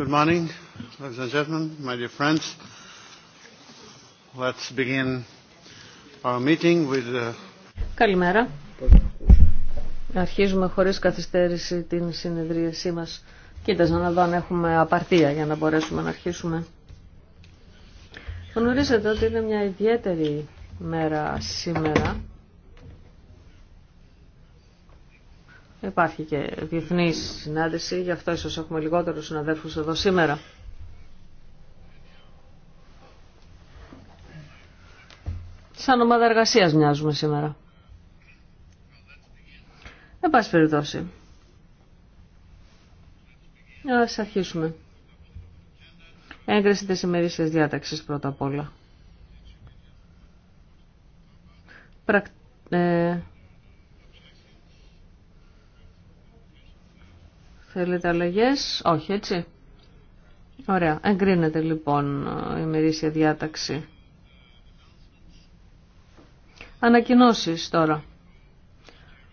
Good morning, my dear friends. Let's begin our meeting with Καλημέρα. Αρχίζουμε χωρίς καθυστέρηση την συνεδρίασή μας. Κοίταζα να δω αν έχουμε απαρτία για να μπορέσουμε να αρχίσουμε. Γνωρίζετε ότι είναι μια ιδιαίτερη μέρα σήμερα Υπάρχει και διεθνή συνάντηση, γι' αυτό ίσω έχουμε λιγότερου συναδέλφου εδώ σήμερα. Σαν ομάδα εργασία μοιάζουμε σήμερα. Εν πάση περιπτώσει. Ας αρχίσουμε. Έγκριση της ημερήσιας διάταξης πρώτα απ' όλα. Ε, Θέλετε αλλαγέ. Όχι, έτσι. Ωραία. Εγκρίνεται λοιπόν η μερίσια διάταξη. Ανακοινώσεις τώρα.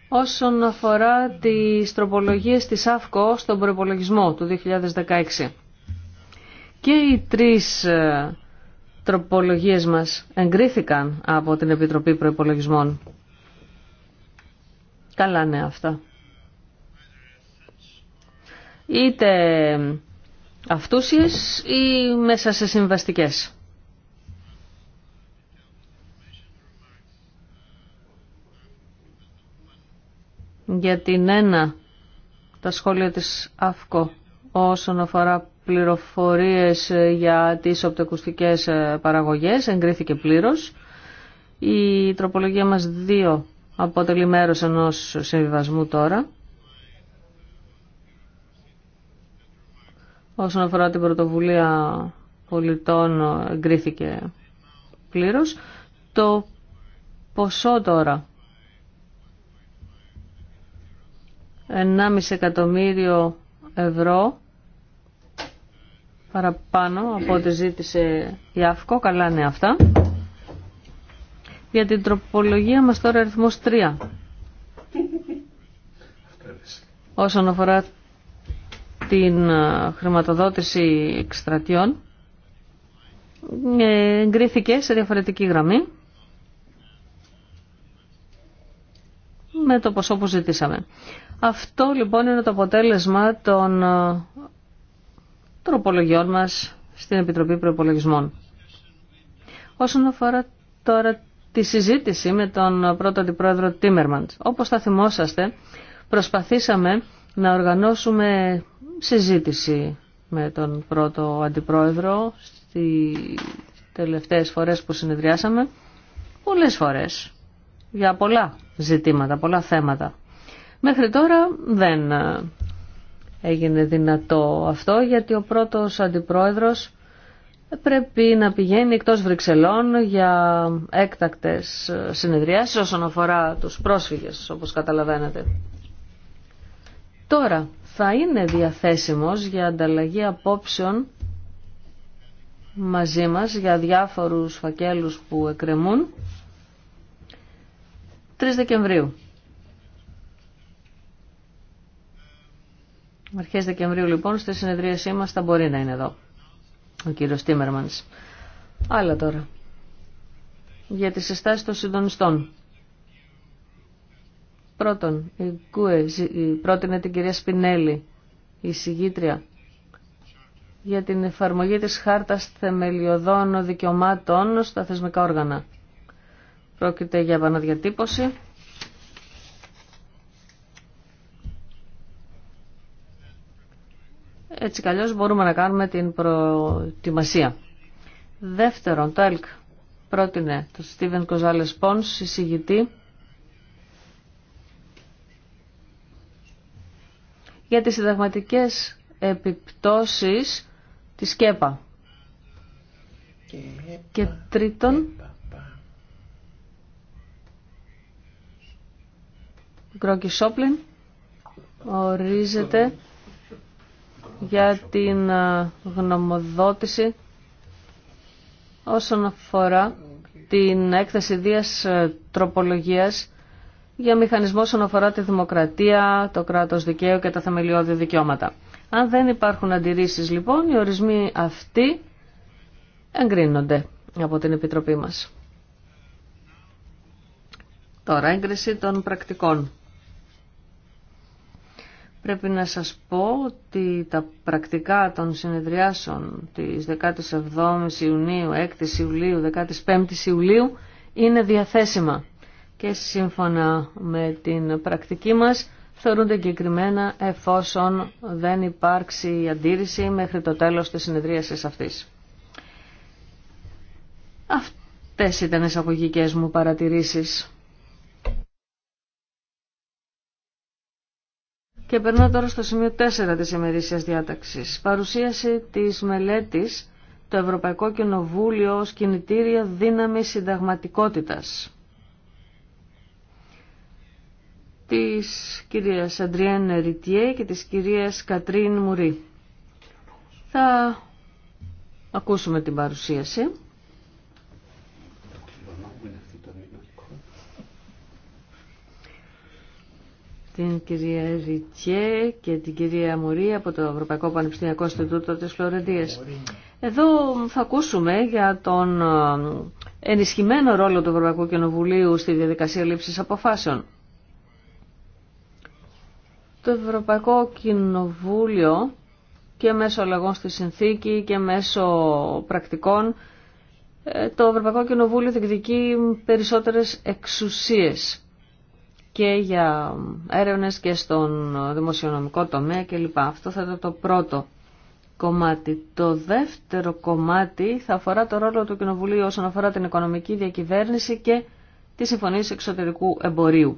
Όσον αφορά τις τροπολογίες της ΑΦΚΟ στον προπολογισμό του 2016. Και οι τρεις ε, τροπολογίες μας εγκρίθηκαν από την Επιτροπή Προϋπολογισμών. Καλά ναι αυτά είτε αυτούσιες ή μέσα σε συμβαστικές. Για την ένα, τα σχόλια της ΑΦΚΟ όσον αφορά πληροφορίες για τις οπτεκουστικές παραγωγές, εγκρίθηκε πλήρως. Η τροπολογία μας 2 αποτελεί μέρος ενός συμβιβασμού τώρα. Όσον αφορά την πρωτοβουλία πολιτών εγκρίθηκε πλήρως. Το ποσό τώρα 1,5 εκατομμύριο ευρώ παραπάνω από ό,τι ζήτησε η ΑΦΚΟ. Καλά είναι αυτά. Για την τροπολογία μας τώρα αριθμός 3. Όσον αφορά την ε, χρηματοδότηση εκστρατιών ε, εγκρίθηκε σε διαφορετική γραμμή με το ποσό που ζητήσαμε. Αυτό λοιπόν είναι το αποτέλεσμα των ε, τροπολογιών μας στην Επιτροπή Προπολογισμών. Όσον αφορά τώρα τη συζήτηση με τον πρώτο αντιπρόεδρο Τίμερμαντ. Όπως θα θυμόσαστε, προσπαθήσαμε να οργανώσουμε συζήτηση με τον πρώτο αντιπρόεδρο στις τελευταίες φορές που συνεδριάσαμε πολλές φορές για πολλά ζητήματα, πολλά θέματα. Μέχρι τώρα δεν ε, έγινε δυνατό αυτό γιατί ο πρώτος αντιπρόεδρος πρέπει να πηγαίνει εκτός Βρυξελών για έκτακτες ε, συνεδριάσεις όσον αφορά τους πρόσφυγες όπως καταλαβαίνετε. Τώρα θα είναι διαθέσιμος για ανταλλαγή απόψεων μαζί μας για διάφορους φακέλους που εκκρεμούν 3 Δεκεμβρίου. Αρχές Δεκεμβρίου λοιπόν στη συνεδρίασή μας θα μπορεί να είναι εδώ ο κύριος Τίμερμανς. Άλλα τώρα για τις συστάσεις των συντονιστών. Πρώτον, η πρότεινε την κυρία Σπινέλη, η συγγήτρια, για την εφαρμογή της Χάρτας Θεμελιωδών Δικαιωμάτων στα θεσμικά όργανα. Πρόκειται για επαναδιατύπωση. Έτσι καλώς μπορούμε να κάνουμε την προετοιμασία. Δεύτερον, το ΕΛΚ πρότεινε τον Στίβεν Κοζάλε Πόνς, συγγητή, για τις συνταγματικές επιπτώσεις της ΚΕΠΑ. Και τρίτον, Γκρόκι Σόπλιν ορίζεται για την γνωμοδότηση όσον αφορά την έκθεση δίας τροπολογίας για μηχανισμό όσον αφορά τη δημοκρατία, το κράτος δικαίου και τα θεμελιώδη δικαιώματα. Αν δεν υπάρχουν αντιρρήσεις λοιπόν, οι ορισμοί αυτοί εγκρίνονται από την Επιτροπή μας. Τώρα, έγκριση των πρακτικών. Πρέπει να σας πω ότι τα πρακτικά των συνεδριάσεων της 17ης Ιουνίου, 6ης Ιουλίου, 15ης Ιουλίου είναι διαθέσιμα και σύμφωνα με την πρακτική μας θεωρούνται εγκεκριμένα εφόσον δεν υπάρξει αντίρρηση μέχρι το τέλος της συνεδρίασης αυτής. Αυτές ήταν οι μου παρατηρήσεις. Και περνώ τώρα στο σημείο 4 της ημερήσιας διάταξης. Παρουσίαση της μελέτης το Ευρωπαϊκό Κοινοβούλιο ως κινητήρια δύναμη συνταγματικότητας. της κυρίας Αντριέν Ριτιέ και της κυρίας Κατρίν Μουρή. Θα ακούσουμε την παρουσίαση. την κυρία Ριτιέ και την κυρία Μουρή από το Ευρωπαϊκό Πανεπιστημιακό Ινστιτούτο της Φλωρεντίας. Εδώ θα ακούσουμε για τον ε, ενισχυμένο ρόλο του Ευρωπαϊκού Κοινοβουλίου στη διαδικασία λήψης αποφάσεων. Το Ευρωπαϊκό Κοινοβούλιο και μέσω αλλαγών στη συνθήκη και μέσω πρακτικών ε, το Ευρωπαϊκό Κοινοβούλιο διεκδικεί περισσότερες εξουσίες και για έρευνες και στον δημοσιονομικό τομέα κλπ. Αυτό θα ήταν το πρώτο κομμάτι. Το δεύτερο κομμάτι θα αφορά το ρόλο του Κοινοβουλίου όσον αφορά την οικονομική διακυβέρνηση και τη συμφωνία εξωτερικού εμπορίου.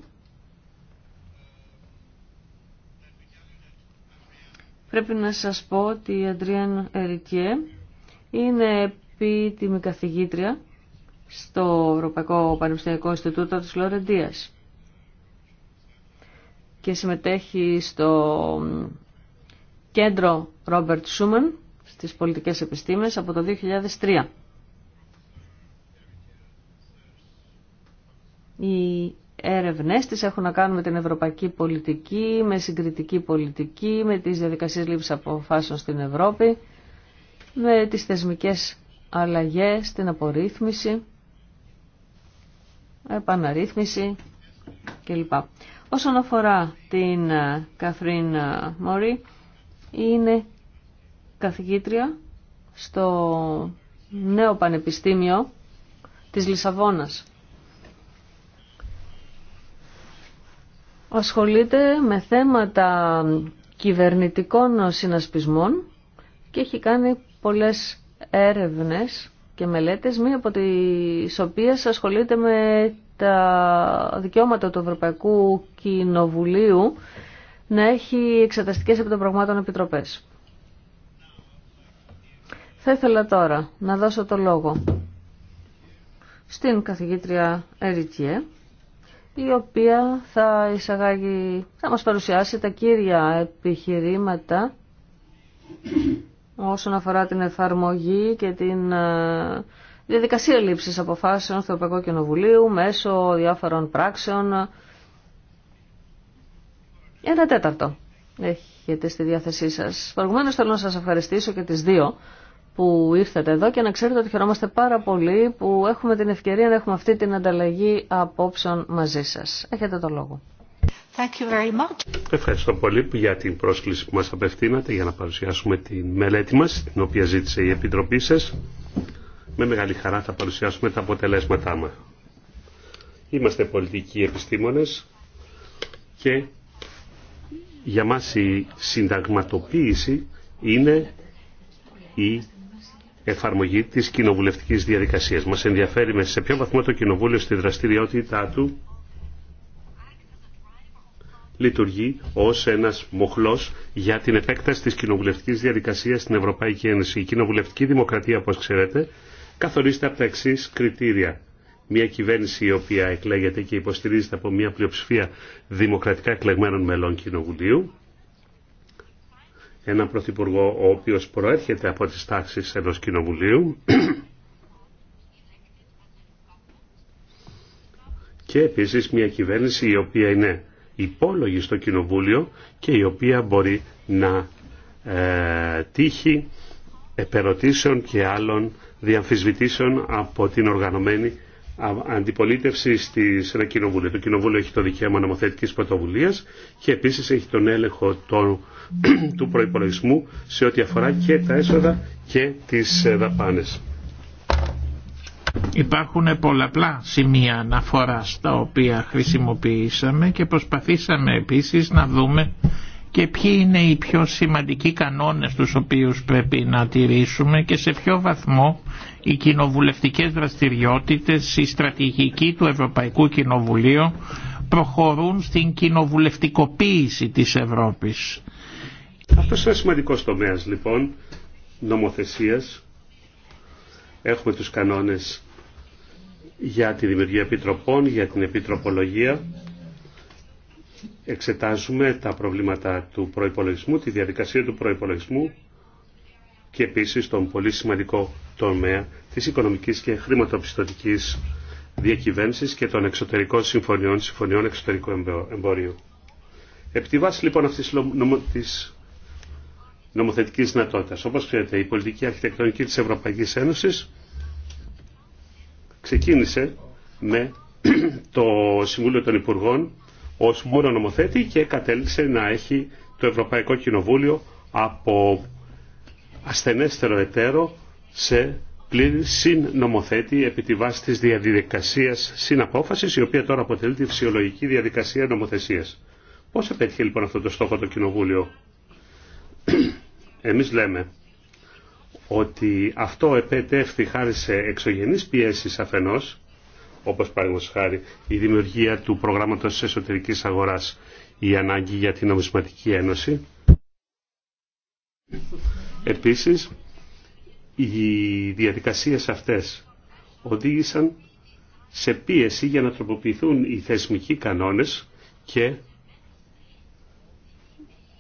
Πρέπει να σας πω ότι η Αντριάν Ερικιέ είναι επίτιμη καθηγήτρια στο Ευρωπαϊκό Πανεπιστημιακό Ινστιτούτο της Λορεντίας και συμμετέχει στο κέντρο Ρόμπερτ Σούμεν στις πολιτικές επιστήμες από το 2003. Η έρευνές της έχουν να κάνουν με την ευρωπαϊκή πολιτική, με συγκριτική πολιτική, με τις διαδικασίες λήψης αποφάσεων στην Ευρώπη, με τις θεσμικές αλλαγές, την απορρίθμιση, επαναρρύθμιση κλπ. Όσον αφορά την Καθρίν ε, Μωρή, ε, είναι καθηγήτρια στο νέο πανεπιστήμιο της Λισαβόνας ασχολείται με θέματα κυβερνητικών συνασπισμών και έχει κάνει πολλές έρευνες και μελέτες, μία από τις οποίες ασχολείται με τα δικαιώματα του Ευρωπαϊκού Κοινοβουλίου να έχει εξεταστικές επί των πραγμάτων επιτροπές. Θα ήθελα τώρα να δώσω το λόγο στην καθηγήτρια Εριτιέ, η οποία θα εισαγάγει, θα μας παρουσιάσει τα κύρια επιχειρήματα όσον αφορά την εφαρμογή και την ε, διαδικασία λήψης αποφάσεων στο Ευρωπαϊκό Κοινοβουλίου μέσω διάφορων πράξεων. Ένα τέταρτο έχετε στη διάθεσή σας. Προηγουμένως θέλω να σας ευχαριστήσω και τις δύο που ήρθατε εδώ και να ξέρετε ότι χαιρόμαστε πάρα πολύ που έχουμε την ευκαιρία να έχουμε αυτή την ανταλλαγή απόψεων μαζί σας. Έχετε το λόγο. Thank you very much. Ευχαριστώ πολύ για την πρόσκληση που μας απευθύνατε για να παρουσιάσουμε τη μελέτη μας, την οποία ζήτησε η Επιτροπή σας. Με μεγάλη χαρά θα παρουσιάσουμε τα αποτελέσματά μας. Είμαστε πολιτικοί επιστήμονες και για μας η συνταγματοποίηση είναι η εφαρμογή της κοινοβουλευτικής διαδικασίας. Μας ενδιαφέρει με σε ποιο βαθμό το κοινοβούλιο στη δραστηριότητά του λειτουργεί ως ένας μοχλός για την επέκταση της κοινοβουλευτικής διαδικασίας στην Ευρωπαϊκή Ένωση. Η κοινοβουλευτική δημοκρατία, όπως ξέρετε, καθορίζεται από τα εξή κριτήρια. Μια κυβέρνηση η οποία εκλέγεται και υποστηρίζεται από μια πλειοψηφία δημοκρατικά εκλεγμένων μελών κοινοβουλίου, έναν πρωθυπουργό ο οποίος προέρχεται από τις τάξεις ενός κοινοβουλίου και επίσης μια κυβέρνηση η οποία είναι υπόλογη στο κοινοβούλιο και η οποία μπορεί να ε, τύχει επερωτήσεων και άλλων διαμφισβητήσεων από την οργανωμένη αντιπολίτευση σε ένα κοινοβούλιο. Το κοινοβούλιο έχει το δικαίωμα νομοθετικής πρωτοβουλίας και επίσης έχει τον έλεγχο των του προϋπολογισμού σε ό,τι αφορά και τα έσοδα και τις ε, δαπάνες. Υπάρχουν πολλαπλά σημεία αναφορά τα οποία χρησιμοποιήσαμε και προσπαθήσαμε επίσης να δούμε και ποιοι είναι οι πιο σημαντικοί κανόνες τους οποίους πρέπει να τηρήσουμε και σε ποιο βαθμό οι κοινοβουλευτικές δραστηριότητες, η στρατηγική του Ευρωπαϊκού Κοινοβουλίου προχωρούν στην κοινοβουλευτικοποίηση της Ευρώπης. Αυτό είναι σημαντικό τομέας λοιπόν νομοθεσίας. Έχουμε τους κανόνες για τη δημιουργία επιτροπών, για την επιτροπολογία. Εξετάζουμε τα προβλήματα του προϋπολογισμού, τη διαδικασία του προϋπολογισμού και επίσης τον πολύ σημαντικό τομέα της οικονομικής και χρηματοπιστωτικής διακυβέρνησης και των εξωτερικών συμφωνιών, συμφωνιών εξωτερικού εμπορίου. Επί τη βάση λοιπόν αυτής της νομοθετικής δυνατότητα. Όπως ξέρετε, η πολιτική αρχιτεκτονική τη Ευρωπαϊκής Ένωσης ξεκίνησε με το Συμβούλιο των Υπουργών ως μόνο νομοθέτη και κατέληξε να έχει το Ευρωπαϊκό Κοινοβούλιο από ασθενέστερο εταίρο σε πλήρη συνομοθέτη επί τη βάση της διαδικασίας συναπόφασης, η οποία τώρα αποτελεί τη φυσιολογική διαδικασία νομοθεσίας. Πώς επέτυχε λοιπόν αυτό το στόχο το Κοινοβούλιο. Εμείς λέμε ότι αυτό επέτεύχθη χάρη σε εξωγενείς πιέσεις αφενός, όπως παραδείγματος χάρη η δημιουργία του προγράμματος εσωτερικής αγοράς, η ανάγκη για την νομισματική ένωση. Επίσης, οι διαδικασίες αυτές οδήγησαν σε πίεση για να τροποποιηθούν οι θεσμικοί κανόνες και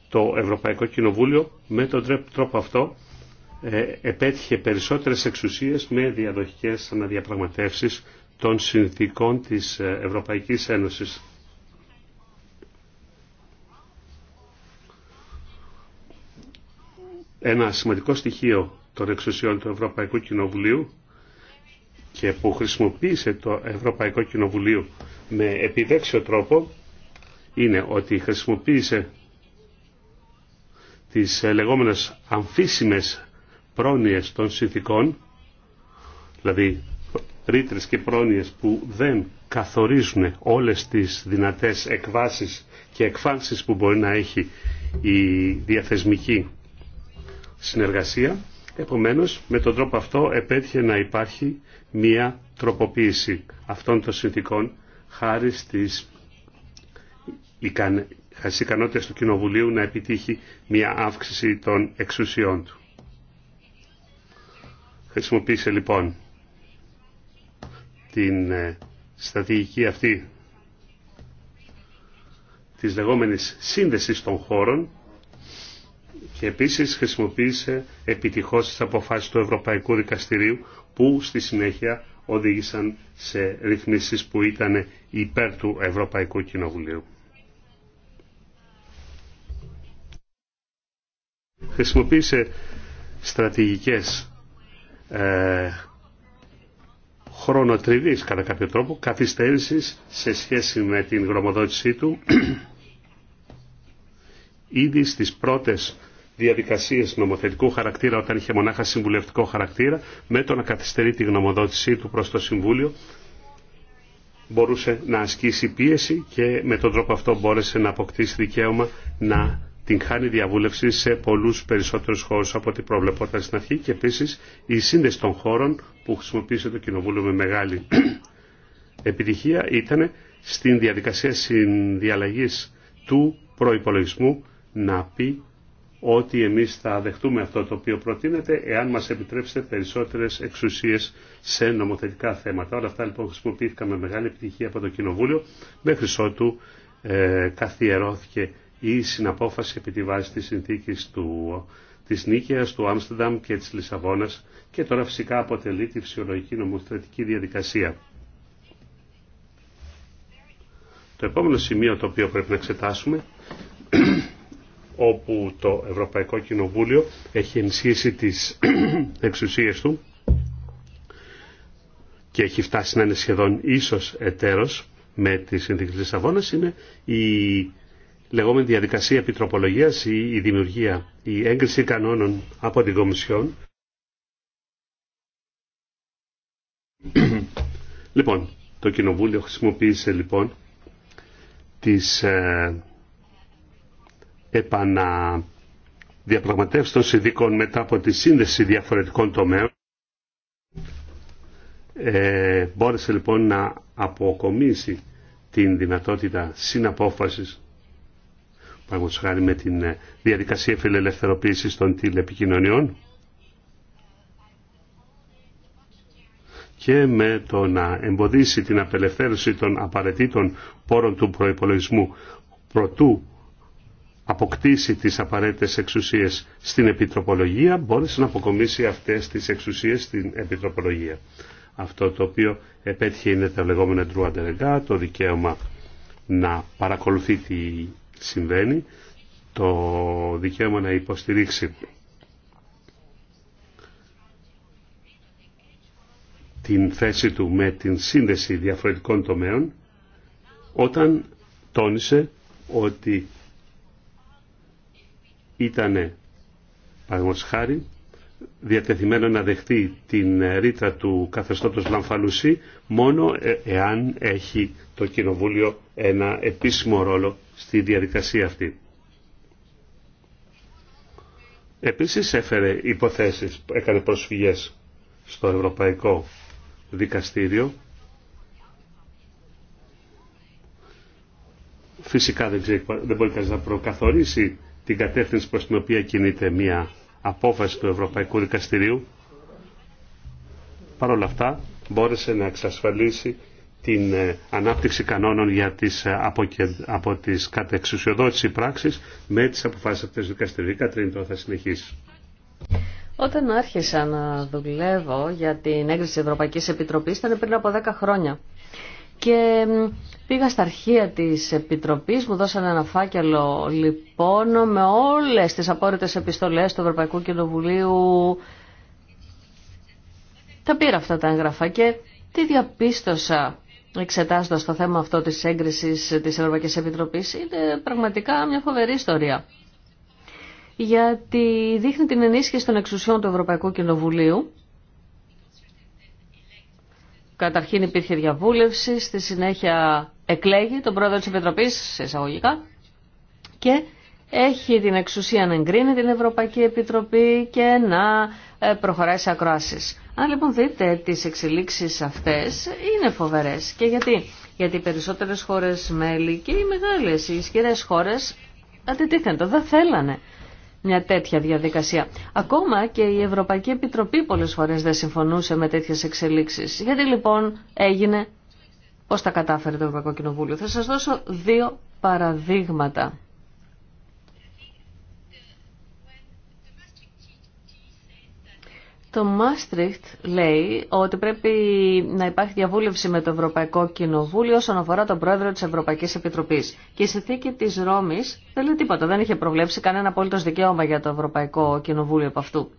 το Ευρωπαϊκό Κοινοβούλιο με τον τρόπο αυτό ε, επέτυχε περισσότερες εξουσίες με διαδοχικές αναδιαπραγματεύσεις των συνθήκων της ε, Ευρωπαϊκής Ένωσης. Ένα σημαντικό στοιχείο των εξουσιών του Ευρωπαϊκού Κοινοβουλίου και που χρησιμοποίησε το Ευρωπαϊκό Κοινοβουλίο με επιδέξιο τρόπο είναι ότι χρησιμοποίησε τις ε, λεγόμενες αμφίσιμες πρόνοιες των συνθηκών, δηλαδή ρήτρες και πρόνοιες που δεν καθορίζουν όλες τις δυνατές εκβάσεις και εκφάνσεις που μπορεί να έχει η διαθεσμική συνεργασία. Επομένως, με τον τρόπο αυτό επέτυχε να υπάρχει μία τροποποίηση αυτών των συνθήκων χάρη στις ε, στις ικανότητες του Κοινοβουλίου να επιτύχει μια αύξηση των εξουσιών του. Χρησιμοποίησε λοιπόν την ε, στρατηγική αυτή της λεγόμενης σύνδεσης των χώρων και επίσης χρησιμοποίησε επιτυχώς τις αποφάσεις του Ευρωπαϊκού Δικαστηρίου που στη συνέχεια οδήγησαν σε ρυθμίσεις που ήταν υπέρ του Ευρωπαϊκού Κοινοβουλίου. Χρησιμοποίησε στρατηγικές ε, χρονοτριβής κατά κάποιο τρόπο, καθυστέρησης σε σχέση με την γνωμοδότησή του. Ήδη στις πρώτες διαδικασίες νομοθετικού χαρακτήρα όταν είχε μονάχα συμβουλευτικό χαρακτήρα, με το να καθυστερεί τη γνωμοδότησή του προς το Συμβούλιο, μπορούσε να ασκήσει πίεση και με τον τρόπο αυτό μπόρεσε να αποκτήσει δικαίωμα να την χάνει διαβούλευση σε πολλού περισσότερου χώρου από ό,τι προβλεπόταν στην αρχή και επίση η σύνδεση των χώρων που χρησιμοποίησε το Κοινοβούλιο με μεγάλη επιτυχία ήταν στην διαδικασία συνδιαλλαγή του προπολογισμού να πει ότι εμείς θα δεχτούμε αυτό το οποίο προτείνεται εάν μας επιτρέψετε περισσότερες εξουσίες σε νομοθετικά θέματα. Όλα αυτά λοιπόν χρησιμοποιήθηκαν με μεγάλη επιτυχία από το Κοινοβούλιο μέχρι ότου ε, καθιερώθηκε η συναπόφαση επί τη βάση της συνθήκης του, της Νίκαιας, του Άμστερνταμ και της Λισαβόνας και τώρα φυσικά αποτελεί τη φυσιολογική νομοθετική διαδικασία. Το επόμενο σημείο το οποίο πρέπει να εξετάσουμε όπου το Ευρωπαϊκό Κοινοβούλιο έχει ενισχύσει τις εξουσίες του και έχει φτάσει να είναι σχεδόν ίσως εταίρος με τη Συνθήκη της Λισαβόνας είναι η λεγόμενη διαδικασία επιτροπολογίας ή η δημιουργία, η έγκριση κανόνων από την Κομισιόν. λοιπόν, το Κοινοβούλιο χρησιμοποίησε λοιπόν τις ε, επαναδιαπραγματεύσεις των συνδικών μετά από τη σύνδεση διαφορετικών τομέων. Ε, μπόρεσε λοιπόν να αποκομίσει την δυνατότητα συναπόφασης παραγωγούς με την ε, διαδικασία φιλελευθεροποίησης των τηλεπικοινωνιών και με το να εμποδίσει την απελευθέρωση των απαραίτητων πόρων του προϋπολογισμού προτού αποκτήσει τις απαραίτητες εξουσίες στην Επιτροπολογία, μπόρεσε να αποκομίσει αυτές τις εξουσίες στην Επιτροπολογία. Αυτό το οποίο επέτυχε είναι τα λεγόμενα ντρουαντερεγκά, το δικαίωμα να παρακολουθεί τη συμβαίνει, το δικαίωμα να υποστηρίξει την θέση του με την σύνδεση διαφορετικών τομέων, όταν τόνισε ότι ήταν, παραδείγματος χάρη, διατεθειμένο να δεχτεί την ρήτρα του καθεστώτος Λαμφαλουσί μόνο ε, εάν έχει το Κοινοβούλιο ένα επίσημο ρόλο στη διαδικασία αυτή. Επίσης έφερε υποθέσεις, έκανε προσφυγές στο Ευρωπαϊκό Δικαστήριο. Φυσικά δεν, μπορεί να προκαθορίσει την κατεύθυνση προς την οποία κινείται μια απόφαση του Ευρωπαϊκού Δικαστηρίου παρόλα αυτά μπόρεσε να εξασφαλίσει την ε, ανάπτυξη κανόνων για τις, ε, από, από τις κατεξουσιοδότηση πράξεις με τις αποφάσεις αυτές του δικαστηρίου. Κατρίνη τώρα θα συνεχίσει. Όταν άρχισα να δουλεύω για την έγκριση της Ευρωπαϊκής Επιτροπής ήταν πριν από 10 χρόνια και πήγα στα αρχεία της Επιτροπής, μου δώσανε ένα φάκελο λοιπόν με όλες τις απόρριτες επιστολές του Ευρωπαϊκού Κοινοβουλίου. Τα πήρα αυτά τα έγγραφα και τι διαπίστωσα εξετάζοντας το θέμα αυτό της έγκρισης της Ευρωπαϊκής Επιτροπής είναι πραγματικά μια φοβερή ιστορία. Γιατί δείχνει την ενίσχυση των εξουσιών του Ευρωπαϊκού Κοινοβουλίου Καταρχήν υπήρχε διαβούλευση, στη συνέχεια εκλέγει τον πρόεδρο της Επιτροπής, σε εισαγωγικά, και έχει την εξουσία να εγκρίνει την Ευρωπαϊκή Επιτροπή και να ε, προχωράει σε ακροάσεις. Αν λοιπόν δείτε τις εξελίξεις αυτές, είναι φοβερές. Και γιατί. Γιατί οι περισσότερες χώρες μέλη και οι μεγάλες, οι ισχυρές χώρες αντιτίθενται, δεν θέλανε μια τέτοια διαδικασία. Ακόμα και η Ευρωπαϊκή Επιτροπή πολλές φορές δεν συμφωνούσε με τέτοιες εξελίξεις. Γιατί λοιπόν έγινε, πώς τα κατάφερε το Ευρωπαϊκό Κοινοβούλιο. Θα σας δώσω δύο παραδείγματα. Το Μάστριχτ λέει ότι πρέπει να υπάρχει διαβούλευση με το Ευρωπαϊκό Κοινοβούλιο όσον αφορά τον πρόεδρο τη Ευρωπαϊκή Επιτροπή. Και η συνθήκη τη Ρώμη δεν λέει τίποτα. Δεν είχε προβλέψει κανένα απόλυτο δικαίωμα για το Ευρωπαϊκό Κοινοβούλιο από αυτού.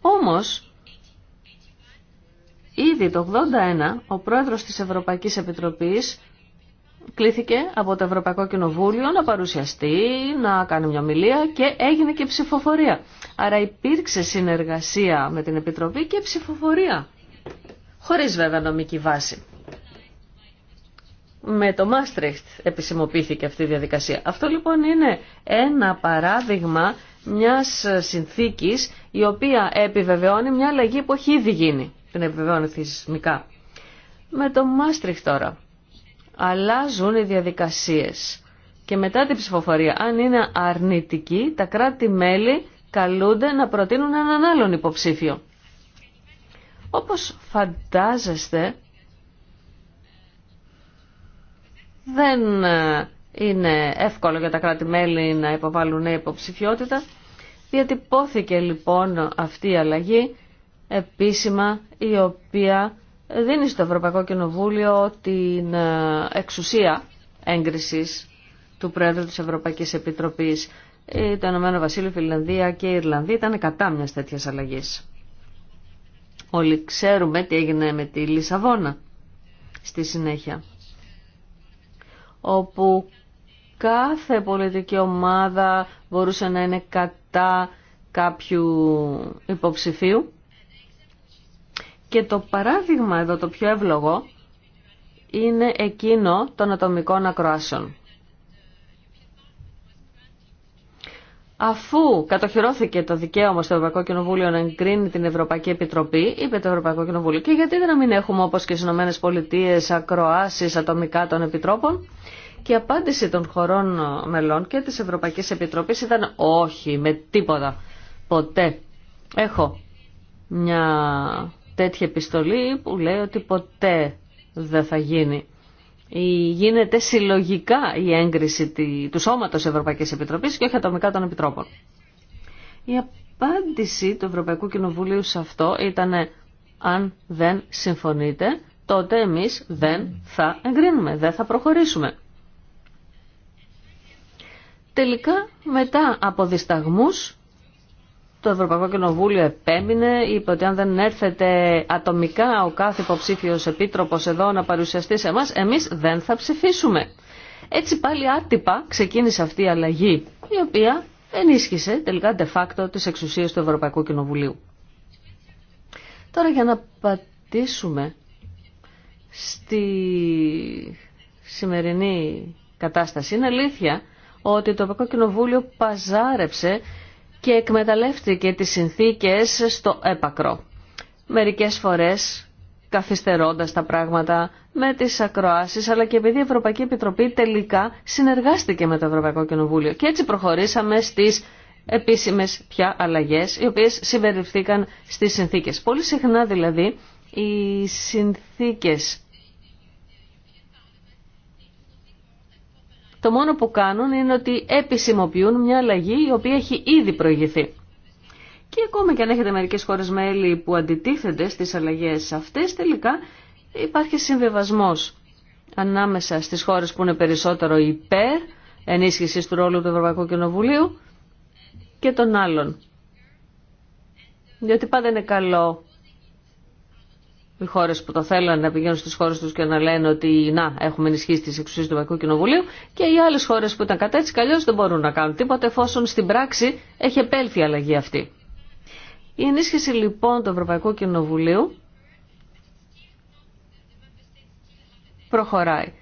Όμω, ήδη το 1981, ο πρόεδρο τη Ευρωπαϊκή Επιτροπή κλήθηκε από το Ευρωπαϊκό Κοινοβούλιο να παρουσιαστεί, να κάνει μια ομιλία και έγινε και ψηφοφορία. Άρα υπήρξε συνεργασία με την Επιτροπή και ψηφοφορία. Χωρίς βέβαια νομική βάση. Με το Μάστριχτ επισημοποιήθηκε αυτή η διαδικασία. Αυτό λοιπόν είναι ένα παράδειγμα μιας συνθήκης η οποία επιβεβαιώνει μια αλλαγή που έχει ήδη γίνει. Την επιβεβαιώνει θυσμικά. Με το Μάστριχτ τώρα αλλάζουν οι διαδικασίες. Και μετά την ψηφοφορία, αν είναι αρνητική, τα κράτη-μέλη καλούνται να προτείνουν έναν άλλον υποψήφιο. Όπως φαντάζεστε, δεν ε, είναι εύκολο για τα κράτη-μέλη να υποβάλουν νέα υποψηφιότητα. Διατυπώθηκε λοιπόν αυτή η αλλαγή επίσημα η οποία δίνει στο Ευρωπαϊκό Κοινοβούλιο την ε, εξουσία έγκρισης του Πρόεδρου της Ευρωπαϊκής Επιτροπής. Ε, το Ηνωμένο Βασίλειο, Φιλανδία και η Ιρλανδία ήταν κατά μιας τέτοιας αλλαγής. Όλοι ξέρουμε τι έγινε με τη Λισαβόνα στη συνέχεια, όπου κάθε πολιτική ομάδα μπορούσε να είναι κατά κάποιου υποψηφίου και το παράδειγμα εδώ το πιο εύλογο είναι εκείνο των ατομικών ακροάσεων. Αφού κατοχυρώθηκε το δικαίωμα στο Ευρωπαϊκό Κοινοβούλιο να εγκρίνει την Ευρωπαϊκή Επιτροπή, είπε το Ευρωπαϊκό Κοινοβούλιο, και γιατί δεν να μην έχουμε όπως και στι ΗΠΑ ακροάσεις ατομικά των επιτρόπων. Και η απάντηση των χωρών μελών και της Ευρωπαϊκής Επιτροπής ήταν όχι, με τίποτα, ποτέ. Έχω μια τέτοια επιστολή που λέει ότι ποτέ δεν θα γίνει. Ή γίνεται συλλογικά έγκριση του Σώματος Ευρωπαϊκής Επιτροπής και όχι ατομικά των Επιτρόπων. Η απάντηση του Ευρωπαϊκού Κοινοβουλίου σε αυτό ήταν αν δεν συμφωνείτε τότε εμείς δεν θα εγκρίνουμε, δεν θα προχωρήσουμε. Τελικά μετά από δισταγμούς το Ευρωπαϊκό Κοινοβούλιο επέμεινε, είπε ότι αν δεν έρθετε ατομικά ο κάθε υποψήφιος επίτροπος εδώ να παρουσιαστεί σε εμάς, εμείς δεν θα ψηφίσουμε. Έτσι πάλι άτυπα ξεκίνησε αυτή η αλλαγή, η οποία ενίσχυσε τελικά de facto τις εξουσίες του Ευρωπαϊκού Κοινοβουλίου. Τώρα για να πατήσουμε στη σημερινή κατάσταση. Είναι αλήθεια ότι το Ευρωπαϊκό Κοινοβούλιο παζάρεψε και εκμεταλλεύτηκε τις συνθήκες στο έπακρο. Μερικές φορές καθυστερώντας τα πράγματα με τις ακροάσεις, αλλά και επειδή η Ευρωπαϊκή Επιτροπή τελικά συνεργάστηκε με το Ευρωπαϊκό Κοινοβούλιο. Και έτσι προχωρήσαμε στις επίσημες πια αλλαγές, οι οποίες συμπεριληφθήκαν στις συνθήκες. Πολύ συχνά δηλαδή οι συνθήκες Το μόνο που κάνουν είναι ότι επισημοποιούν μια αλλαγή η οποία έχει ήδη προηγηθεί. Και ακόμα και αν έχετε μερικές χώρες μέλη που αντιτίθενται στις αλλαγές αυτές, τελικά υπάρχει συμβεβασμός ανάμεσα στις χώρες που είναι περισσότερο υπέρ ενίσχυσης του ρόλου του Ευρωπαϊκού Κοινοβουλίου και των άλλων. Διότι πάντα είναι καλό οι χώρε που το θέλανε να πηγαίνουν στι χώρε του και να λένε ότι να, έχουμε ενισχύσει τι εξουσίε του Ευρωπαϊκού Κοινοβουλίου και οι άλλε χώρε που ήταν κατά έτσι δεν μπορούν να κάνουν τίποτα εφόσον στην πράξη έχει επέλθει η αλλαγή αυτή. Η ενίσχυση λοιπόν του Ευρωπαϊκού Κοινοβουλίου προχωράει.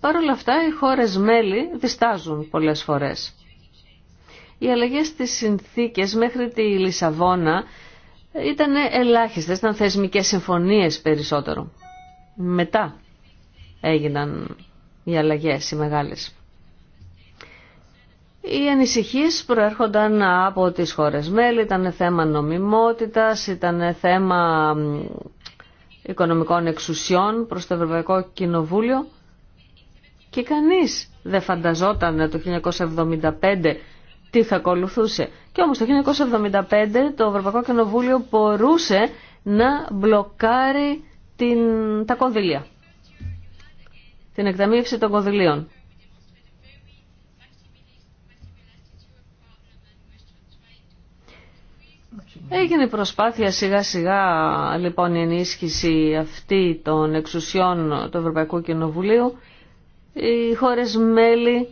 Παρ' όλα αυτά οι χώρες μέλη διστάζουν πολλές φορές. Οι αλλαγές στις συνθήκες μέχρι τη Λισαβόνα ήταν ελάχιστες, ήταν θεσμικές συμφωνίες περισσότερο. Μετά έγιναν οι αλλαγές οι μεγάλες. Οι ανησυχίες προέρχονταν από τις χώρες μέλη, ήταν θέμα νομιμότητας, ήταν θέμα οικονομικών εξουσιών προς το Ευρωπαϊκό Κοινοβούλιο και κανείς δεν φανταζόταν το 1975 τι θα ακολουθούσε. Και όμως το 1975 το Ευρωπαϊκό Κοινοβούλιο μπορούσε να μπλοκάρει την, τα κονδυλία. Την εκταμείευση των κονδυλίων. Έγινε προσπάθεια σιγά σιγά λοιπόν η ενίσχυση αυτή των εξουσιών του Ευρωπαϊκού Κοινοβουλίου. Οι χώρες μέλη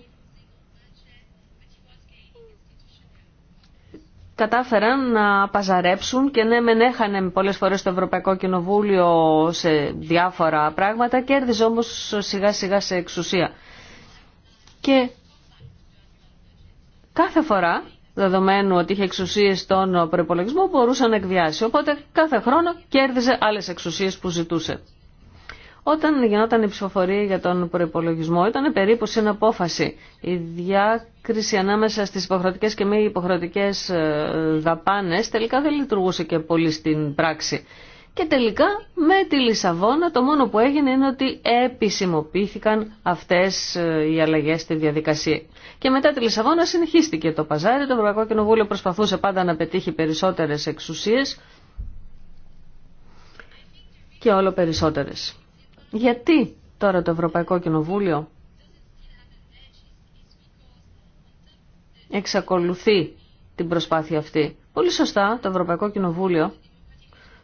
κατάφεραν να παζαρέψουν και ναι μεν έχανε πολλές φορές το Ευρωπαϊκό Κοινοβούλιο σε διάφορα πράγματα, κέρδιζε όμως σιγά σιγά σε εξουσία. Και κάθε φορά, δεδομένου ότι είχε εξουσίες στον προπολογισμό, μπορούσε να εκβιάσει. Οπότε κάθε χρόνο κέρδιζε άλλες εξουσίες που ζητούσε. Όταν γινόταν η ψηφοφορία για τον προπολογισμό, ήταν περίπου στην απόφαση. Η διάκριση ανάμεσα στις υποχρεωτικές και μη υποχρεωτικές ε, δαπάνες τελικά δεν λειτουργούσε και πολύ στην πράξη. Και τελικά με τη Λισαβόνα το μόνο που έγινε είναι ότι επισημοποιήθηκαν αυτές ε, οι αλλαγές στη διαδικασία. Και μετά τη Λισαβόνα συνεχίστηκε το παζάρι, το Ευρωπαϊκό Κοινοβούλιο προσπαθούσε πάντα να πετύχει περισσότερες εξουσίες και όλο περισσότερες. Γιατί τώρα το Ευρωπαϊκό Κοινοβούλιο εξακολουθεί την προσπάθεια αυτή. Πολύ σωστά το Ευρωπαϊκό Κοινοβούλιο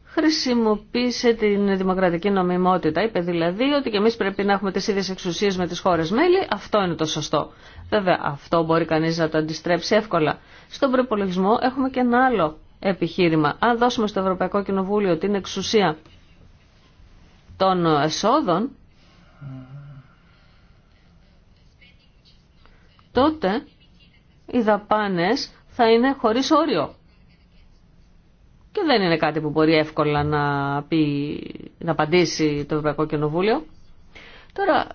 χρησιμοποίησε την δημοκρατική νομιμότητα. Είπε δηλαδή ότι και εμείς πρέπει να έχουμε τις ίδιες εξουσίες με τις χώρες μέλη. Αυτό είναι το σωστό. Βέβαια αυτό μπορεί κανείς να το αντιστρέψει εύκολα. Στον προπολογισμό έχουμε και ένα άλλο επιχείρημα. Αν δώσουμε στο Ευρωπαϊκό Κοινοβούλιο την εξουσία των εσόδων, τότε οι δαπάνες θα είναι χωρίς όριο. Και δεν είναι κάτι που μπορεί εύκολα να, πει, να απαντήσει το Ευρωπαϊκό Κοινοβούλιο. Τώρα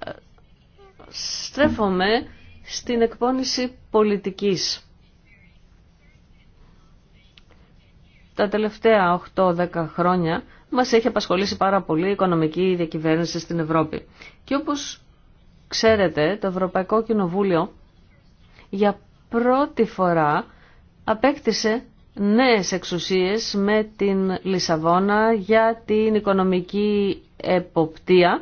στρέφομαι στην εκπόνηση πολιτικής. Τα τελευταία 8-10 χρόνια μας έχει απασχολήσει πάρα πολύ η οικονομική διακυβέρνηση στην Ευρώπη. Και όπως ξέρετε, το Ευρωπαϊκό Κοινοβούλιο για πρώτη φορά απέκτησε νέες εξουσίες με την Λισαβόνα για την οικονομική εποπτεία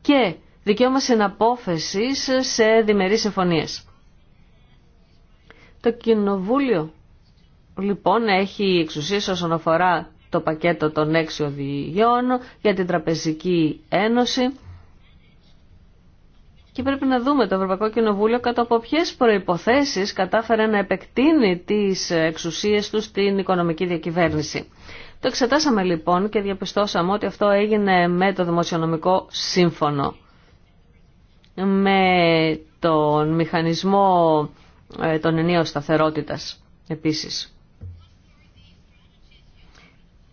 και δικαίωμα συναπόφεση σε διμερείς συμφωνίες. Το Κοινοβούλιο λοιπόν έχει εξουσίες όσον αφορά το πακέτο των έξι οδηγιών, για την Τραπεζική Ένωση. Και πρέπει να δούμε το Ευρωπαϊκό Κοινοβούλιο κατά από ποιε προποθέσει κατάφερε να επεκτείνει τι εξουσίε του στην οικονομική διακυβέρνηση. Το εξετάσαμε λοιπόν και διαπιστώσαμε ότι αυτό έγινε με το Δημοσιονομικό Σύμφωνο. Με τον μηχανισμό ε, των ενίων σταθερότητας επίσης.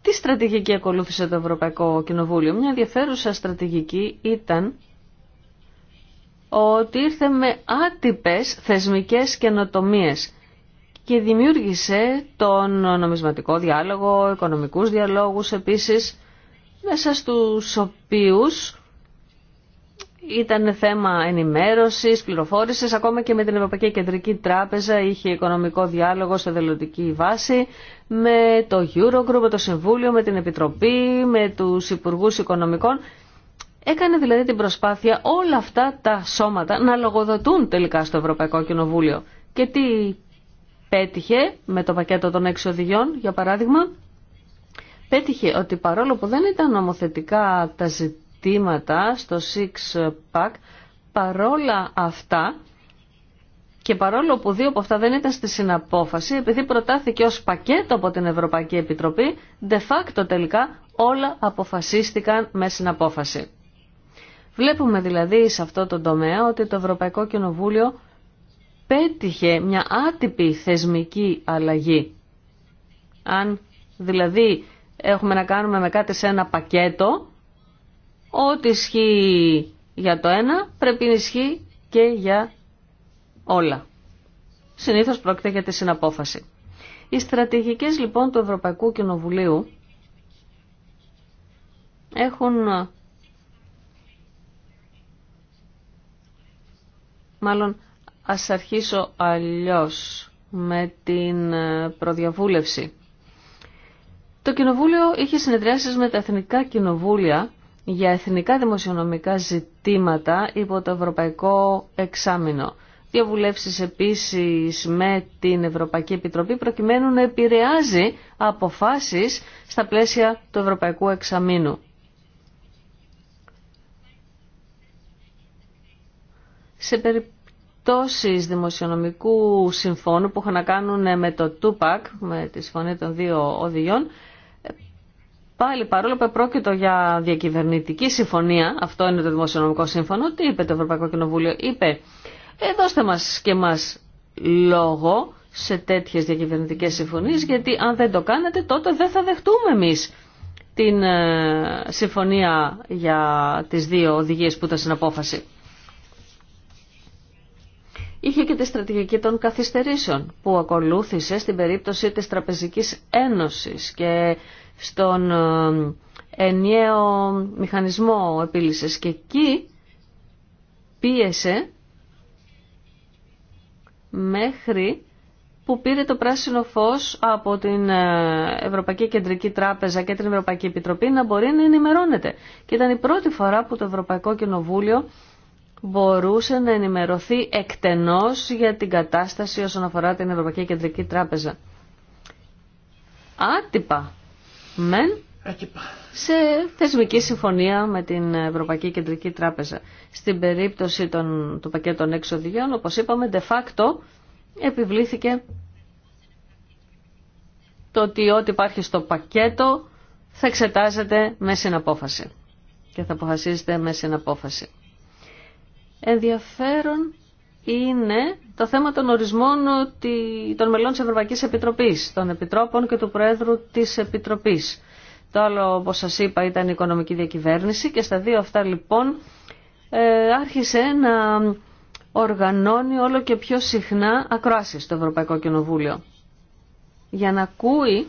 Τι στρατηγική ακολούθησε το Ευρωπαϊκό Κοινοβούλιο. Μια ενδιαφέρουσα στρατηγική ήταν ότι ήρθε με άτυπες θεσμικές καινοτομίες και δημιούργησε τον νομισματικό διάλογο, οικονομικούς διαλόγους επίσης, μέσα στους οποίους ήταν θέμα ενημέρωσης, πληροφόρησης, ακόμα και με την Ευρωπαϊκή Κεντρική Τράπεζα είχε οικονομικό διάλογο σε δελωτική βάση, με το Eurogroup, με το Συμβούλιο, με την Επιτροπή, με τους Υπουργού Οικονομικών. Έκανε δηλαδή την προσπάθεια όλα αυτά τα σώματα να λογοδοτούν τελικά στο Ευρωπαϊκό Κοινοβούλιο. Και τι πέτυχε με το πακέτο των έξι οδηγιών, για παράδειγμα, πέτυχε ότι παρόλο που δεν ήταν νομοθετικά τα ζητήματα, στο Six Pack παρόλα αυτά και παρόλο που δύο από αυτά δεν ήταν στη συναπόφαση, επειδή προτάθηκε ως πακέτο από την Ευρωπαϊκή Επιτροπή, de facto τελικά όλα αποφασίστηκαν με συναπόφαση. Βλέπουμε δηλαδή σε αυτό το τομέα ότι το Ευρωπαϊκό Κοινοβούλιο πέτυχε μια άτυπη θεσμική αλλαγή. Αν δηλαδή έχουμε να κάνουμε με κάτι σε ένα πακέτο, Ό,τι ισχύει για το ένα πρέπει να ισχύει και για όλα. Συνήθως πρόκειται για τη συναπόφαση. Οι στρατηγικές λοιπόν του Ευρωπαϊκού Κοινοβουλίου έχουν μάλλον ας αρχίσω αλλιώς με την προδιαβούλευση. Το Κοινοβούλιο είχε συνεδριάσεις με τα Εθνικά Κοινοβούλια για εθνικά δημοσιονομικά ζητήματα υπό το Ευρωπαϊκό Εξάμεινο. βουλεύσει επίσης με την Ευρωπαϊκή Επιτροπή προκειμένου να επηρεάζει αποφάσεις στα πλαίσια του Ευρωπαϊκού Εξαμήνου. Σε περιπτώσεις δημοσιονομικού συμφώνου που είχαν να κάνουν με το Τούπακ, με τη συμφωνία των δύο οδηγιών, Πάλι παρόλο που πρόκειται για διακυβερνητική συμφωνία, αυτό είναι το Δημοσιονομικό Σύμφωνο, τι είπε το Ευρωπαϊκό Κοινοβούλιο, είπε ε, δώστε μας και μας λόγο σε τέτοιες διακυβερνητικές συμφωνίες, γιατί αν δεν το κάνετε τότε δεν θα δεχτούμε εμείς την ε, συμφωνία για τις δύο οδηγίες που ήταν στην απόφαση. Είχε και τη στρατηγική των καθυστερήσεων που ακολούθησε στην περίπτωση της Τραπεζικής Ένωσης και στον ε, ενιαίο μηχανισμό επίλυσης και εκεί πίεσε μέχρι που πήρε το πράσινο φως από την ε, Ευρωπαϊκή Κεντρική Τράπεζα και την Ευρωπαϊκή Επιτροπή να μπορεί να ενημερώνεται. Και ήταν η πρώτη φορά που το Ευρωπαϊκό Κοινοβούλιο μπορούσε να ενημερωθεί εκτενώς για την κατάσταση όσον αφορά την Ευρωπαϊκή Κεντρική Τράπεζα. Άτυπα μεν σε θεσμική συμφωνία με την Ευρωπαϊκή Κεντρική Τράπεζα. Στην περίπτωση των, του των εξοδηγιών, όπως είπαμε, de facto επιβλήθηκε το ότι ό,τι υπάρχει στο πακέτο θα εξετάζεται με συναπόφαση και θα αποφασίζεται με συναπόφαση. Ενδιαφέρον είναι το θέμα των ορισμών των μελών της Ευρωπαϊκής Επιτροπής, των Επιτρόπων και του Προέδρου της Επιτροπής. Το άλλο, όπως σας είπα, ήταν η οικονομική διακυβέρνηση και στα δύο αυτά λοιπόν ε, άρχισε να οργανώνει όλο και πιο συχνά ακροάσεις στο Ευρωπαϊκό Κοινοβούλιο για να ακούει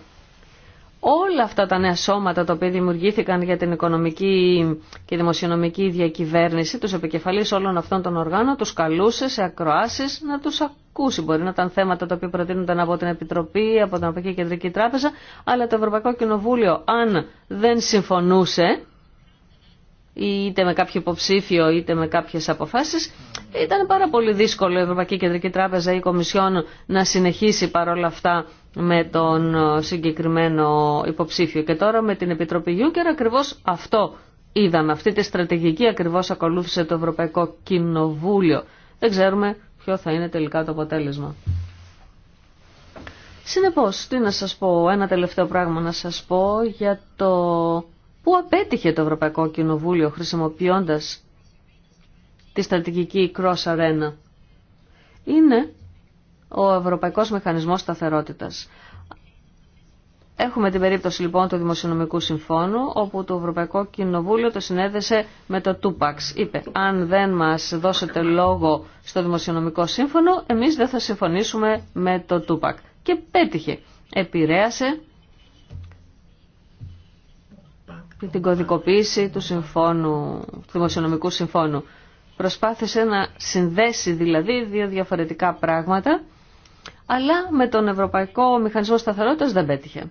όλα αυτά τα νέα σώματα τα οποία δημιουργήθηκαν για την οικονομική και δημοσιονομική διακυβέρνηση, τους επικεφαλείς όλων αυτών των οργάνων, τους καλούσε σε ακροάσεις να τους ακούσει. Μπορεί να ήταν θέματα τα οποία προτείνονταν από την Επιτροπή, από την Ευρωπαϊκή Κεντρική Τράπεζα, αλλά το Ευρωπαϊκό Κοινοβούλιο αν δεν συμφωνούσε, είτε με κάποιο υποψήφιο είτε με κάποιες αποφάσεις, ήταν πάρα πολύ δύσκολο η Ευρωπαϊκή Κεντρική Τράπεζα ή η Κομισιόν να συνεχίσει παρόλα αυτά με τον ε, συγκεκριμένο υποψήφιο. Και τώρα με την Επιτροπή και ακριβώς αυτό είδαμε. Αυτή τη στρατηγική ακριβώς ακολούθησε το Ευρωπαϊκό Κοινοβούλιο. Δεν ξέρουμε ποιο θα είναι τελικά το αποτέλεσμα. Συνεπώς, τι να σας πω, ένα τελευταίο πράγμα να σας πω για το πού απέτυχε το Ευρωπαϊκό Κοινοβούλιο χρησιμοποιώντας τη στρατηγική Cross Arena. Είναι ο Ευρωπαϊκός Μηχανισμός Σταθερότητας. Έχουμε την περίπτωση λοιπόν του Δημοσιονομικού Συμφώνου, όπου το Ευρωπαϊκό Κοινοβούλιο το συνέδεσε με το Τούπαξ. Είπε, αν δεν μας δώσετε λόγο στο Δημοσιονομικό Σύμφωνο, εμείς δεν θα συμφωνήσουμε με το Τούπακ. Και πέτυχε. Επηρέασε την κωδικοποίηση του, συμφώνου, του Δημοσιονομικού Συμφώνου. Προσπάθησε να συνδέσει δηλαδή δύο διαφορετικά πράγματα αλλά με τον Ευρωπαϊκό Μηχανισμό Σταθερότητας δεν πέτυχε.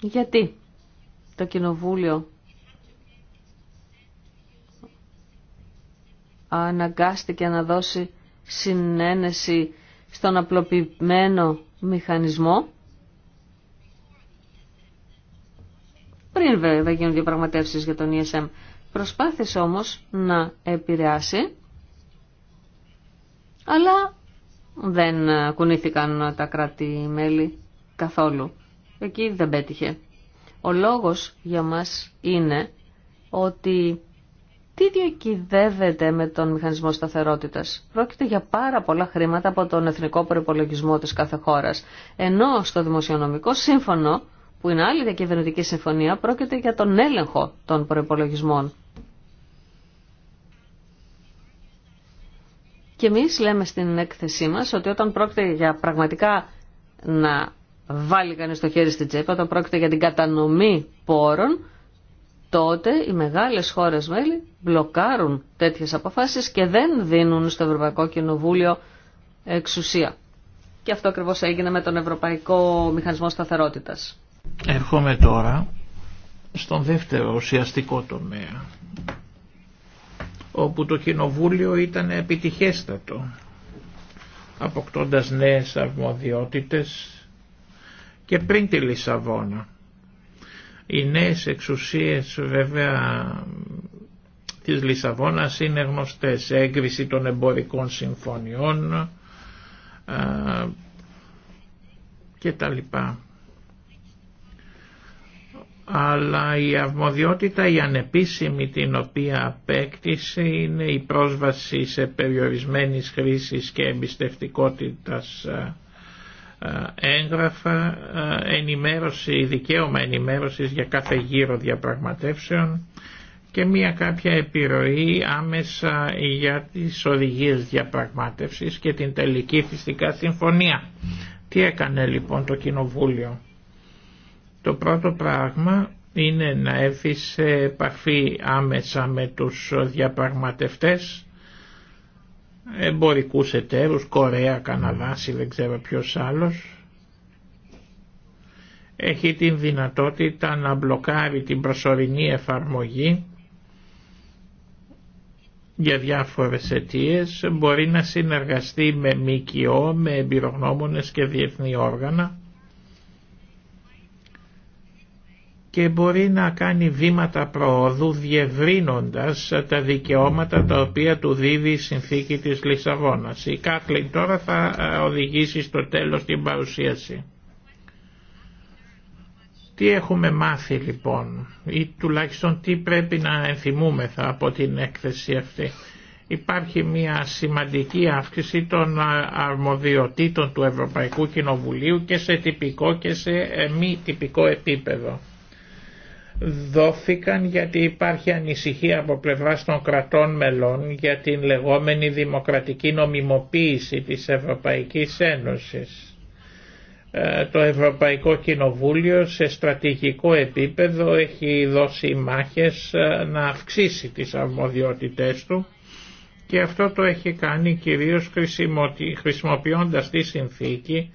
Γιατί το Κοινοβούλιο αναγκάστηκε να δώσει συνένεση στον απλοποιημένο μηχανισμό πριν βέβαια γίνουν διαπραγματεύσει για τον ESM. Προσπάθησε όμως να επηρεάσει αλλά δεν κουνήθηκαν τα κράτη-μέλη καθόλου. Εκεί δεν πέτυχε. Ο λόγος για μας είναι ότι τι διακυδεύεται με τον μηχανισμό σταθερότητας. Πρόκειται για πάρα πολλά χρήματα από τον εθνικό προπολογισμό της κάθε χώρας. Ενώ στο δημοσιονομικό σύμφωνο, που είναι άλλη διακυβερνητική συμφωνία, πρόκειται για τον έλεγχο των προπολογισμών. Και εμείς λέμε στην έκθεσή μας ότι όταν πρόκειται για πραγματικά να βάλει κανείς το χέρι στην τσέπη, όταν πρόκειται για την κατανομή πόρων, τότε οι μεγάλες χώρες μέλη μπλοκάρουν τέτοιες αποφάσεις και δεν δίνουν στο Ευρωπαϊκό Κοινοβούλιο εξουσία. Και αυτό ακριβώς έγινε με τον Ευρωπαϊκό Μηχανισμό Σταθερότητας. Έρχομαι τώρα στον δεύτερο ουσιαστικό τομέα όπου το κοινοβούλιο ήταν επιτυχέστατο αποκτώντας νέες αρμοδιότητες και πριν τη Λισαβόνα. Οι νέες εξουσίες βέβαια της Λισαβόνας είναι γνωστές. Έγκριση των εμπορικών συμφωνιών και τα λοιπά αλλά η αρμοδιότητα η ανεπίσημη την οποία απέκτησε είναι η πρόσβαση σε περιορισμένης χρήσης και εμπιστευτικότητας ε, ε, έγγραφα, ε, ενημέρωση, δικαίωμα ενημέρωσης για κάθε γύρο διαπραγματεύσεων και μια κάποια επιρροή άμεσα για τις οδηγίες διαπραγμάτευσης και την τελική φυσικά συμφωνία. Τι έκανε λοιπόν το Κοινοβούλιο. Το πρώτο πράγμα είναι να έρθει σε επαφή άμεσα με τους διαπραγματευτές εμπορικούς εταίρους, Κορέα, Καναδάς mm. ή δεν ξέρω ποιος άλλος έχει την δυνατότητα να μπλοκάρει την προσωρινή εφαρμογή για διάφορες αιτίε μπορεί να συνεργαστεί με ΜΚΟ, με εμπειρογνώμονες και διεθνή όργανα και μπορεί να κάνει βήματα προόδου διευρύνοντας τα δικαιώματα τα οποία του δίδει η συνθήκη της Λισαβόνας. Η Κάτλιν τώρα θα ε, οδηγήσει στο τέλος την παρουσίαση. Τι έχουμε μάθει λοιπόν ή τουλάχιστον τι πρέπει να ενθυμούμεθα από την έκθεση αυτή. Υπάρχει μια σημαντική αύξηση των ε, αρμοδιοτήτων του Ευρωπαϊκού Κοινοβουλίου και σε τυπικό και σε ε, μη τυπικό επίπεδο δόθηκαν γιατί υπάρχει ανησυχία από πλευράς των κρατών μελών για την λεγόμενη δημοκρατική νομιμοποίηση της Ευρωπαϊκής Ένωσης. Ε, το Ευρωπαϊκό Κοινοβούλιο σε στρατηγικό επίπεδο έχει δώσει μάχες ε, να αυξήσει τις αρμοδιότητές του και αυτό το έχει κάνει κυρίως χρησιμοποιώντας τη συνθήκη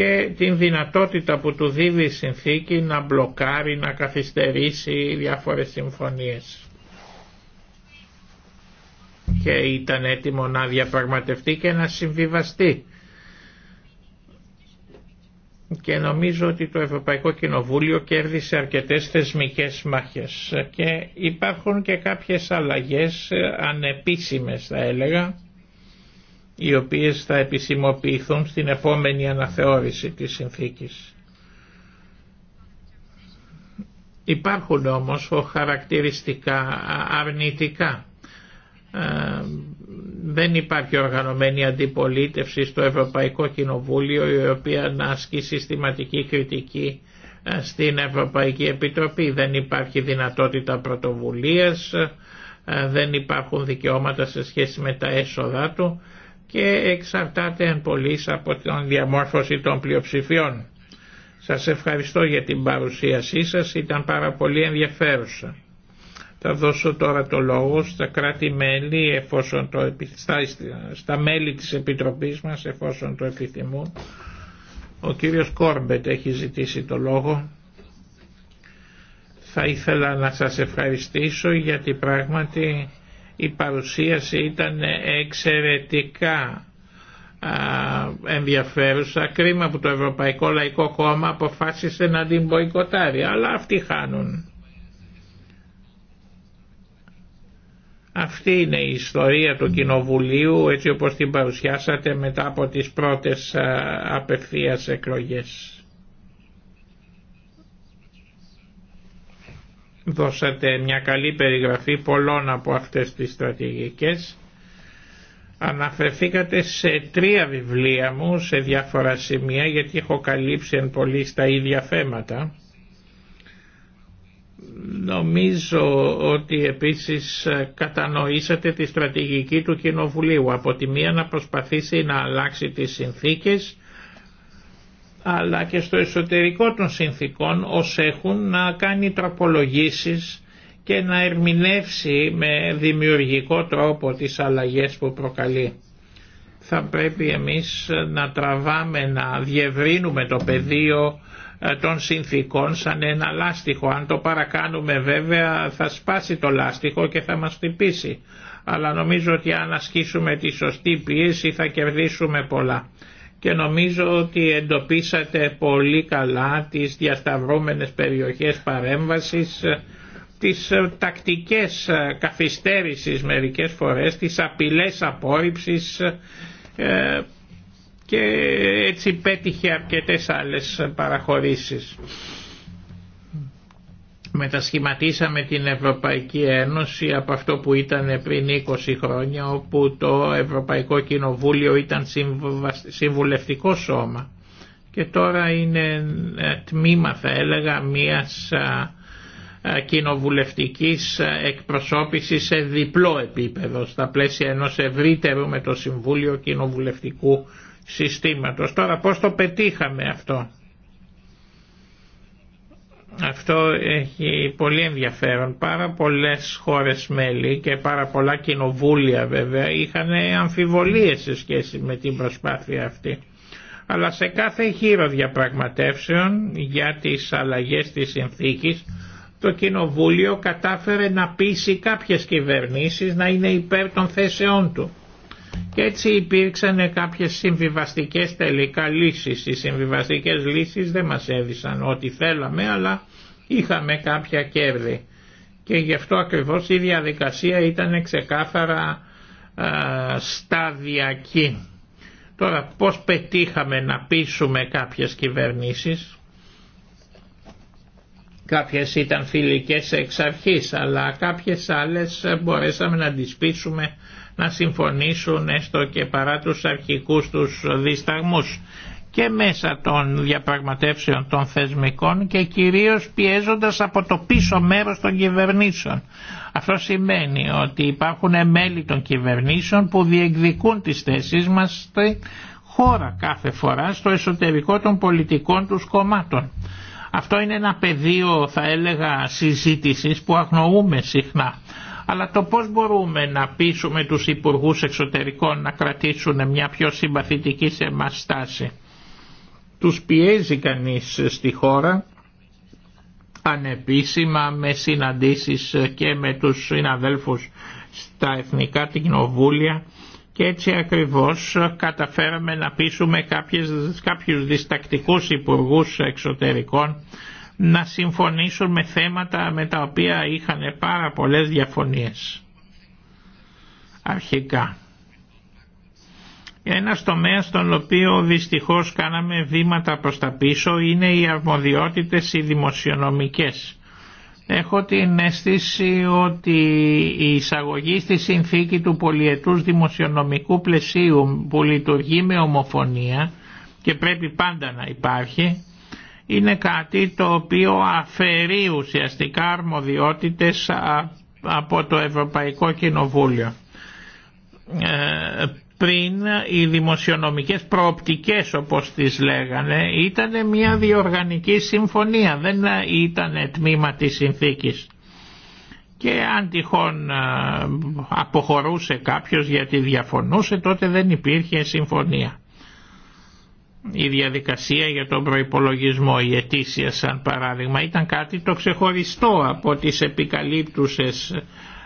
και την δυνατότητα που του δίδει η συνθήκη να μπλοκάρει, να καθυστερήσει διάφορες συμφωνίες. Και ήταν έτοιμο να διαπραγματευτεί και να συμβιβαστεί. Και νομίζω ότι το Ευρωπαϊκό Κοινοβούλιο κέρδισε αρκετές θεσμικές μάχες και υπάρχουν και κάποιες αλλαγές ε, ανεπίσημες θα έλεγα οι οποίες θα επισημοποιηθούν στην επόμενη αναθεώρηση της συνθήκης. Υπάρχουν όμως χαρακτηριστικά αρνητικά. Ε, δεν υπάρχει οργανωμένη αντιπολίτευση στο Ευρωπαϊκό Κοινοβούλιο η οποία να ασκεί συστηματική κριτική ε, στην Ευρωπαϊκή Επιτροπή. Δεν υπάρχει δυνατότητα πρωτοβουλίας, ε, δεν υπάρχουν δικαιώματα σε σχέση με τα έσοδα του και εξαρτάται εν πολλής από την διαμόρφωση των πλειοψηφιών. Σας ευχαριστώ για την παρουσίασή σας, ήταν πάρα πολύ ενδιαφέρουσα. Θα δώσω τώρα το λόγο στα κράτη-μέλη, εφόσον το, στα μέλη της Επιτροπής μας, εφόσον το επιθυμούν. Ο κύριος Κόρμπετ έχει ζητήσει το λόγο. Θα ήθελα να σας ευχαριστήσω γιατί πράγματι η παρουσίαση ήταν εξαιρετικά ενδιαφέρουσα. Κρίμα που το Ευρωπαϊκό Λαϊκό Κόμμα αποφάσισε να την μποϊκοτάρει, αλλά αυτοί χάνουν. Αυτή είναι η ιστορία του Κοινοβουλίου έτσι όπως την παρουσιάσατε μετά από τις πρώτες απευθείας εκλογές. δώσατε μια καλή περιγραφή πολλών από αυτές τις στρατηγικές. Αναφερθήκατε σε τρία βιβλία μου σε διάφορα σημεία γιατί έχω καλύψει εν πολύ στα ίδια θέματα. Νομίζω ότι επίσης κατανοήσατε τη στρατηγική του Κοινοβουλίου. Από τη μία να προσπαθήσει να αλλάξει τις συνθήκες αλλά και στο εσωτερικό των συνθήκων ως έχουν να κάνει τροπολογήσεις και να ερμηνεύσει με δημιουργικό τρόπο τις αλλαγές που προκαλεί. Θα πρέπει εμείς να τραβάμε, να διευρύνουμε το πεδίο ε, των συνθήκων σαν ένα λάστιχο. Αν το παρακάνουμε βέβαια θα σπάσει το λάστιχο και θα μας χτυπήσει. Αλλά νομίζω ότι αν ασκήσουμε τη σωστή πίεση θα κερδίσουμε πολλά και νομίζω ότι εντοπίσατε πολύ καλά τις διασταυρούμενες περιοχές παρέμβασης, τις ε, τακτικές ε, καθυστέρησης μερικές φορές, τις απειλές απόρριψης ε, και έτσι πέτυχε αρκετές άλλες παραχωρήσεις μετασχηματίσαμε την Ευρωπαϊκή Ένωση από αυτό που ήταν πριν 20 χρόνια όπου το Ευρωπαϊκό Κοινοβούλιο ήταν συμβουλευτικό σώμα και τώρα είναι ε, τμήμα θα έλεγα μιας κοινοβουλευτικής εκπροσώπησης σε διπλό επίπεδο στα πλαίσια ενός ευρύτερου με το Συμβούλιο Κοινοβουλευτικού Συστήματος. Τώρα πώς το πετύχαμε αυτό. Αυτό έχει πολύ ενδιαφέρον. Πάρα πολλές χώρες μέλη και πάρα πολλά κοινοβούλια βέβαια είχαν αμφιβολίες σε σχέση με την προσπάθεια αυτή. Αλλά σε κάθε γύρο διαπραγματεύσεων για τις αλλαγές της συνθήκης το Κοινοβούλιο κατάφερε να πείσει κάποιες κυβερνήσεις να είναι υπέρ των θέσεών του. Και έτσι υπήρξαν κάποιες συμβιβαστικές τελικά λύσεις. Οι συμβιβαστικές λύσεις δεν μας έδισαν ό,τι θέλαμε αλλά είχαμε κάποια κέρδη και γι' αυτό ακριβώς η διαδικασία ήταν ξεκάθαρα σταδιακή. Τώρα πώς πετύχαμε να πείσουμε κάποιες κυβερνήσεις, κάποιες ήταν φιλικές εξ αρχής, αλλά κάποιες άλλες μπορέσαμε να τις πείσουμε να συμφωνήσουν έστω και παρά τους αρχικούς τους δισταγμούς και μέσα των διαπραγματεύσεων των θεσμικών και κυρίως πιέζοντας από το πίσω μέρος των κυβερνήσεων. Αυτό σημαίνει ότι υπάρχουν μέλη των κυβερνήσεων που διεκδικούν τις θέσεις μας στη χώρα κάθε φορά στο εσωτερικό των πολιτικών τους κομμάτων. Αυτό είναι ένα πεδίο θα έλεγα συζήτησης που αγνοούμε συχνά. Αλλά το πώς μπορούμε να πείσουμε τους υπουργούς εξωτερικών να κρατήσουν μια πιο συμπαθητική σε εμάς στάση τους πιέζει κανείς στη χώρα ανεπίσημα με συναντήσεις και με τους συναδέλφους στα εθνικά κοινοβούλια και έτσι ακριβώς καταφέραμε να πείσουμε κάποιες, κάποιους διστακτικούς υπουργούς εξωτερικών να συμφωνήσουν με θέματα με τα οποία είχαν πάρα πολλές διαφωνίες αρχικά. Ένα τομέα στον οποίο δυστυχώς κάναμε βήματα προς τα πίσω είναι οι αρμοδιότητες οι δημοσιονομικές. Έχω την αίσθηση ότι η εισαγωγή στη συνθήκη του πολιετούς δημοσιονομικού πλαισίου που λειτουργεί με ομοφωνία και πρέπει πάντα να υπάρχει είναι κάτι το οποίο αφαιρεί ουσιαστικά αρμοδιότητες από το Ευρωπαϊκό Κοινοβούλιο. Ε, πριν οι δημοσιονομικές προοπτικές όπως τις λέγανε ήταν μια διοργανική συμφωνία, δεν ήταν τμήμα της συνθήκης. Και αν τυχόν ε, αποχωρούσε κάποιος γιατί διαφωνούσε τότε δεν υπήρχε συμφωνία. Η διαδικασία για τον προϋπολογισμό, η αιτήσια σαν παράδειγμα ήταν κάτι το ξεχωριστό από τις επικαλύπτουσες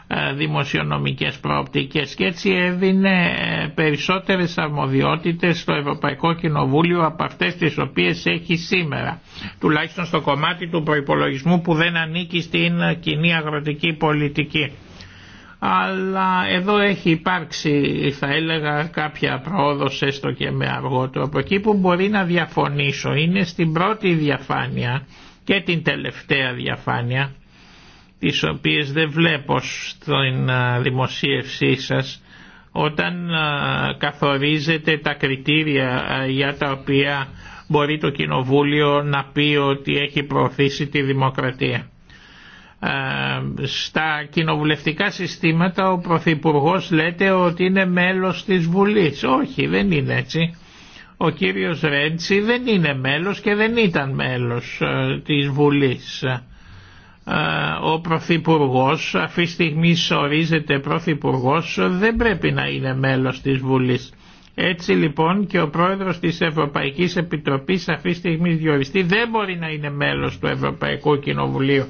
ε, δημοσιονομικές προοπτικές και έτσι έδινε ε, περισσότερες αρμοδιότητες στο Ευρωπαϊκό Κοινοβούλιο από αυτές τις οποίες έχει σήμερα τουλάχιστον στο κομμάτι του προϋπολογισμού που δεν ανήκει στην κοινή αγροτική πολιτική αλλά εδώ έχει υπάρξει θα έλεγα κάποια πρόοδος έστω και με αργότερο από εκεί που μπορεί να διαφωνήσω είναι στην πρώτη διαφάνεια και την τελευταία διαφάνεια τις οποίες δεν βλέπω στην δημοσίευσή σας όταν καθορίζετε τα κριτήρια για τα οποία μπορεί το Κοινοβούλιο να πει ότι έχει προωθήσει τη δημοκρατία. Στα κοινοβουλευτικά συστήματα ο Πρωθυπουργό λέτε ότι είναι μέλος της Βουλής. Όχι, δεν είναι έτσι. Ο κύριος Ρέντσι δεν είναι μέλος και δεν ήταν μέλος της Βουλής ο Πρωθυπουργό, αυτή τη στιγμή ορίζεται Πρωθυπουργό, δεν πρέπει να είναι μέλος της Βουλής. Έτσι λοιπόν και ο πρόεδρος της Ευρωπαϊκής Επιτροπής αυτή τη στιγμή διοριστεί δεν μπορεί να είναι μέλος του Ευρωπαϊκού Κοινοβουλίου.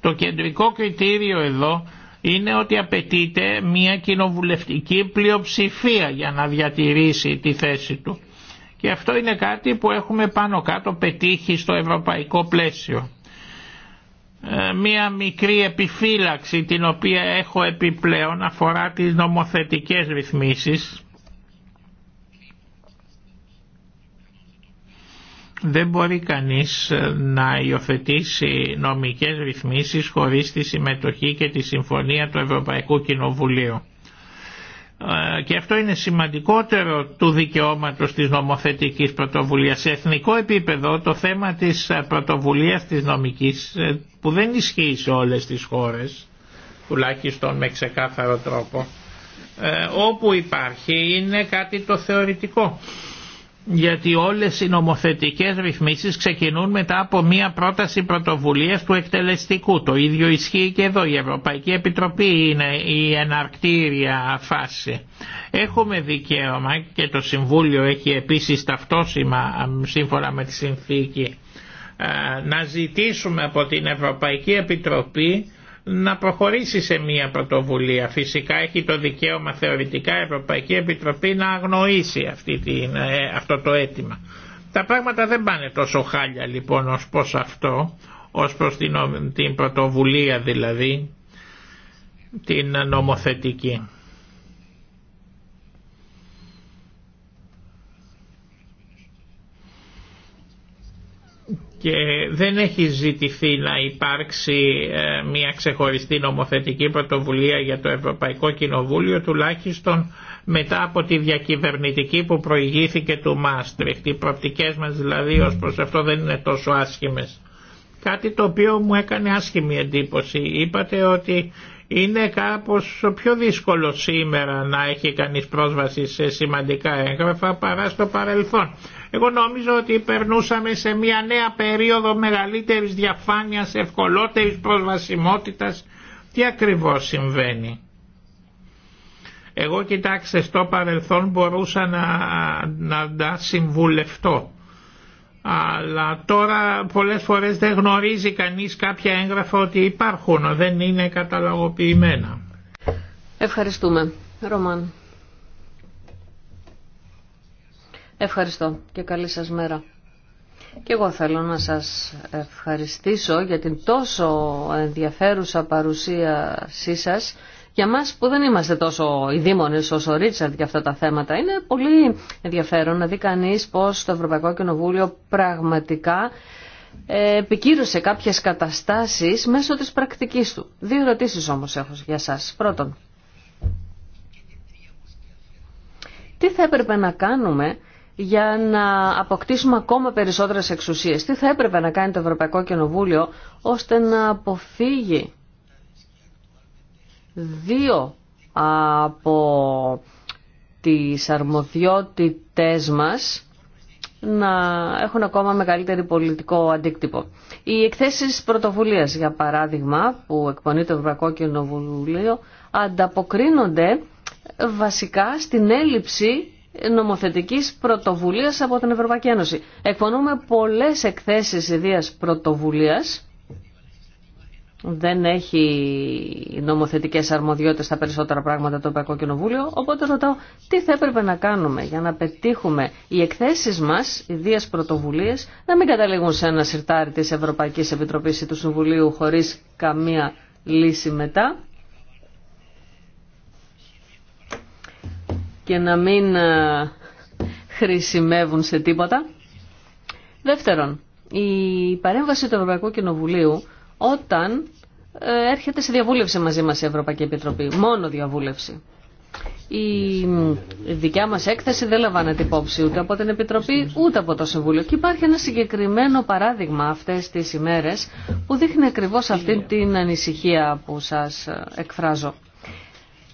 Το κεντρικό κριτήριο εδώ είναι ότι απαιτείται μια κοινοβουλευτική πλειοψηφία για να διατηρήσει τη θέση του. Και αυτό είναι κάτι που έχουμε πάνω κάτω πετύχει στο ευρωπαϊκό πλαίσιο. Ε, μία μικρή επιφύλαξη την οποία έχω επιπλέον αφορά τις νομοθετικές ρυθμίσεις δεν μπορεί κανείς ε, να υιοθετήσει νομικές ρυθμίσεις χωρίς τη συμμετοχή και τη συμφωνία του Ευρωπαϊκού Κοινοβουλίου. Ε, και αυτό είναι σημαντικότερο του δικαιώματος της νομοθετικής πρωτοβουλίας σε εθνικό επίπεδο το θέμα της ε, πρωτοβουλίας της νομικής ε, που δεν ισχύει σε όλες τις χώρες τουλάχιστον με ξεκάθαρο τρόπο όπου υπάρχει είναι κάτι το θεωρητικό γιατί όλες οι νομοθετικές ρυθμίσεις ξεκινούν μετά από μία πρόταση πρωτοβουλίας του εκτελεστικού. Το ίδιο ισχύει και εδώ. Η Ευρωπαϊκή Επιτροπή είναι η εναρκτήρια φάση. Έχουμε δικαίωμα και το Συμβούλιο έχει επίσης ταυτόσημα σύμφωνα με τη συνθήκη ε, να ζητήσουμε από την Ευρωπαϊκή Επιτροπή να προχωρήσει σε μία πρωτοβουλία. Φυσικά έχει το δικαίωμα θεωρητικά η Ευρωπαϊκή Επιτροπή να αγνοήσει αυτή την, ε, αυτό το αίτημα. Τα πράγματα δεν πάνε τόσο χάλια λοιπόν ως προς αυτό, ως προς την, την πρωτοβουλία δηλαδή, την νομοθετική. και δεν έχει ζητηθεί να υπάρξει ε, μια ξεχωριστή νομοθετική πρωτοβουλία για το Ευρωπαϊκό Κοινοβούλιο τουλάχιστον μετά από τη διακυβερνητική που προηγήθηκε του Μάστριχτ. Οι προπτικές μας δηλαδή ως προς αυτό δεν είναι τόσο άσχημες. Κάτι το οποίο μου έκανε άσχημη εντύπωση. Είπατε ότι είναι κάπως πιο δύσκολο σήμερα να έχει κανείς πρόσβαση σε σημαντικά έγγραφα παρά στο παρελθόν. Εγώ νόμιζα ότι περνούσαμε σε μια νέα περίοδο μεγαλύτερης διαφάνειας, ευκολότερης προσβασιμότητας. Τι ακριβώς συμβαίνει. Εγώ κοιτάξτε στο παρελθόν μπορούσα να, να τα συμβουλευτώ. Αλλά τώρα πολλές φορές δεν γνωρίζει κανείς κάποια έγγραφα ότι υπάρχουν, δεν είναι καταλαγοποιημένα. Ευχαριστούμε. Ρωμάν. Ευχαριστώ και καλή σας μέρα. Και εγώ θέλω να σας ευχαριστήσω για την τόσο ενδιαφέρουσα παρουσίασή σας. Για μας που δεν είμαστε τόσο δήμονες όσο ο Ρίτσαρντ για αυτά τα θέματα, είναι πολύ ενδιαφέρον να δει κανείς πώς το Ευρωπαϊκό Κοινοβούλιο πραγματικά ε, επικύρωσε κάποιες καταστάσεις μέσω της πρακτικής του. Δύο ερωτήσεις όμως έχω για σας. Πρώτον, τι θα έπρεπε να κάνουμε για να αποκτήσουμε ακόμα περισσότερες εξουσίες. Τι θα έπρεπε να κάνει το Ευρωπαϊκό Κοινοβούλιο ώστε να αποφύγει δύο από τις αρμοδιότητές μας να έχουν ακόμα μεγαλύτερη πολιτικό αντίκτυπο. Οι εκθέσεις πρωτοβουλίας, για παράδειγμα, που εκπονεί το Ευρωπαϊκό Κοινοβουλίο, ανταποκρίνονται βασικά στην έλλειψη νομοθετικής πρωτοβουλίας από την Ευρωπαϊκή Ένωση. Εκπονούμε πολλές εκθέσεις ιδίας πρωτοβουλίας. Δεν έχει νομοθετικές αρμοδιότητες στα περισσότερα πράγματα το Ευρωπαϊκό Κοινοβούλιο, οπότε ρωτάω τι θα έπρεπε να κάνουμε για να πετύχουμε οι εκθέσεις μας, ιδίας πρωτοβουλίες, να μην καταλήγουν σε ένα σιρτάρι της Ευρωπαϊκής Επιτροπής ή του Συμβουλίου χωρίς καμία λύση μετά και να μην ε, χρησιμεύουν σε τίποτα. Δεύτερον, η παρέμβαση του Ευρωπαϊκού Κοινοβουλίου όταν ε, έρχεται σε διαβούλευση μαζί μας η Ευρωπαϊκή Επιτροπή. Μόνο διαβούλευση. Η δικιά μας έκθεση δεν λαμβάνεται υπόψη ούτε από την Επιτροπή ούτε από το Συμβούλιο. Και υπάρχει ένα συγκεκριμένο παράδειγμα αυτές τις ημέρες που δείχνει ακριβώς αυτή την ανησυχία που σας ε, εκφράζω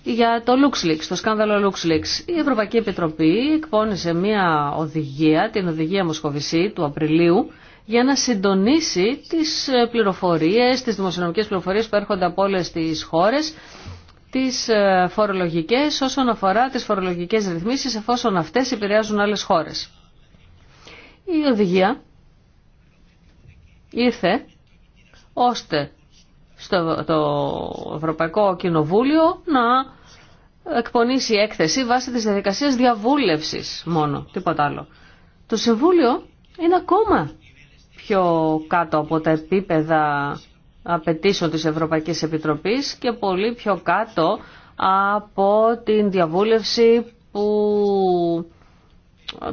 για το LuxLeaks, το σκάνδαλο LuxLeaks. Η Ευρωπαϊκή Επιτροπή εκπώνησε μια οδηγία, την οδηγία Μοσχοβησή του Απριλίου, για να συντονίσει τις ε, πληροφορίες, τις δημοσιονομικές πληροφορίες που έρχονται από όλες τις χώρες, τις ε, φορολογικές όσον αφορά τις φορολογικές ρυθμίσεις εφόσον αυτές επηρεάζουν άλλες χώρες. Η οδηγία ήρθε ώστε στο το Ευρωπαϊκό Κοινοβούλιο να εκπονήσει έκθεση βάσει της διαδικασίας διαβούλευσης μόνο, τίποτα άλλο. Το Συμβούλιο είναι ακόμα πιο κάτω από τα επίπεδα απαιτήσεων της Ευρωπαϊκής Επιτροπής και πολύ πιο κάτω από την διαβούλευση που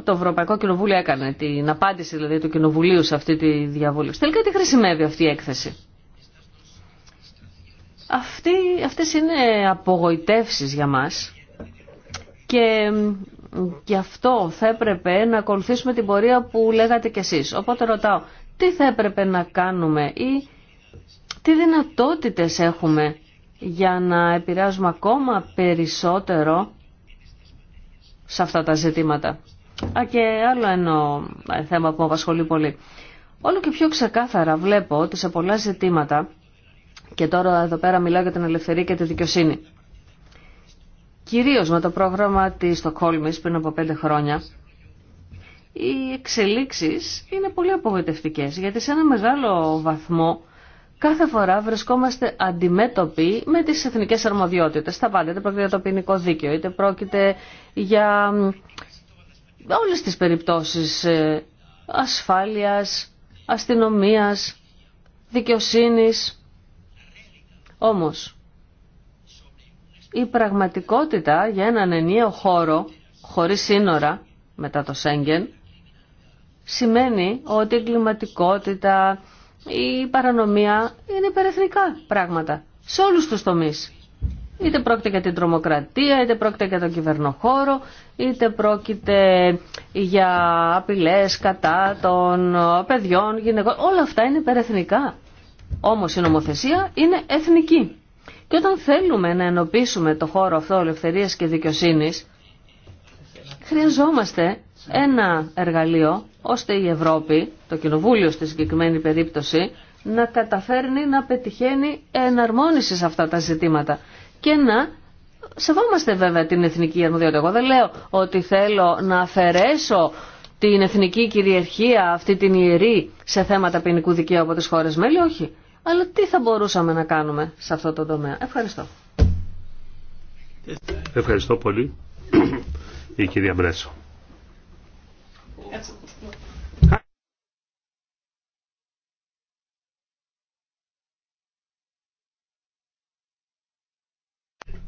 το Ευρωπαϊκό Κοινοβούλιο έκανε, την απάντηση δηλαδή του Κοινοβουλίου σε αυτή τη διαβούλευση. Τελικά τι χρησιμεύει αυτή η έκθεση. Αυτή, αυτές είναι απογοητεύσεις για μας και γι' αυτό θα έπρεπε να ακολουθήσουμε την πορεία που λέγατε κι εσείς. Οπότε ρωτάω, τι θα έπρεπε να κάνουμε ή τι δυνατότητες έχουμε για να επηρεάζουμε ακόμα περισσότερο σε αυτά τα ζητήματα. Α, και άλλο ένα ε, θέμα που απασχολεί πολύ. Όλο και πιο ξεκάθαρα βλέπω ότι σε πολλά ζητήματα και τώρα εδώ πέρα μιλάω για την ελευθερία και τη δικαιοσύνη. Κυρίως με το πρόγραμμα της Στοκχόλμης πριν από πέντε χρόνια, οι εξελίξεις είναι πολύ απογοητευτικές, γιατί σε ένα μεγάλο βαθμό κάθε φορά βρισκόμαστε αντιμέτωποι με τις εθνικές αρμοδιότητες. Τα πάντα, είτε πρόκειται για το ποινικό δίκαιο, είτε πρόκειται για όλες τις περιπτώσεις ε, ασφάλειας, αστυνομίας, δικαιοσύνης. Όμως, η πραγματικότητα για έναν ενιαίο χώρο, χωρίς σύνορα, μετά το Σέγγεν, σημαίνει ότι η εγκληματικότητα, η παρανομία είναι υπερεθνικά πράγματα σε όλους τους τομείς. Είτε πρόκειται για την τρομοκρατία, είτε πρόκειται για τον κυβερνοχώρο, είτε πρόκειται για απειλές κατά των παιδιών, γυναικών. Όλα αυτά είναι υπερεθνικά. Όμως η νομοθεσία είναι εθνική. Και όταν θέλουμε να ενοποιήσουμε το χώρο αυτό ελευθερίας και δικαιοσύνης, χρειαζόμαστε ένα εργαλείο ώστε η Ευρώπη, το Κοινοβούλιο στη συγκεκριμένη περίπτωση, να καταφέρνει να πετυχαίνει εναρμόνιση σε αυτά τα ζητήματα και να σεβόμαστε βέβαια την εθνική αρμοδιότητα. Εγώ δεν λέω ότι θέλω να αφαιρέσω την εθνική κυριαρχία, αυτή την ιερή σε θέματα ποινικού δικαίου από τις χώρες μέλη, όχι. Αλλά τι θα μπορούσαμε να κάνουμε σε αυτό το τομέα. Ευχαριστώ. Ευχαριστώ πολύ η κυρία Μπρέσο.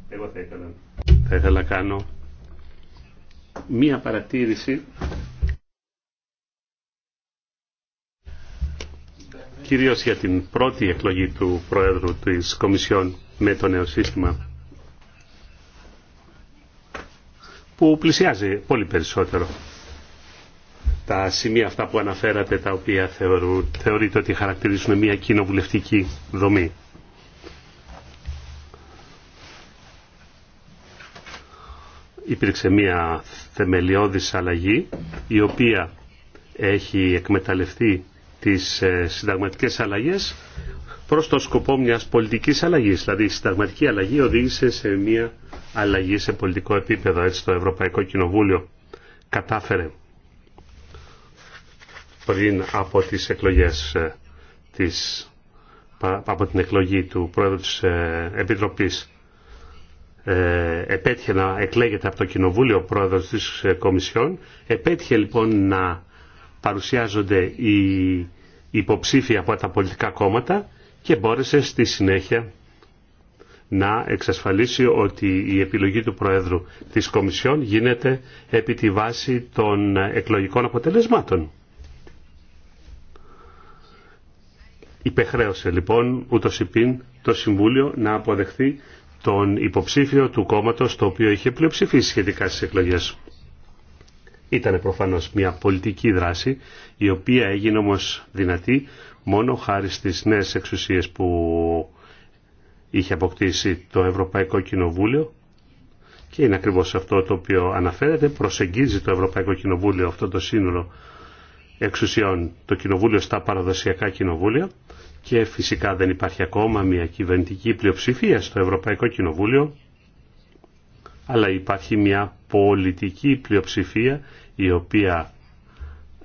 Εγώ θα ήθελα, θα ήθελα να κάνω μία παρατήρηση κυρίως για την πρώτη εκλογή του Προέδρου της Κομισιόν με το νέο σύστημα που πλησιάζει πολύ περισσότερο. Τα σημεία αυτά που αναφέρατε τα οποία θεωρείτε ότι χαρακτηρίζουν μια κοινοβουλευτική δομή. Υπήρξε μια θεμελιώδης αλλαγή η οποία έχει εκμεταλλευτεί τις ε, συνταγματικές αλλαγές προς το σκοπό μιας πολιτικής αλλαγής. Δηλαδή η συνταγματική αλλαγή οδήγησε σε μια αλλαγή σε πολιτικό επίπεδο. Έτσι το Ευρωπαϊκό Κοινοβούλιο κατάφερε πριν από τις εκλογές ε, της, από την εκλογή του Πρόεδρου της ε, Επιτροπής επέτυχε να εκλέγεται από το Κοινοβούλιο ο Πρόεδρος της Κομισιόν. Επέτυχε λοιπόν να παρουσιάζονται οι υποψήφοι από τα πολιτικά κόμματα και μπόρεσε στη συνέχεια να εξασφαλίσει ότι η επιλογή του Προέδρου της Κομισιόν γίνεται επί τη βάση των εκλογικών αποτελεσμάτων. Υπεχρέωσε λοιπόν ούτως υπήν το Συμβούλιο να αποδεχθεί τον υποψήφιο του κόμματος το οποίο είχε πλειοψηφίσει σχετικά στις εκλογές. Ήταν προφανώς μια πολιτική δράση η οποία έγινε όμως δυνατή μόνο χάρη στις νέες εξουσίες που είχε αποκτήσει το Ευρωπαϊκό Κοινοβούλιο και είναι ακριβώς αυτό το οποίο αναφέρεται, προσεγγίζει το Ευρωπαϊκό Κοινοβούλιο αυτό το σύνολο εξουσιών το Κοινοβούλιο στα παραδοσιακά κοινοβούλια και φυσικά δεν υπάρχει ακόμα μια κυβερνητική πλειοψηφία στο Ευρωπαϊκό Κοινοβούλιο αλλά υπάρχει μια πολιτική πλειοψηφία η οποία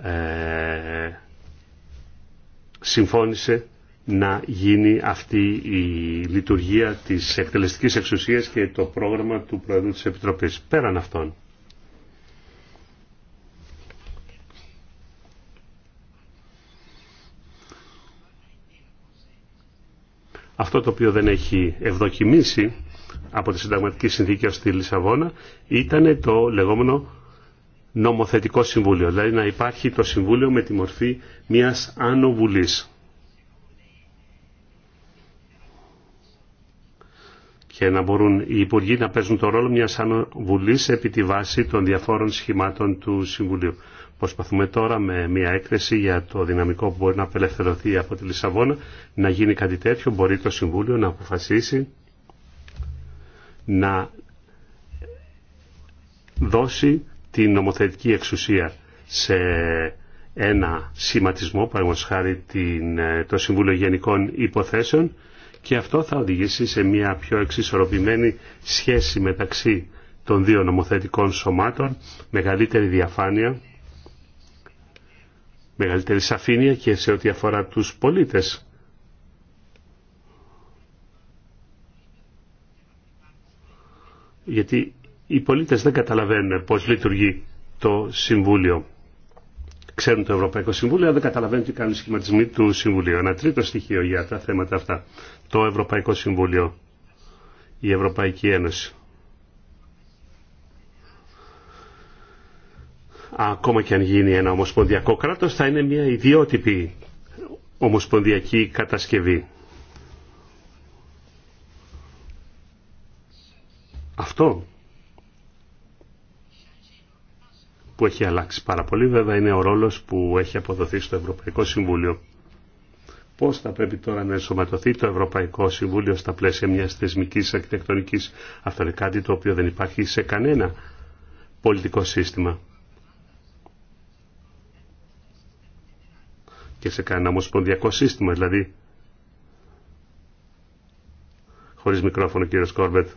ε, συμφώνησε να γίνει αυτή η λειτουργία της εκτελεστικής εξουσίας και το πρόγραμμα του Προεδρού της Επιτροπής. Πέραν αυτών. Αυτό το οποίο δεν έχει ευδοκιμήσει από τη συνταγματική συνθήκη στη Λισαβόνα ήταν το λεγόμενο νομοθετικό συμβούλιο, δηλαδή να υπάρχει το συμβούλιο με τη μορφή μιας άνω και να μπορούν οι υπουργοί να παίζουν το ρόλο μιας άνω επί τη βάση των διαφόρων σχημάτων του Συμβουλίου. Προσπαθούμε τώρα με μια έκθεση για το δυναμικό που μπορεί να απελευθερωθεί από τη Λισαβόνα να γίνει κάτι τέτοιο. Μπορεί το Συμβούλιο να αποφασίσει να δώσει την νομοθετική εξουσία σε ένα σχηματισμό, παραγωγός χάρη την, ε, το Συμβούλιο Γενικών Υποθέσεων και αυτό θα οδηγήσει σε μια πιο εξισορροπημένη σχέση μεταξύ των δύο νομοθετικών σωμάτων, μεγαλύτερη διαφάνεια, μεγαλύτερη σαφήνεια και σε ό,τι αφορά τους πολίτες. Γιατί οι πολίτες δεν καταλαβαίνουν πώς λειτουργεί το Συμβούλιο. Ξέρουν το Ευρωπαϊκό Συμβούλιο, αλλά δεν καταλαβαίνουν τι κάνουν οι σχηματισμοί του Συμβουλίου. Ένα τρίτο στοιχείο για τα θέματα αυτά. Το Ευρωπαϊκό Συμβούλιο. Η Ευρωπαϊκή Ένωση. Ακόμα και αν γίνει ένα ομοσπονδιακό κράτος, θα είναι μια ιδιότυπη ομοσπονδιακή κατασκευή. Αυτό που έχει αλλάξει πάρα πολύ βέβαια είναι ο ρόλος που έχει αποδοθεί στο Ευρωπαϊκό Συμβούλιο. Πώς θα πρέπει τώρα να ενσωματωθεί το Ευρωπαϊκό Συμβούλιο στα πλαίσια μιας θεσμικής αρχιτεκτονικής. Αυτό είναι κάτι το οποίο δεν υπάρχει σε κανένα πολιτικό σύστημα. Και σε κανένα ομοσπονδιακό σύστημα δηλαδή. Χωρίς μικρόφωνο κύριος Σκόρβετ.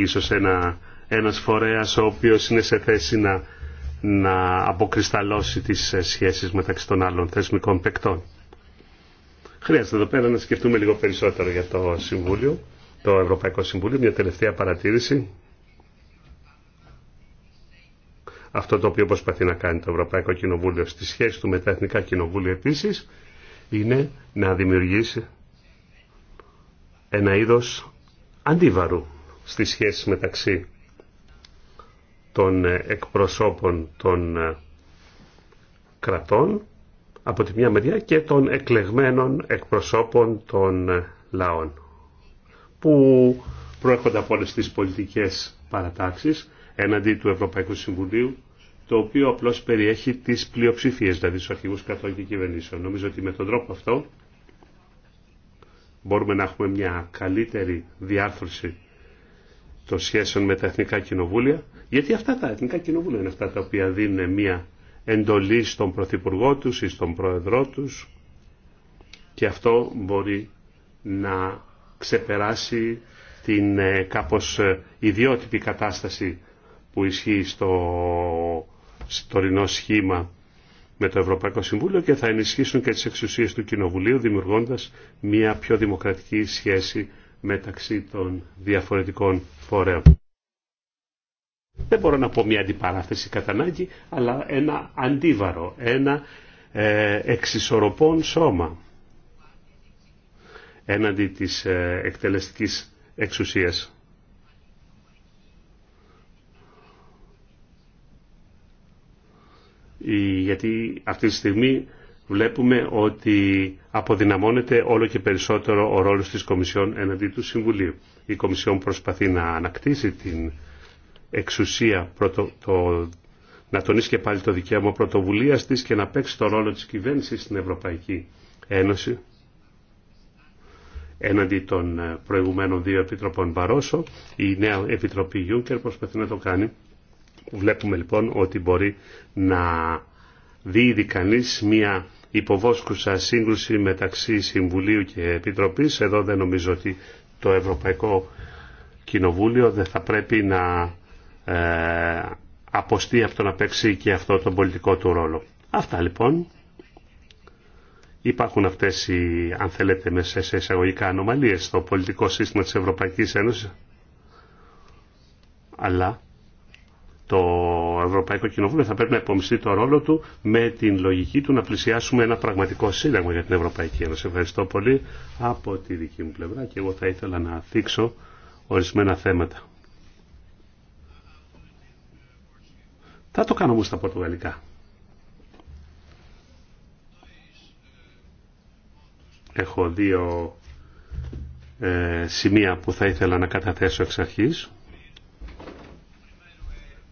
ίσως ένα, ένας φορέας ο οποίος είναι σε θέση να, να αποκρισταλώσει τις ε, σχέσεις μεταξύ των άλλων θεσμικών παικτών. Χρειάζεται εδώ πέρα να σκεφτούμε λίγο περισσότερο για το Συμβούλιο, το Ευρωπαϊκό Συμβούλιο. Μια τελευταία παρατήρηση. Αυτό το οποίο προσπαθεί να κάνει το Ευρωπαϊκό Κοινοβούλιο στη σχέση του με τα Εθνικά Κοινοβούλια επίσης είναι να δημιουργήσει ένα είδος αντίβαρου στις σχέσεις μεταξύ των ε, εκπροσώπων των ε, κρατών από τη μια μεριά και των εκλεγμένων εκπροσώπων των ε, λαών που προέρχονται από όλες τις πολιτικές παρατάξεις έναντι του Ευρωπαϊκού Συμβουλίου το οποίο απλώς περιέχει τις πλειοψηφίες, δηλαδή στους αρχηγούς κρατών και κυβερνήσεων. Νομίζω ότι με τον τρόπο αυτό μπορούμε να έχουμε μια καλύτερη διάρθρωση των σχέσεων με τα εθνικά κοινοβούλια, γιατί αυτά τα εθνικά κοινοβούλια είναι αυτά τα οποία δίνουν μια εντολή στον Πρωθυπουργό τους ή στον Πρόεδρό του, και αυτό μπορεί να ξεπεράσει την ε, κάπως ε, ιδιότυπη κατάσταση που ισχύει στο τωρινό σχήμα με το Ευρωπαϊκό Συμβούλιο και θα ενισχύσουν και τις εξουσίες του Κοινοβουλίου δημιουργώντας μια πιο δημοκρατική σχέση μεταξύ των διαφορετικών φορέων. Δεν μπορώ να πω μια αντιπαράθεση κατά ανάγκη, αλλά ένα αντίβαρο, ένα ε, εξισορροπών σώμα έναντι της ε, εκτελεστικής εξουσίας. γιατί αυτή τη στιγμή βλέπουμε ότι αποδυναμώνεται όλο και περισσότερο ο ρόλος της Κομισιόν εναντί του Συμβουλίου. Η Κομισιόν προσπαθεί να ανακτήσει την εξουσία, το, να τονίσει και πάλι το δικαίωμα πρωτοβουλία της και να παίξει το ρόλο της κυβέρνησης στην Ευρωπαϊκή Ένωση έναντι των ε, προηγουμένων δύο επιτροπών Μπαρόσο. Η νέα επιτροπή Juncker προσπαθεί να το κάνει. Βλέπουμε λοιπόν ότι μπορεί να δίδει κανείς μια υποβόσκουσα σύγκρουση μεταξύ Συμβουλίου και Επιτροπής. Εδώ δεν νομίζω ότι το Ευρωπαϊκό Κοινοβούλιο δεν θα πρέπει να ε, αποστεί αυτό να παίξει και αυτό τον πολιτικό του ρόλο. Αυτά λοιπόν. Υπάρχουν αυτές οι, αν θέλετε, μέσα σε εισαγωγικά ανομαλίες στο πολιτικό σύστημα της Ευρωπαϊκής Ένωσης. Αλλά το Ευρωπαϊκό Κοινοβούλιο θα πρέπει να υπομειστεί το ρόλο του με την λογική του να πλησιάσουμε ένα πραγματικό σύνταγμα για την Ευρωπαϊκή Ένωση. Ευχαριστώ πολύ από τη δική μου πλευρά και εγώ θα ήθελα να θίξω ορισμένα θέματα. Θα το κάνω όμως στα πορτογαλικά. Έχω δύο ε, σημεία που θα ήθελα να καταθέσω εξ αρχής.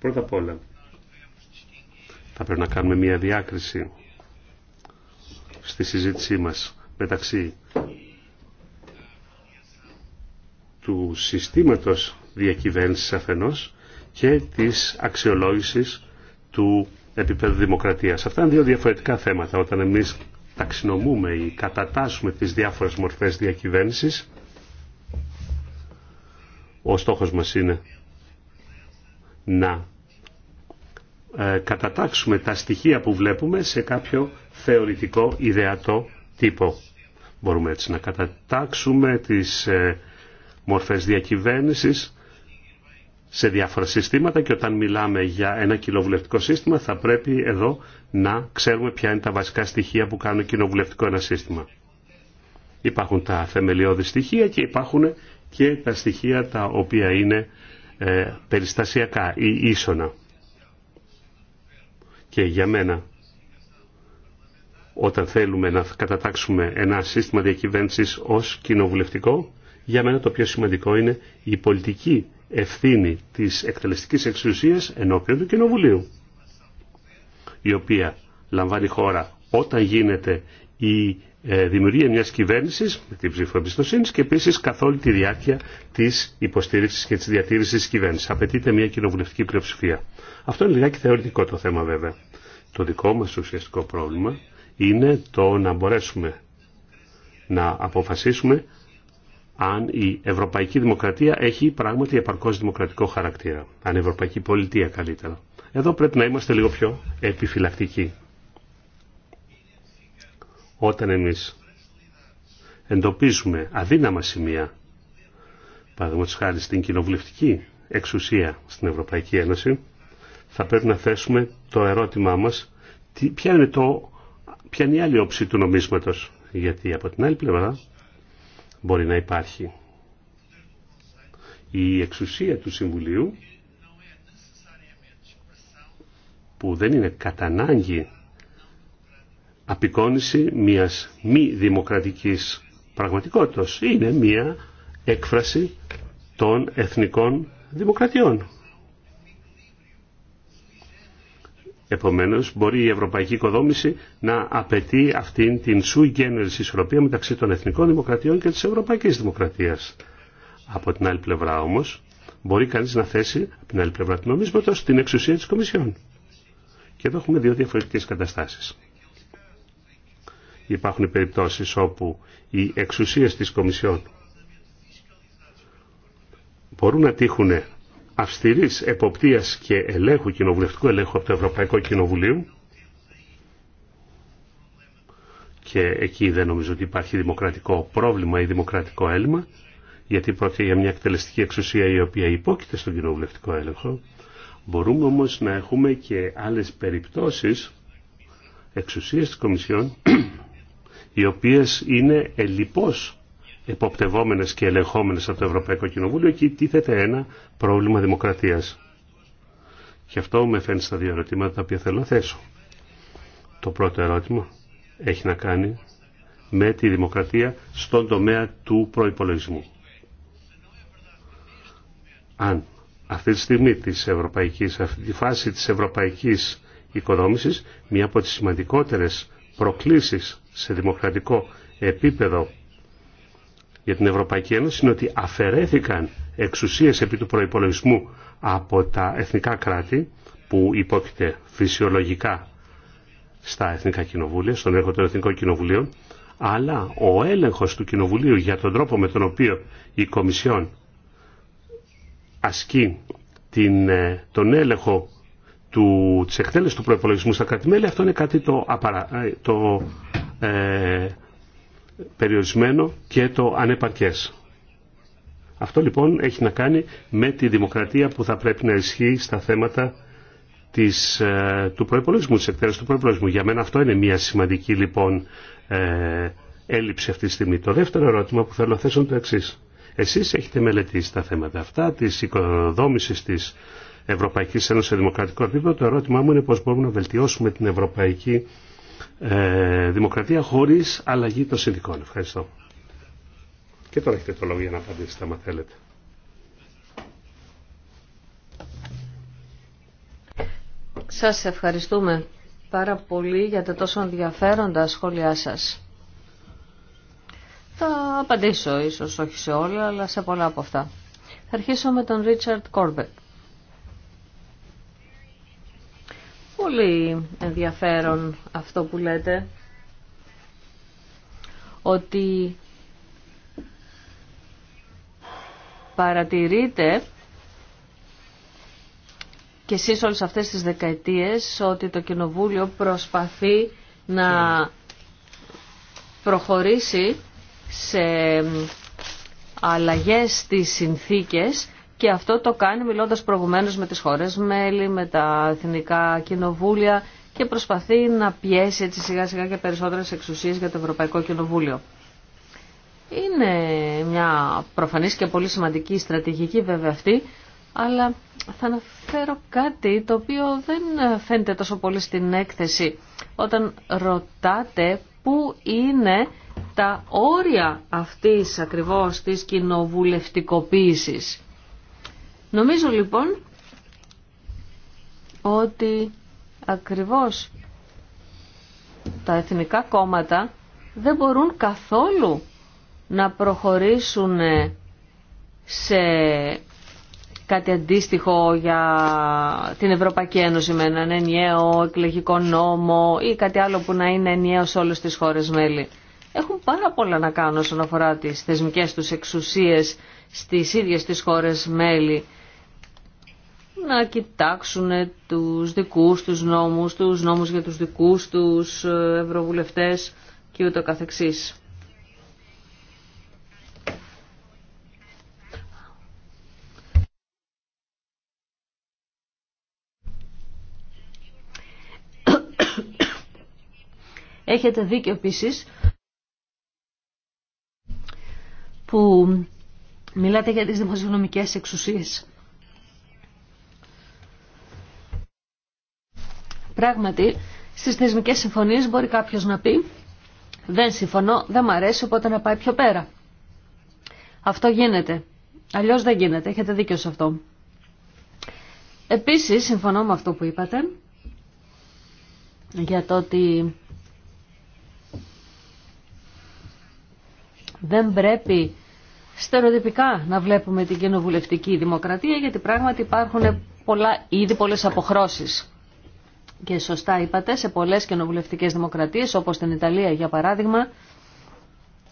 Πρώτα απ' όλα, θα πρέπει να κάνουμε μια διάκριση στη συζήτησή μας μεταξύ του συστήματος διακυβέρνησης αφενός και της αξιολόγησης του επίπεδου δημοκρατίας. Αυτά είναι δύο διαφορετικά θέματα. Όταν εμείς ταξινομούμε ή κατατάσσουμε τις διάφορες μορφές διακυβέρνησης, ο στόχος μας είναι να ε, κατατάξουμε τα στοιχεία που βλέπουμε σε κάποιο θεωρητικό ιδεατό τύπο. Μπορούμε έτσι να κατατάξουμε τις ε, μορφές διακυβέρνησης σε διάφορα συστήματα και όταν μιλάμε για ένα κοινοβουλευτικό σύστημα θα πρέπει εδώ να ξέρουμε ποια είναι τα βασικά στοιχεία που κάνουν κοινοβουλευτικό ένα σύστημα. Υπάρχουν τα θεμελιώδη στοιχεία και υπάρχουν και τα στοιχεία τα οποία είναι ε, περιστασιακά ή ίσονα. Και για μένα, όταν θέλουμε να κατατάξουμε ένα σύστημα διακυβέρνησης ως κοινοβουλευτικό, για μένα το πιο σημαντικό είναι η πολιτική ευθύνη της εκτελεστικής εξουσίας ενώπιον του Κοινοβουλίου, η οποία λαμβάνει χώρα όταν γίνεται η ε, δημιουργία μιας κυβέρνησης με την ψήφο εμπιστοσύνη και επίσης καθ' όλη τη διάρκεια της υποστήριξης και της διατήρησης της κυβέρνησης. Απαιτείται μια κοινοβουλευτική πλειοψηφία. Αυτό είναι λιγάκι θεωρητικό το θέμα βέβαια. Το δικό μας ουσιαστικό πρόβλημα είναι το να μπορέσουμε να αποφασίσουμε αν η ευρωπαϊκή δημοκρατία έχει πράγματι επαρκώς δημοκρατικό χαρακτήρα. Αν η ευρωπαϊκή πολιτεία καλύτερα. Εδώ πρέπει να είμαστε λίγο πιο επιφυλακτικοί. Όταν εμείς εντοπίζουμε αδύναμα σημεία, παραδείγματος χάρη στην κοινοβουλευτική εξουσία στην Ευρωπαϊκή Ένωση, θα πρέπει να θέσουμε το ερώτημά μας τι, ποια, είναι το, ποια είναι η άλλη όψη του νομίσματος. Γιατί από την άλλη πλευρά μπορεί να υπάρχει η εξουσία του Συμβουλίου που δεν είναι κατανάγκη απεικόνηση μιας μη δημοκρατικής πραγματικότητας. Είναι μια έκφραση των εθνικών δημοκρατιών. Επομένως, μπορεί η ευρωπαϊκή οικοδόμηση να απαιτεί αυτήν την σου γέννηση ισορροπία μεταξύ των εθνικών δημοκρατιών και της ευρωπαϊκής δημοκρατίας. Από την άλλη πλευρά όμως, μπορεί κανείς να θέσει από την άλλη πλευρά του νομίσματος την εξουσία της Κομισιόν. Και εδώ έχουμε δύο διαφορετικές καταστάσεις. Υπάρχουν περιπτώσεις όπου οι εξουσίες της Κομισιόν μπορούν να τύχουν αυστηρής εποπτείας και ελέγχου, κοινοβουλευτικού ελέγχου από το Ευρωπαϊκό Κοινοβουλίο και εκεί δεν νομίζω ότι υπάρχει δημοκρατικό πρόβλημα ή δημοκρατικό έλλειμμα γιατί πρόκειται για μια εκτελεστική εξουσία η οποία υπόκειται στον κοινοβουλευτικό έλεγχο. Μπορούμε όμως να έχουμε και άλλες περιπτώσεις εξουσίες της Κομισιόν οι οποίες είναι ελλειπώς εποπτευόμενες και ελεγχόμενες από το Ευρωπαϊκό Κοινοβούλιο και τίθεται ένα πρόβλημα δημοκρατίας. Και αυτό με φαίνεται στα δύο ερωτήματα τα οποία θέλω να θέσω. Το πρώτο ερώτημα έχει να κάνει με τη δημοκρατία στον τομέα του προϋπολογισμού. Αν αυτή τη στιγμή της ευρωπαϊκής, αυτή τη φάση της ευρωπαϊκής οικοδόμησης, μία από τις σημαντικότερες προκλήσεις σε δημοκρατικό επίπεδο για την Ευρωπαϊκή Ένωση είναι ότι αφαιρέθηκαν εξουσίες επί του προϋπολογισμού από τα εθνικά κράτη που υπόκειται φυσιολογικά στα Εθνικά Κοινοβούλια, στον έργο των Εθνικών Κοινοβουλίων, αλλά ο έλεγχος του Κοινοβουλίου για τον τρόπο με τον οποίο η Κομισιόν ασκεί την, ε, τον έλεγχο του, της εκτέλεσης του προϋπολογισμού στα κράτη-μέλη, αυτό είναι κάτι το, απαρα, ε, το ε, περιορισμένο και το ανεπαρκές. Αυτό λοιπόν έχει να κάνει με τη δημοκρατία που θα πρέπει να ισχύει στα θέματα της, ε, του προϋπολογισμού, της εκτέλεσης του προϋπολογισμού. Για μένα αυτό είναι μια σημαντική λοιπόν ε, έλλειψη αυτή τη στιγμή. Το δεύτερο ερώτημα που θέλω να θέσω είναι το εξή. Εσείς έχετε μελετήσει τα θέματα αυτά, της οικοδόμησης της Ευρωπαϊκής Ένωσης σε δημοκρατικό επίπεδο. Το ερώτημά μου είναι πώς μπορούμε να βελτιώσουμε την ευρωπαϊκή ε, δημοκρατία χωρίς αλλαγή των συνδικών. Ευχαριστώ. Και τώρα έχετε το λόγο για να απαντήσετε άμα θέλετε. Σας ευχαριστούμε πάρα πολύ για τα τόσο ενδιαφέροντα σχόλιά σας. Θα απαντήσω ίσως όχι σε όλα, αλλά σε πολλά από αυτά. Θα αρχίσω με τον Ρίτσαρτ Κόρμπετ. πολύ ενδιαφέρον αυτό που λέτε ότι παρατηρείτε και εσείς όλες αυτές τις δεκαετίες ότι το Κοινοβούλιο προσπαθεί να προχωρήσει σε αλλαγές στις συνθήκες και αυτό το κάνει μιλώντας προηγουμένως με τις χώρες μέλη, με τα εθνικά κοινοβούλια και προσπαθεί να πιέσει έτσι σιγά σιγά και περισσότερες εξουσίες για το Ευρωπαϊκό Κοινοβούλιο. Είναι μια προφανής και πολύ σημαντική στρατηγική βέβαια αυτή, αλλά θα αναφέρω κάτι το οποίο δεν φαίνεται τόσο πολύ στην έκθεση. Όταν ρωτάτε πού είναι τα όρια αυτής ακριβώς της κοινοβουλευτικοποίησης. Νομίζω λοιπόν ότι ακριβώς τα εθνικά κόμματα δεν μπορούν καθόλου να προχωρήσουν σε κάτι αντίστοιχο για την Ευρωπαϊκή Ένωση με έναν ενιαίο εκλογικό νόμο ή κάτι άλλο που να είναι ενιαίο σε όλες τις χώρες μέλη. Έχουν πάρα πολλά να κάνουν όσον αφορά τις θεσμικές τους εξουσίες στις ίδιες τις χώρες μέλη να κοιτάξουν τους δικούς τους νόμους, τους νόμους για τους δικούς τους ε, ευρωβουλευτές και ούτω καθεξής. Έχετε δίκιο επίση που μιλάτε για τις δημοσιονομικές εξουσίες. Πράγματι, στις θεσμικές συμφωνίες μπορεί κάποιος να πει «Δεν συμφωνώ, δεν μ' αρέσει, οπότε να πάει πιο πέρα». Αυτό γίνεται. Αλλιώς δεν γίνεται. Έχετε δίκιο σε αυτό. Επίσης, συμφωνώ με αυτό που είπατε για το ότι δεν πρέπει στερεοτυπικά να βλέπουμε την κοινοβουλευτική δημοκρατία γιατί πράγματι υπάρχουν πολλά ήδη πολλές αποχρώσεις. Και σωστά είπατε, σε πολλές κοινοβουλευτικέ δημοκρατίες, όπως στην Ιταλία για παράδειγμα,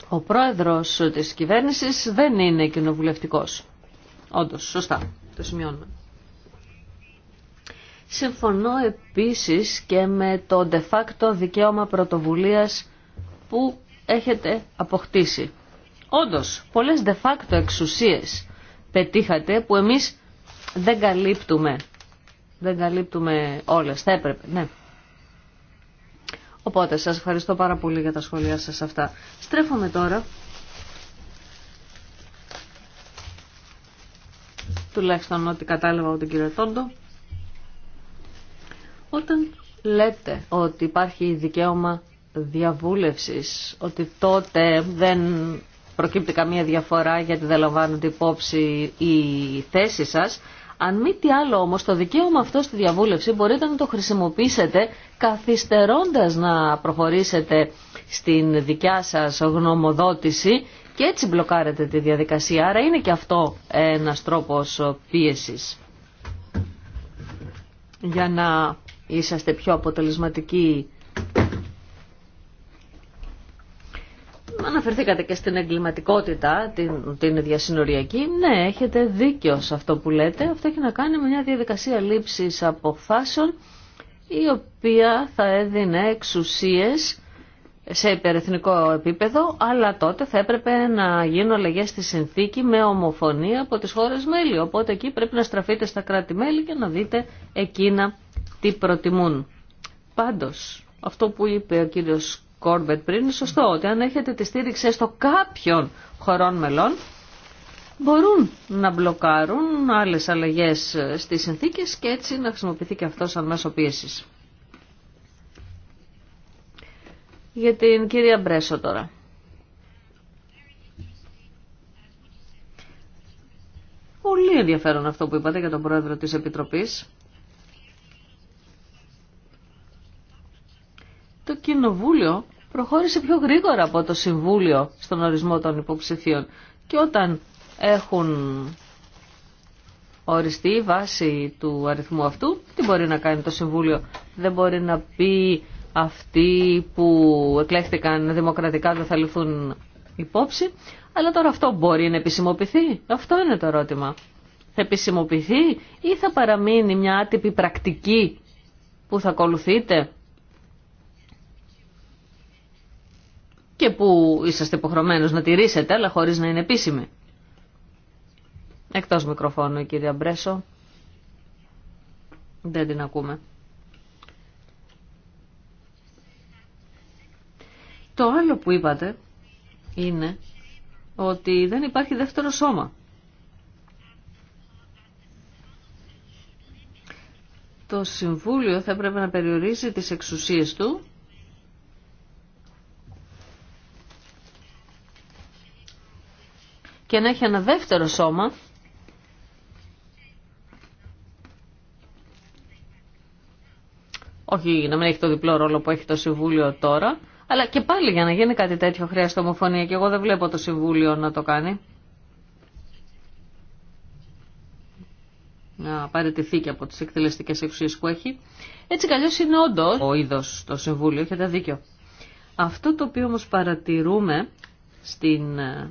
ο πρόεδρος της κυβέρνησης δεν είναι κοινοβουλευτικός. Όντως, σωστά, το σημειώνουμε. Συμφωνώ επίσης και με το de facto δικαίωμα πρωτοβουλίας που έχετε αποκτήσει. Όντως, πολλές de facto εξουσίες πετύχατε που εμείς δεν καλύπτουμε δεν καλύπτουμε όλες. Θα έπρεπε, ναι. Οπότε σας ευχαριστώ πάρα πολύ για τα σχόλιά σας αυτά. Στρέφομαι τώρα. Τουλάχιστον ότι κατάλαβα από τον κύριο Τόντο. Όταν λέτε ότι υπάρχει δικαίωμα διαβούλευσης, ότι τότε δεν προκύπτει καμία διαφορά γιατί δεν λαμβάνονται υπόψη οι θέση σας, αν μη τι άλλο όμως το δικαίωμα αυτό στη διαβούλευση μπορείτε να το χρησιμοποιήσετε καθυστερώντας να προχωρήσετε στην δικιά σας γνωμοδότηση και έτσι μπλοκάρετε τη διαδικασία. Άρα είναι και αυτό ένας τρόπος πίεσης για να είσαστε πιο αποτελεσματικοί Αναφερθήκατε και στην εγκληματικότητα, την, την διασυνοριακή. Ναι, έχετε δίκιο σε αυτό που λέτε. Αυτό έχει να κάνει με μια διαδικασία λήψης αποφάσεων η οποία θα έδινε εξουσίες σε υπερεθνικό επίπεδο, αλλά τότε θα έπρεπε να γίνουν αλλαγέ στη συνθήκη με ομοφωνία από τις χώρες μέλη. Οπότε εκεί πρέπει να στραφείτε στα κράτη-μέλη και να δείτε εκείνα τι προτιμούν. Πάντως, αυτό που είπε ο κύριος Κόρμπετ πριν είναι σωστό ότι αν έχετε τη στήριξη έστω κάποιων χωρών μελών μπορούν να μπλοκάρουν άλλες αλλαγές στις συνθήκες και έτσι να χρησιμοποιηθεί και αυτό σαν μέσο πίεσης. Για την κυρία Μπρέσο τώρα. Πολύ ενδιαφέρον αυτό που είπατε για τον πρόεδρο της Επιτροπής. το Κοινοβούλιο προχώρησε πιο γρήγορα από το Συμβούλιο στον ορισμό των υποψηφίων. Και όταν έχουν οριστεί βάση του αριθμού αυτού, τι μπορεί να κάνει το Συμβούλιο. Δεν μπορεί να πει αυτοί που εκλέχθηκαν δημοκρατικά δεν θα λυθούν υπόψη. Αλλά τώρα αυτό μπορεί να επισημοποιηθεί. Αυτό είναι το ερώτημα. Θα επισημοποιηθεί ή θα παραμείνει μια άτυπη πρακτική που θα ακολουθείτε και που είσαστε υποχρεωμένος να τηρήσετε, αλλά χωρίς να είναι επίσημη. Εκτός μικροφώνου η κυρία Μπρέσο. Δεν την ακούμε. Το άλλο που είπατε είναι ότι δεν υπάρχει δεύτερο σώμα. Το Συμβούλιο θα έπρεπε να περιορίζει τις εξουσίες του και να έχει ένα δεύτερο σώμα όχι να μην έχει το διπλό ρόλο που έχει το Συμβούλιο τώρα, αλλά και πάλι για να γίνει κάτι τέτοιο χρειάζεται ομοφωνία και εγώ δεν βλέπω το Συμβούλιο να το κάνει. Να παραιτηθεί και από τις εκτελεστικές εξουσίες που έχει. Έτσι καλώς είναι όντω ο είδος το Συμβούλιο, έχετε δίκιο. Αυτό το οποίο όμως παρατηρούμε στην ε,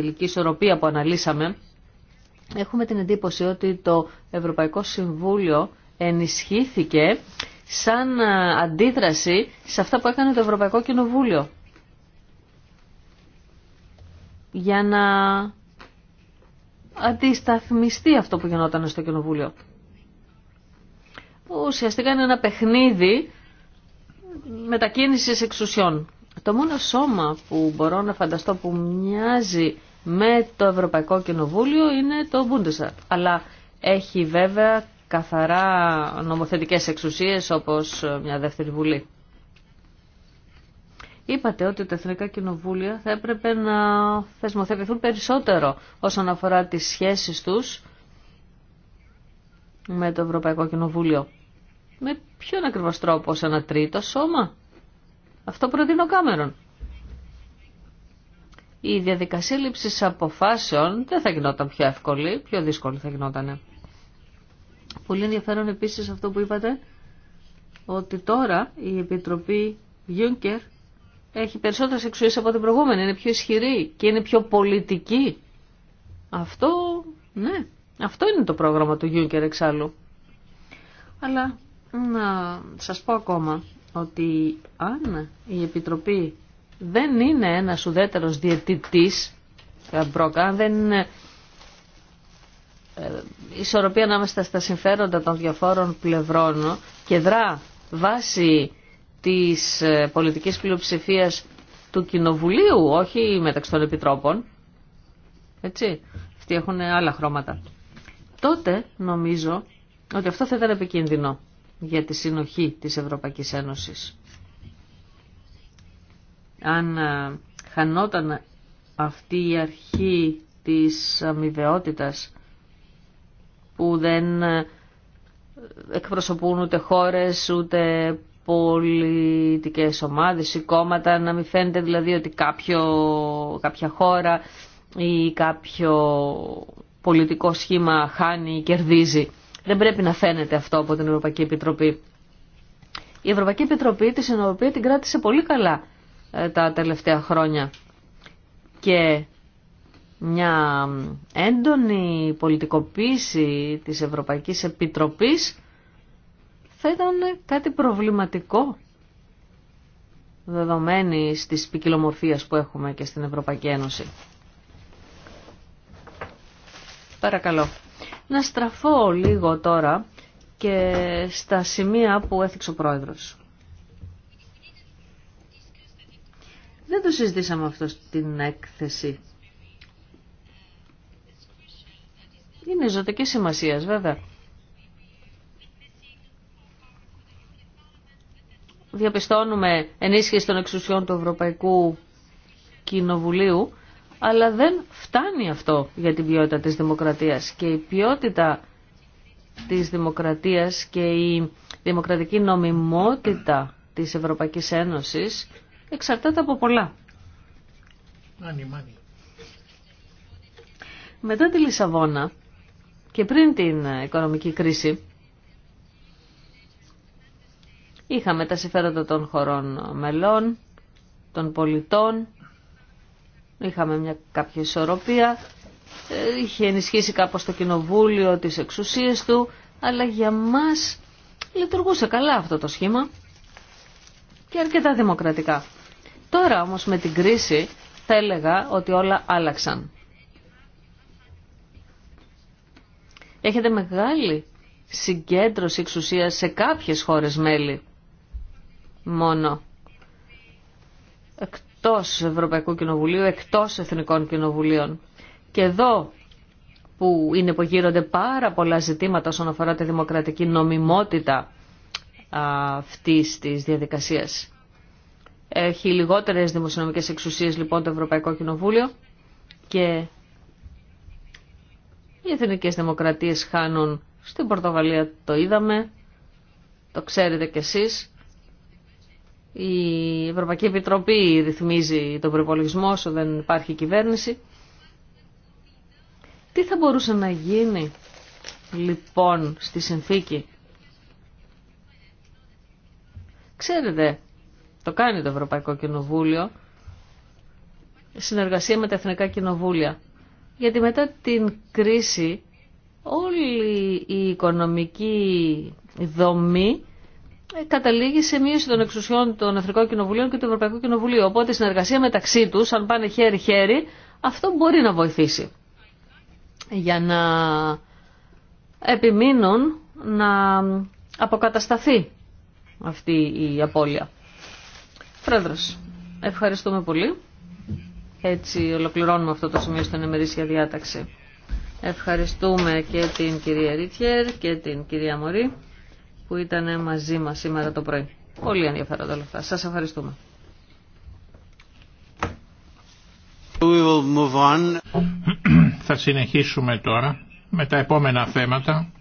τελική ισορροπία που αναλύσαμε, έχουμε την εντύπωση ότι το Ευρωπαϊκό Συμβούλιο ενισχύθηκε σαν ε, αντίδραση σε αυτά που έκανε το Ευρωπαϊκό Κοινοβούλιο. Για να αντισταθμιστεί αυτό που γινόταν στο Κοινοβούλιο. Ουσιαστικά είναι ένα παιχνίδι μετακίνησης εξουσιών. Το μόνο σώμα που μπορώ να φανταστώ που μοιάζει με το Ευρωπαϊκό Κοινοβούλιο είναι το Bundesrat. Αλλά έχει βέβαια καθαρά νομοθετικές εξουσίες όπως μια δεύτερη βουλή. Είπατε ότι τα Εθνικά Κοινοβούλια θα έπρεπε να θεσμοθετηθούν περισσότερο όσον αφορά τις σχέσεις τους με το Ευρωπαϊκό Κοινοβούλιο. Με ποιον ακριβώς τρόπο, σε ένα τρίτο σώμα. Αυτό προτείνω Κάμερον η διαδικασία λήψης αποφάσεων δεν θα γινόταν πιο εύκολη, πιο δύσκολη θα γινόταν. Πολύ ενδιαφέρον επίσης αυτό που είπατε, ότι τώρα η Επιτροπή Juncker έχει περισσότερες εξουσίες από την προηγούμενη, είναι πιο ισχυρή και είναι πιο πολιτική. Αυτό, ναι, αυτό είναι το πρόγραμμα του Juncker εξάλλου. Αλλά να σας πω ακόμα ότι αν η Επιτροπή δεν είναι ένας ουδέτερος διαιτητής, ε, Μπρόκα, αν δεν είναι ε, ισορροπία ανάμεσα στα συμφέροντα των διαφόρων πλευρών ε, και δρά βάσει της πολιτικής πλειοψηφίας του Κοινοβουλίου, όχι μεταξύ των Επιτρόπων, έτσι, αυτοί έχουν άλλα χρώματα, τότε νομίζω ότι αυτό θα ήταν επικίνδυνο για τη συνοχή της Ευρωπαϊκής Ένωσης αν ε, χανόταν αυτή η αρχή της αμοιβαιότητας που δεν ε, εκπροσωπούν ούτε χώρες ούτε πολιτικές ομάδες ή κόμματα να μην φαίνεται δηλαδή ότι κάποιο, κάποια χώρα ή κάποιο πολιτικό σχήμα χάνει ή κερδίζει. Δεν πρέπει να φαίνεται αυτό από την Ευρωπαϊκή Επιτροπή. Η Ευρωπαϊκή Επιτροπή τη συνομιλία την κράτησε επιτροπη τη την καλά ε, τα τελευταία χρόνια και μια έντονη πολιτικοποίηση της Ευρωπαϊκής Επιτροπής θα ήταν κάτι προβληματικό δεδομένη της ποικιλομορφία που έχουμε και στην Ευρωπαϊκή Ένωση. Παρακαλώ. Να στραφώ λίγο τώρα και στα σημεία που έθιξε ο Πρόεδρος. Δεν το συζητήσαμε αυτό στην έκθεση. Είναι ζωτική σημασία, βέβαια. Διαπιστώνουμε ενίσχυση των εξουσιών του Ευρωπαϊκού Κοινοβουλίου, αλλά δεν φτάνει αυτό για την ποιότητα της δημοκρατίας. Και η ποιότητα της δημοκρατίας και η δημοκρατική νομιμότητα της Ευρωπαϊκής Ένωσης εξαρτάται από πολλά. Μετά τη Λισαβόνα και πριν την οικονομική κρίση είχαμε τα συμφέροντα των χωρών μελών, των πολιτών, είχαμε μια κάποια ισορροπία, ε, είχε ενισχύσει κάπως το κοινοβούλιο τις εξουσίες του, αλλά για μας λειτουργούσε καλά αυτό το σχήμα και αρκετά δημοκρατικά. Τώρα όμως με την κρίση θα έλεγα ότι όλα άλλαξαν. Έχετε μεγάλη συγκέντρωση εξουσίας σε κάποιες χώρες μέλη μόνο. Εκτός Ευρωπαϊκού Κοινοβουλίου, εκτός Εθνικών Κοινοβουλίων. Και εδώ που είναι που γύρονται πάρα πολλά ζητήματα όσον αφορά τη δημοκρατική νομιμότητα αυτής της διαδικασίας. Έχει λιγότερες δημοσιονομικές εξουσίες λοιπόν το Ευρωπαϊκό Κοινοβούλιο και οι εθνικές δημοκρατίες χάνουν στην Πορτογαλία το είδαμε, το ξέρετε κι εσείς. Η Ευρωπαϊκή Επιτροπή ρυθμίζει τον προπολογισμό όσο δεν υπάρχει κυβέρνηση. Τι θα μπορούσε να γίνει λοιπόν στη συνθήκη. Ξέρετε το κάνει το Ευρωπαϊκό Κοινοβούλιο. Συνεργασία με τα Εθνικά Κοινοβούλια. Γιατί μετά την κρίση όλη η οικονομική δομή ε, καταλήγει σε μείωση των εξουσιών των Εθνικών Κοινοβουλίων και του Ευρωπαϊκού Κοινοβουλίου. Οπότε η συνεργασία μεταξύ τους, αν πάνε χέρι-χέρι, αυτό μπορεί να βοηθήσει. Για να επιμείνουν να αποκατασταθεί αυτή η απώλεια. Πρόεδρος, ευχαριστούμε πολύ. Έτσι ολοκληρώνουμε αυτό το σημείο στην ημερήσια διάταξη. Ευχαριστούμε και την κυρία Ρίτχερ και την κυρία Μωρή που ήταν μαζί μας σήμερα το πρωί. Πολύ ενδιαφέροντα όλα αυτά. Σας ευχαριστούμε. Θα συνεχίσουμε τώρα με τα επόμενα θέματα.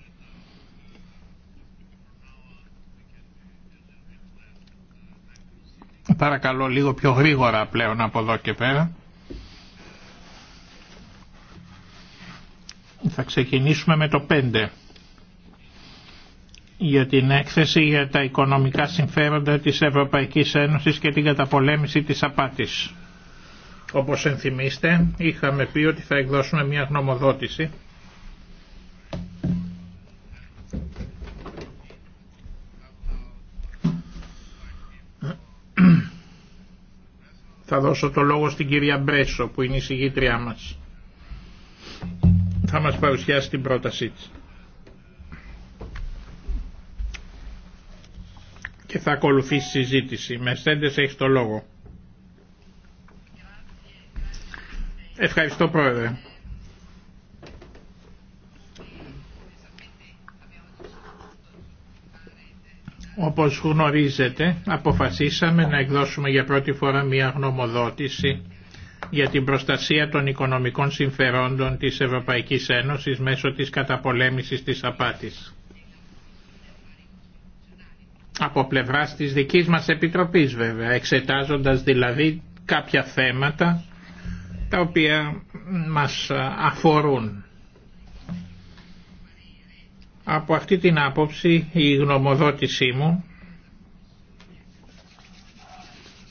Παρακαλώ λίγο πιο γρήγορα πλέον από εδώ και πέρα. Θα ξεκινήσουμε με το 5 για την έκθεση για τα οικονομικά συμφέροντα της Ευρωπαϊκής Ένωσης και την καταπολέμηση της απάτης. Όπως ενθυμίστε, είχαμε πει ότι θα εκδώσουμε μια γνωμοδότηση Θα δώσω το λόγο στην κυρία Μπρέσο που είναι η συγγήτριά μας. Θα μας παρουσιάσει την πρότασή της. Και θα ακολουθήσει συζήτηση. Μερσέντες έχει το λόγο. Ευχαριστώ πρόεδρε. Όπως γνωρίζετε αποφασίσαμε να εκδώσουμε για πρώτη φορά μια γνωμοδότηση για την προστασία των οικονομικών συμφερόντων της Ευρωπαϊκής Ένωσης μέσω της καταπολέμησης της απάτης. Από πλευράς της δικής μας Επιτροπής βέβαια, εξετάζοντας δηλαδή κάποια θέματα τα οποία μας αφορούν. Από αυτή την άποψη η γνωμοδότησή μου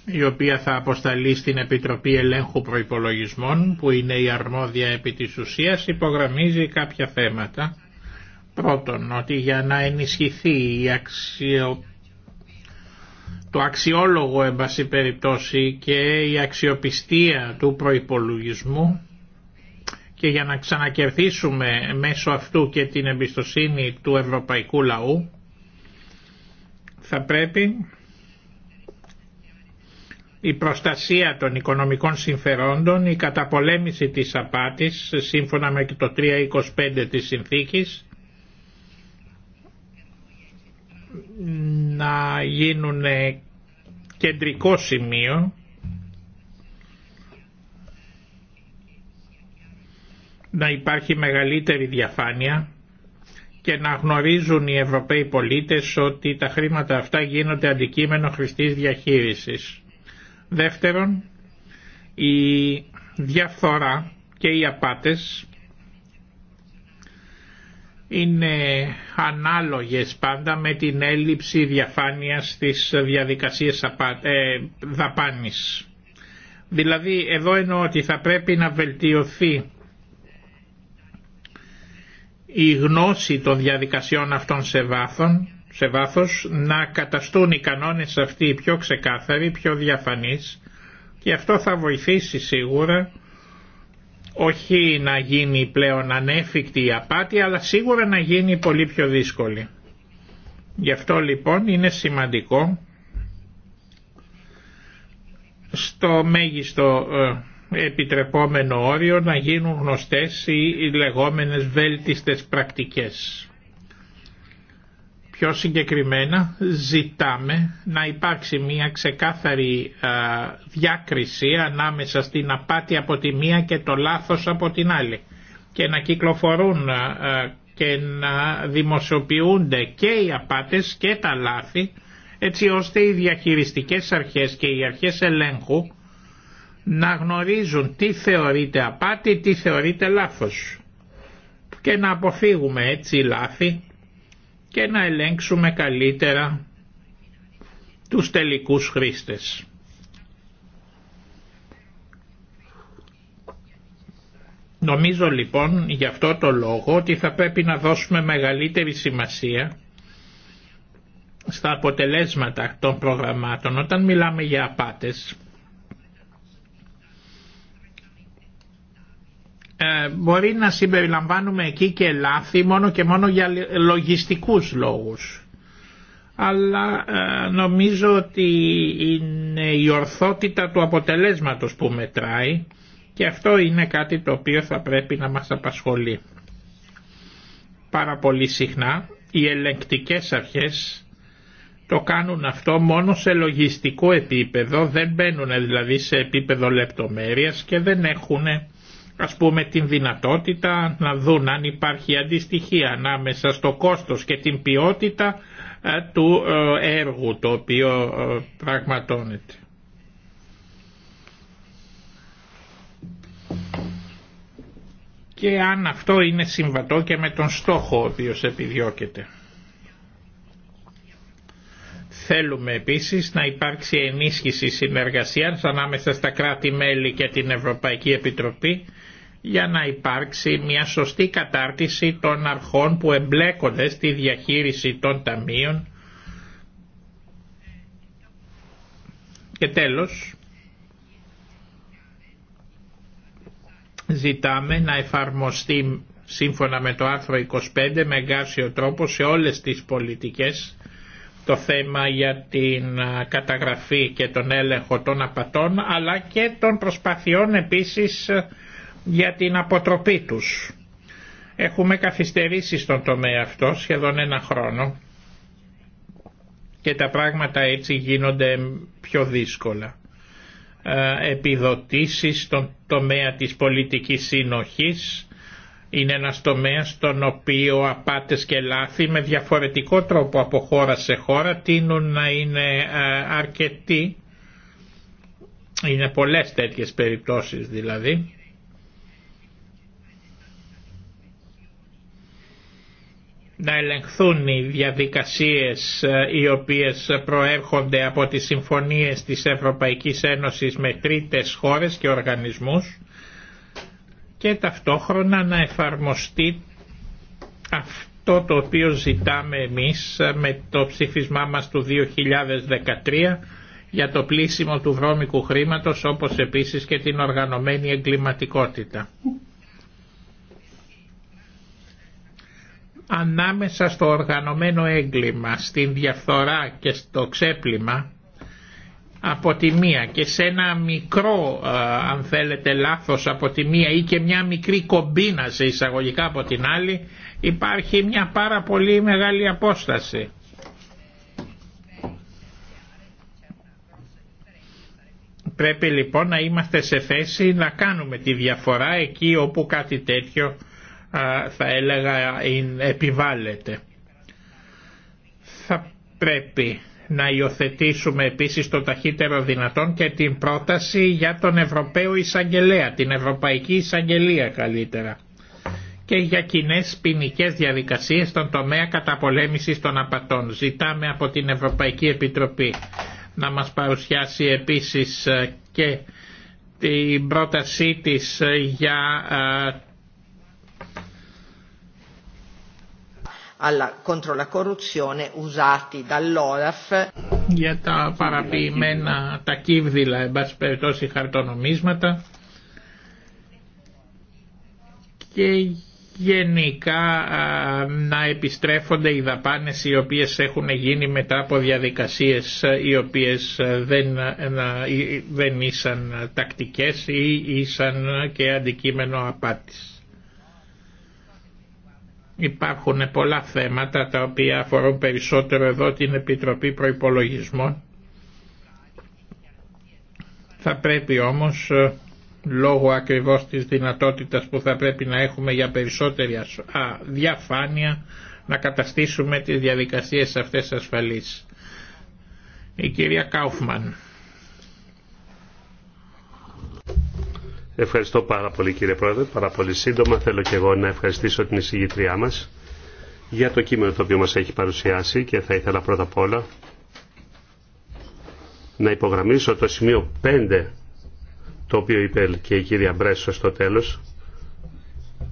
η οποία θα αποσταλεί στην Επιτροπή Ελέγχου Προϋπολογισμών που είναι η αρμόδια επί της ουσίας υπογραμμίζει κάποια θέματα. Πρώτον, ότι για να ενισχυθεί το αξιόλογο εν περιπτώσει και η αξιοπιστία του προϋπολογισμού και για να ξανακερδίσουμε μέσω αυτού και την εμπιστοσύνη του ευρωπαϊκού λαού θα πρέπει η προστασία των οικονομικών συμφερόντων, η καταπολέμηση της απάτης σύμφωνα με το 325 της συνθήκης να γίνουν κεντρικό σημείο να υπάρχει μεγαλύτερη διαφάνεια και να γνωρίζουν οι Ευρωπαίοι πολίτες ότι τα χρήματα αυτά γίνονται αντικείμενο χρηστής διαχείρισης. Δεύτερον, η διαφθορά και οι απάτες είναι ανάλογες πάντα με την έλλειψη διαφάνειας στις διαδικασίες ε, δαπάνης. Δηλαδή εδώ εννοώ ότι θα πρέπει να βελτιωθεί η γνώση των διαδικασιών αυτών σε, βάθον, βάθος, να καταστούν οι κανόνες αυτοί πιο ξεκάθαροι, πιο διαφανείς και αυτό θα βοηθήσει σίγουρα όχι να γίνει πλέον ανέφικτη η απάτη αλλά σίγουρα να γίνει πολύ πιο δύσκολη. Γι' αυτό λοιπόν είναι σημαντικό στο μέγιστο ε, επιτρεπόμενο όριο να γίνουν γνωστές οι λεγόμενες βέλτιστες πρακτικές. Πιο συγκεκριμένα ζητάμε να υπάρξει μια ξεκάθαρη διάκριση ανάμεσα στην απάτη από τη μία και το λάθος από την άλλη και να κυκλοφορούν και να δημοσιοποιούνται και οι απάτες και τα λάθη έτσι ώστε οι διαχειριστικές αρχές και οι αρχές ελέγχου να γνωρίζουν τι θεωρείται απάτη, τι θεωρείται λάθος και να αποφύγουμε έτσι λάθη και να ελέγξουμε καλύτερα τους τελικούς χρήστες. Νομίζω λοιπόν γι' αυτό το λόγο ότι θα πρέπει να δώσουμε μεγαλύτερη σημασία στα αποτελέσματα των προγραμμάτων. Όταν μιλάμε για απάτες Ε, μπορεί να συμπεριλαμβάνουμε εκεί και λάθη μόνο και μόνο για λογιστικούς λόγους. Αλλά ε, νομίζω ότι είναι η ορθότητα του αποτελέσματος που μετράει και αυτό είναι κάτι το οποίο θα πρέπει να μας απασχολεί. Πάρα πολύ συχνά οι ελεγκτικές αρχές το κάνουν αυτό μόνο σε λογιστικό επίπεδο, δεν μπαίνουν δηλαδή σε επίπεδο λεπτομέρειας και δεν έχουν ας πούμε την δυνατότητα να δουν αν υπάρχει αντιστοιχία ανάμεσα στο κόστος και την ποιότητα ε, του ε, έργου το οποίο ε, πραγματώνεται. Και αν αυτό είναι συμβατό και με τον στόχο ο οποίος επιδιώκεται. Θέλουμε επίσης να υπάρξει ενίσχυση συνεργασίας ανάμεσα στα κράτη-μέλη και την Ευρωπαϊκή Επιτροπή για να υπάρξει μια σωστή κατάρτιση των αρχών που εμπλέκονται στη διαχείριση των ταμείων και τέλος ζητάμε να εφαρμοστεί σύμφωνα με το άρθρο 25 με εγκάσιο τρόπο σε όλες τις πολιτικές το θέμα για την καταγραφή και τον έλεγχο των απατών αλλά και των προσπαθειών επίσης για την αποτροπή τους. Έχουμε καθυστερήσει στον τομέα αυτό σχεδόν ένα χρόνο και τα πράγματα έτσι γίνονται πιο δύσκολα. Ε, επιδοτήσεις στον τομέα της πολιτικής σύνοχης είναι ένας τομέας στον οποίο απάτες και λάθη με διαφορετικό τρόπο από χώρα σε χώρα τείνουν να είναι ε, αρκετοί. Είναι πολλές τέτοιες περιπτώσεις δηλαδή να ελεγχθούν οι διαδικασίες ε, οι οποίες προέρχονται από τις συμφωνίες της Ευρωπαϊκής Ένωσης με τρίτες χώρες και οργανισμούς και ταυτόχρονα να εφαρμοστεί αυτό το οποίο ζητάμε εμείς ε, με το ψήφισμά μας του 2013 για το πλήσιμο του βρώμικου χρήματος όπως επίσης και την οργανωμένη εγκληματικότητα. ανάμεσα στο οργανωμένο έγκλημα, στην διαφθορά και στο ξέπλυμα από τη μία και σε ένα μικρό αν θέλετε λάθος από τη μία ή και μια μικρή κομπίνα σε εισαγωγικά από την άλλη υπάρχει μια πάρα πολύ μεγάλη απόσταση. Πρέπει λοιπόν να είμαστε σε θέση να κάνουμε τη διαφορά εκεί όπου κάτι τέτοιο θα έλεγα επιβάλλεται. Θα πρέπει να υιοθετήσουμε επίσης το ταχύτερο δυνατόν και την πρόταση για τον Ευρωπαίο Εισαγγελέα, την Ευρωπαϊκή Εισαγγελία καλύτερα και για κοινέ ποινικέ διαδικασίες στον τομέα καταπολέμησης των απατών. Ζητάμε από την Ευρωπαϊκή Επιτροπή να μας παρουσιάσει επίσης ε, και την πρότασή της ε, για ε, contro la corruzione Για τα παραποιημένα, τα κύβδηλα, εν πάση περιπτώσει, χαρτονομίσματα και γενικά να επιστρέφονται οι δαπάνες οι οποίες έχουν γίνει μετά από διαδικασίες οι οποίες δεν, δεν ήσαν τακτικές ή ήσαν και αντικείμενο απάτης. Υπάρχουν πολλά θέματα τα οποία αφορούν περισσότερο εδώ την Επιτροπή Προϋπολογισμών. Θα πρέπει όμως ε, λόγω ακριβώς της δυνατότητας που θα πρέπει να έχουμε για περισσότερη διαφάνεια να καταστήσουμε τις διαδικασίες αυτές ασφαλείς. Η κυρία Κάουφμαν. Ευχαριστώ πάρα πολύ κύριε Πρόεδρε. Πάρα πολύ σύντομα θέλω και εγώ να ευχαριστήσω την εισηγητριά μας για το κείμενο το οποίο μας έχει παρουσιάσει και θα ήθελα πρώτα απ' όλα να υπογραμμίσω το σημείο 5 το οποίο είπε και η κυρία Μπρέσο στο τέλος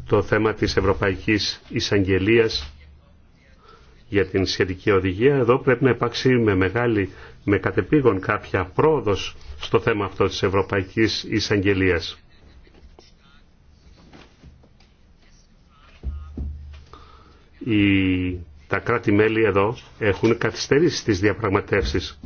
το θέμα της Ευρωπαϊκής εισαγγελία για την σχετική οδηγία. Εδώ πρέπει να υπάρξει με μεγάλη, με κατεπήγον κάποια πρόοδος στο θέμα αυτό της Ευρωπαϊκής εισαγγελία. η τα κράτη-μέλη εδώ έχουν καθυστερήσει τις διαπραγματεύσεις.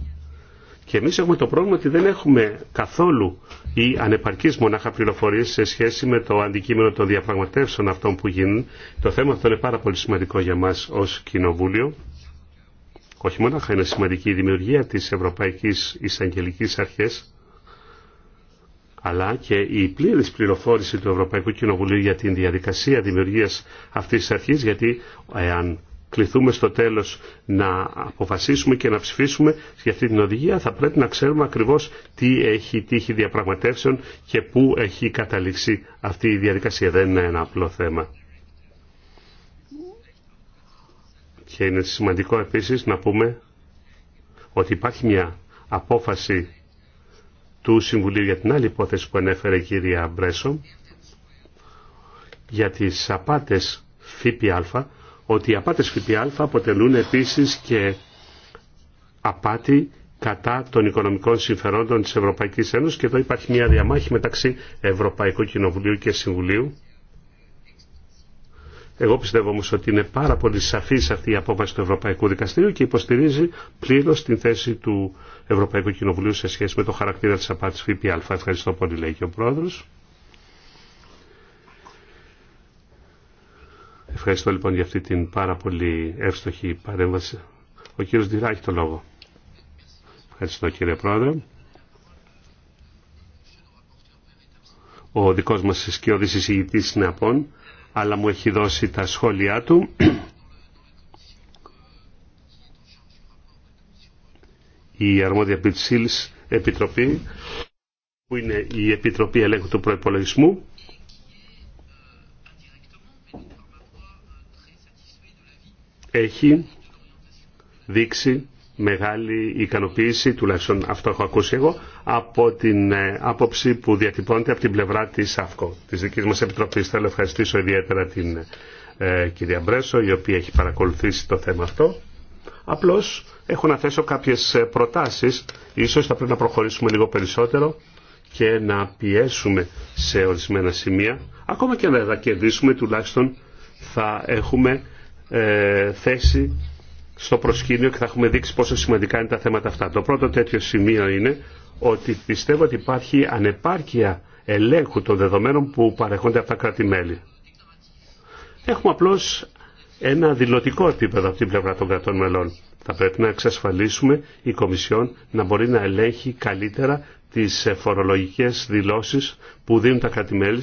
Και εμείς έχουμε το πρόβλημα ότι δεν έχουμε καθόλου ή ανεπαρκείς μονάχα πληροφορίες σε σχέση με το αντικείμενο των διαπραγματεύσεων αυτών που γίνουν. Το θέμα αυτό είναι πάρα πολύ σημαντικό για μας ως Κοινοβούλιο. Όχι μόνο είναι σημαντική η δημιουργία της Ευρωπαϊκής Εισαγγελικής Αρχής, αλλά και η πλήρης πληροφόρηση του Ευρωπαϊκού Κοινοβουλίου για την διαδικασία δημιουργίας αυτής της αρχής, γιατί εάν κληθούμε στο τέλος να αποφασίσουμε και να ψηφίσουμε για αυτή την οδηγία, θα πρέπει να ξέρουμε ακριβώς τι έχει τύχει διαπραγματεύσεων και πού έχει καταλήξει αυτή η διαδικασία. Δεν είναι ένα απλό θέμα. Και είναι σημαντικό επίσης να πούμε ότι υπάρχει μια απόφαση του Συμβουλίου για την άλλη υπόθεση που ανέφερε η κυρία Μπρέσο για τις απάτες ΦΠΑ ότι οι απάτες ΦΠΑ αποτελούν επίσης και απάτη κατά των οικονομικών συμφερόντων της Ευρωπαϊκής Ένωσης και εδώ υπάρχει μια διαμάχη μεταξύ Ευρωπαϊκού Κοινοβουλίου και Συμβουλίου εγώ πιστεύω όμως ότι είναι πάρα πολύ σαφής αυτή η απόφαση του Ευρωπαϊκού Δικαστηρίου και υποστηρίζει πλήρως την θέση του Ευρωπαϊκού Κοινοβουλίου σε σχέση με το χαρακτήρα της απάτης ΦΠΑ. Ευχαριστώ πολύ λέει και ο Πρόεδρος. Ευχαριστώ λοιπόν για αυτή την πάρα πολύ εύστοχη παρέμβαση. Ο κύριος Ντυρά έχει το λόγο. Ευχαριστώ κύριε Πρόεδρε. Ο δικός μας σκιώδης εισηγητής είναι απόν αλλά μου έχει δώσει τα σχόλιά του. Η αρμόδια Πιτσίλς Επιτροπή, που είναι η Επιτροπή Ελέγχου του Προϋπολογισμού, έχει δείξει μεγάλη ικανοποίηση, τουλάχιστον αυτό έχω ακούσει εγώ, από την ε, άποψη που διατυπώνεται από την πλευρά της ΑΦΚΟ, της δικής μας Επιτροπής. Θέλω ευχαριστήσω ιδιαίτερα την ε, κυρία Μπρέσο, η οποία έχει παρακολουθήσει το θέμα αυτό. Απλώς έχω να θέσω κάποιες ε, προτάσεις, ίσως θα πρέπει να προχωρήσουμε λίγο περισσότερο και να πιέσουμε σε ορισμένα σημεία, ακόμα και να τα κερδίσουμε τουλάχιστον θα έχουμε θέση στο προσκήνιο και θα έχουμε δείξει πόσο σημαντικά είναι τα θέματα αυτά. Το πρώτο τέτοιο σημείο είναι ότι πιστεύω ότι υπάρχει ανεπάρκεια ελέγχου των δεδομένων που παρέχονται από τα κράτη-μέλη. Έχουμε απλώς ένα δηλωτικό επίπεδο από την πλευρά των κρατών μελών. Θα πρέπει να εξασφαλίσουμε η Κομισιόν να μπορεί να ελέγχει καλύτερα τις φορολογικές δηλώσεις που δίνουν τα κράτη-μέλη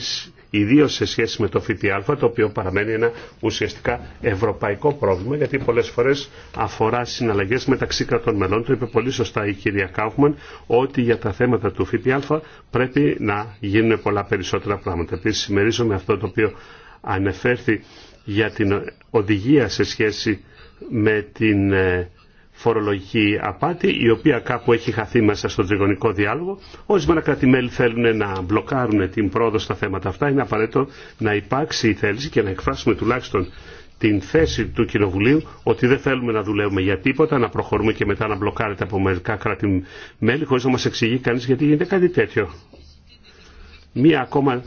Ιδίω σε σχέση με το ΦΠΑ, το οποίο παραμένει ένα ουσιαστικά ευρωπαϊκό πρόβλημα, γιατί πολλές φορές αφορά συναλλαγέ μεταξύ κρατών μελών. Το είπε πολύ σωστά η κυρία Κάουφμαν, ότι για τα θέματα του ΦΠΑ πρέπει να γίνουν πολλά περισσότερα πράγματα. Επίσης, συμμερίζομαι αυτό το οποίο ανεφέρθη για την οδηγία σε σχέση με την ε, φορολογική απάτη, η οποία κάπου έχει χαθεί μέσα στον τριγωνικό διάλογο. Ορισμένα μέλη θέλουν να μπλοκάρουν την πρόοδο στα θέματα αυτά. Είναι απαραίτητο να υπάρξει η θέληση και να εκφράσουμε τουλάχιστον την θέση του Κοινοβουλίου ότι δεν θέλουμε να δουλεύουμε για τίποτα, να προχωρούμε και μετά να μπλοκάρετε από μερικά κράτη-μέλη χωρίς να μα εξηγεί κανεί γιατί γίνεται κάτι τέτοιο. Μία ακόμα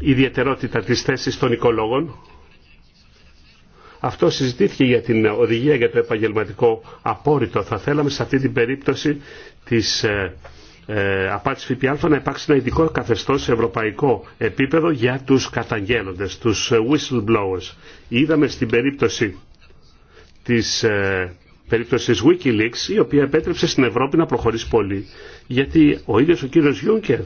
ιδιαιτερότητα τη θέση των οικολόγων αυτό συζητήθηκε για την οδηγία για το επαγγελματικό απόρριτο. Θα θέλαμε σε αυτή την περίπτωση της ε, ε απάτης ΦΠΑ να υπάρξει ένα ειδικό καθεστώς σε ευρωπαϊκό επίπεδο για τους καταγγέλλοντες, τους whistleblowers. Είδαμε στην περίπτωση της ε, περίπτωσης Wikileaks, η οποία επέτρεψε στην Ευρώπη να προχωρήσει πολύ. Γιατί ο ίδιος ο κύριος Γιούνκερ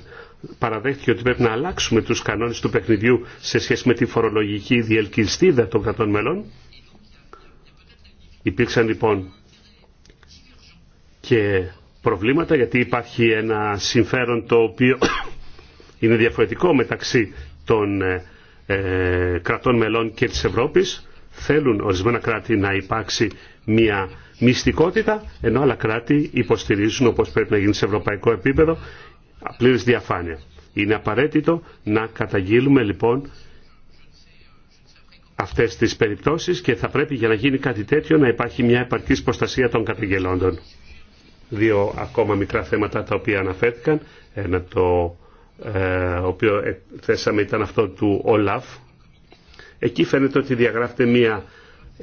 παραδέχτηκε ότι πρέπει να αλλάξουμε τους κανόνες του παιχνιδιού σε σχέση με τη φορολογική διελκυστίδα των κρατών μελών Υπήρξαν λοιπόν και προβλήματα γιατί υπάρχει ένα συμφέρον το οποίο είναι διαφορετικό μεταξύ των ε, ε, κρατών μελών και της Ευρώπης. Θέλουν ορισμένα κράτη να υπάρξει μια μυστικότητα, ενώ άλλα κράτη υποστηρίζουν όπως πρέπει να γίνει σε ευρωπαϊκό επίπεδο πλήρης διαφάνεια. Είναι απαραίτητο να καταγγείλουμε λοιπόν αυτές τις περιπτώσεις και θα πρέπει για να γίνει κάτι τέτοιο να υπάρχει μια επαρκής προστασία των καταγγελόντων. Δύο ακόμα μικρά θέματα τα οποία αναφέρθηκαν. Ένα το ε, οποίο ε, θέσαμε ήταν αυτό του ΟΛΑΦ. Εκεί φαίνεται ότι διαγράφεται μια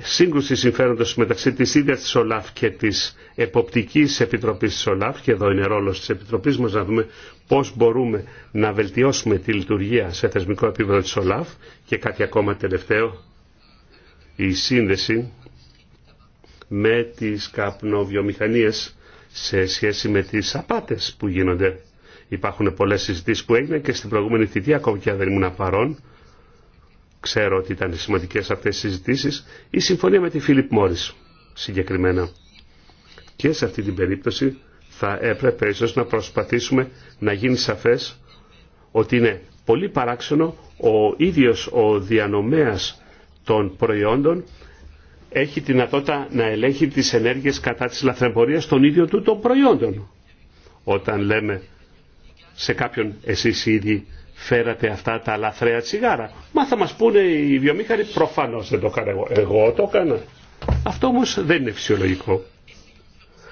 σύγκρουση συμφέροντος μεταξύ της ίδιας της ΟΛΑΦ και της Εποπτικής Επιτροπής της ΟΛΑΦ και εδώ είναι ρόλος της Επιτροπής μας να δούμε πώς μπορούμε να βελτιώσουμε τη λειτουργία σε θεσμικό επίπεδο της ΟΛΑΦ και κάτι ακόμα τελευταίο η σύνδεση με τις καπνοβιομηχανίες σε σχέση με τις απάτες που γίνονται. Υπάρχουν πολλές συζητήσεις που έγιναν και στην προηγούμενη θητεία, ακόμα και αν δεν ήμουν παρόν, ξέρω ότι ήταν σημαντικέ αυτέ οι συζητήσει, η συμφωνία με τη Φίλιπ Μόρι συγκεκριμένα. Και σε αυτή την περίπτωση θα έπρεπε ίσω να προσπαθήσουμε να γίνει σαφές ότι είναι πολύ παράξενο ο ίδιος ο διανομέας των προϊόντων έχει τη δυνατότητα να ελέγχει τις ενέργειες κατά της λαθρεμπορίας των ίδιων του των προϊόντων. Όταν λέμε σε κάποιον εσείς ήδη φέρατε αυτά τα λαθρέα τσιγάρα. Μα θα μας πούνε οι βιομήχανοι προφανώς δεν το έκανα εγώ. Εγώ το έκανα. Αυτό όμως δεν είναι φυσιολογικό.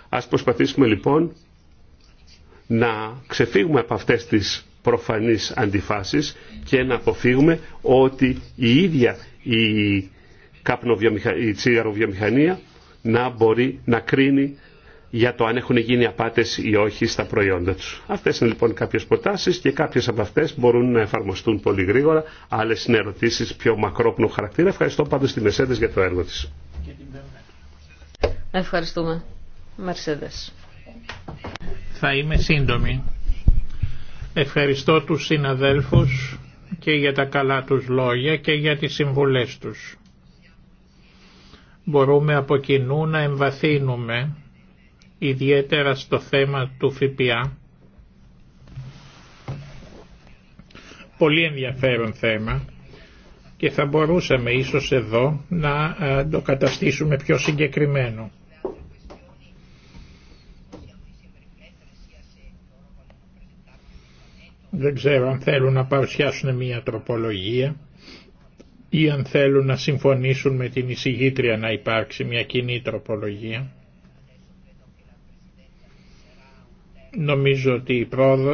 Ας προσπαθήσουμε λοιπόν να ξεφύγουμε από αυτές τις προφανείς αντιφάσεις και να αποφύγουμε ότι η ίδια η, η τσιγαροβιομηχανία να μπορεί να κρίνει για το αν έχουν γίνει απάτες ή όχι στα προϊόντα τους. Αυτές είναι λοιπόν κάποιες προτάσει και κάποιες από αυτέ μπορούν να εφαρμοστούν πολύ γρήγορα. άλλε είναι ερωτήσει πιο μακρόπνοου χαρακτήρα. Ευχαριστώ πάντω τη Μεσέντε για το έργο τη. Ευχαριστούμε. Μερσέντε. Θα είμαι σύντομη. Ευχαριστώ τους συναδέλφους και για τα καλά τους λόγια και για τις συμβουλές τους. Μπορούμε από κοινού να εμβαθύνουμε ιδιαίτερα στο θέμα του ΦΠΑ. Πολύ ενδιαφέρον θέμα και θα μπορούσαμε ίσως εδώ να ε, το καταστήσουμε πιο συγκεκριμένο. Δεν ξέρω αν θέλουν να παρουσιάσουν μια τροπολογία ή αν θέλουν να συμφωνήσουν με την εισηγήτρια να υπάρξει μια κοινή τροπολογία. Νομίζω ότι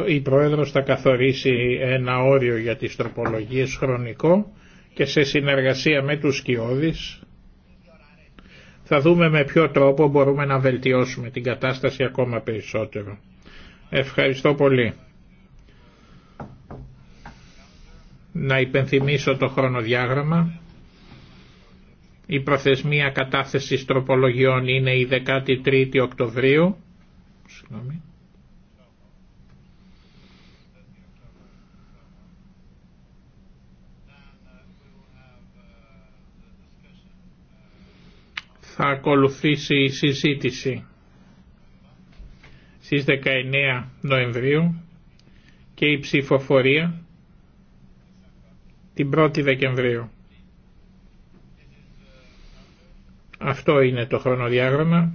η Πρόεδρος θα καθορίσει ένα όριο για τις τροπολογίες χρονικό και σε συνεργασία με τους Σκιώδης θα δούμε με ποιο τρόπο μπορούμε να βελτιώσουμε την κατάσταση ακόμα περισσότερο. Ευχαριστώ πολύ. Να υπενθυμίσω το χρονοδιάγραμμα. Η προθεσμία κατάθεσης τροπολογιών είναι η 13η Οκτωβρίου. θα ακολουθήσει η συζήτηση στις 19 Νοεμβρίου και η ψηφοφορία την 1η Δεκεμβρίου. Αυτό είναι το χρονοδιάγραμμα.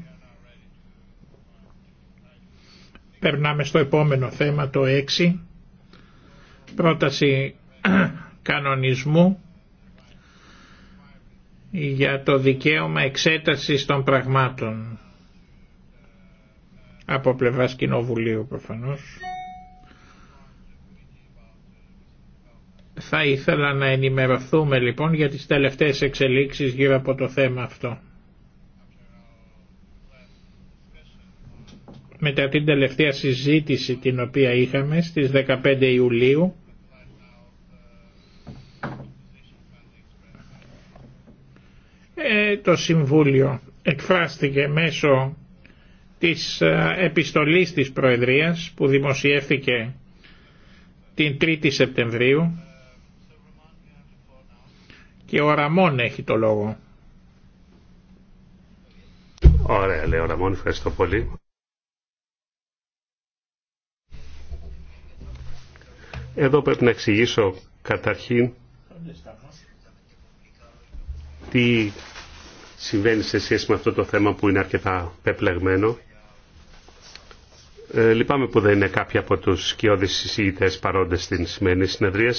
Περνάμε στο επόμενο θέμα, το 6. Πρόταση κανονισμού για το δικαίωμα εξέτασης των πραγμάτων από πλευράς Κοινοβουλίου προφανώς. Θα ήθελα να ενημερωθούμε λοιπόν για τις τελευταίες εξελίξεις γύρω από το θέμα αυτό. Μετά την τελευταία συζήτηση την οποία είχαμε στις 15 Ιουλίου Ε, το Συμβούλιο εκφράστηκε μέσω της ε, επιστολής της Προεδρίας που δημοσιεύθηκε την 3η Σεπτεμβρίου και ο Ραμόν έχει το λόγο. Ωραία λέει ο Ραμόν, ευχαριστώ πολύ. Εδώ πρέπει να εξηγήσω καταρχήν τι συμβαίνει σε σχέση με αυτό το θέμα που είναι αρκετά πεπλεγμένο. Ε, λυπάμαι που δεν είναι κάποιοι από τους σκιώδεις συζητητές παρόντες στην σημερινή συνεδρία.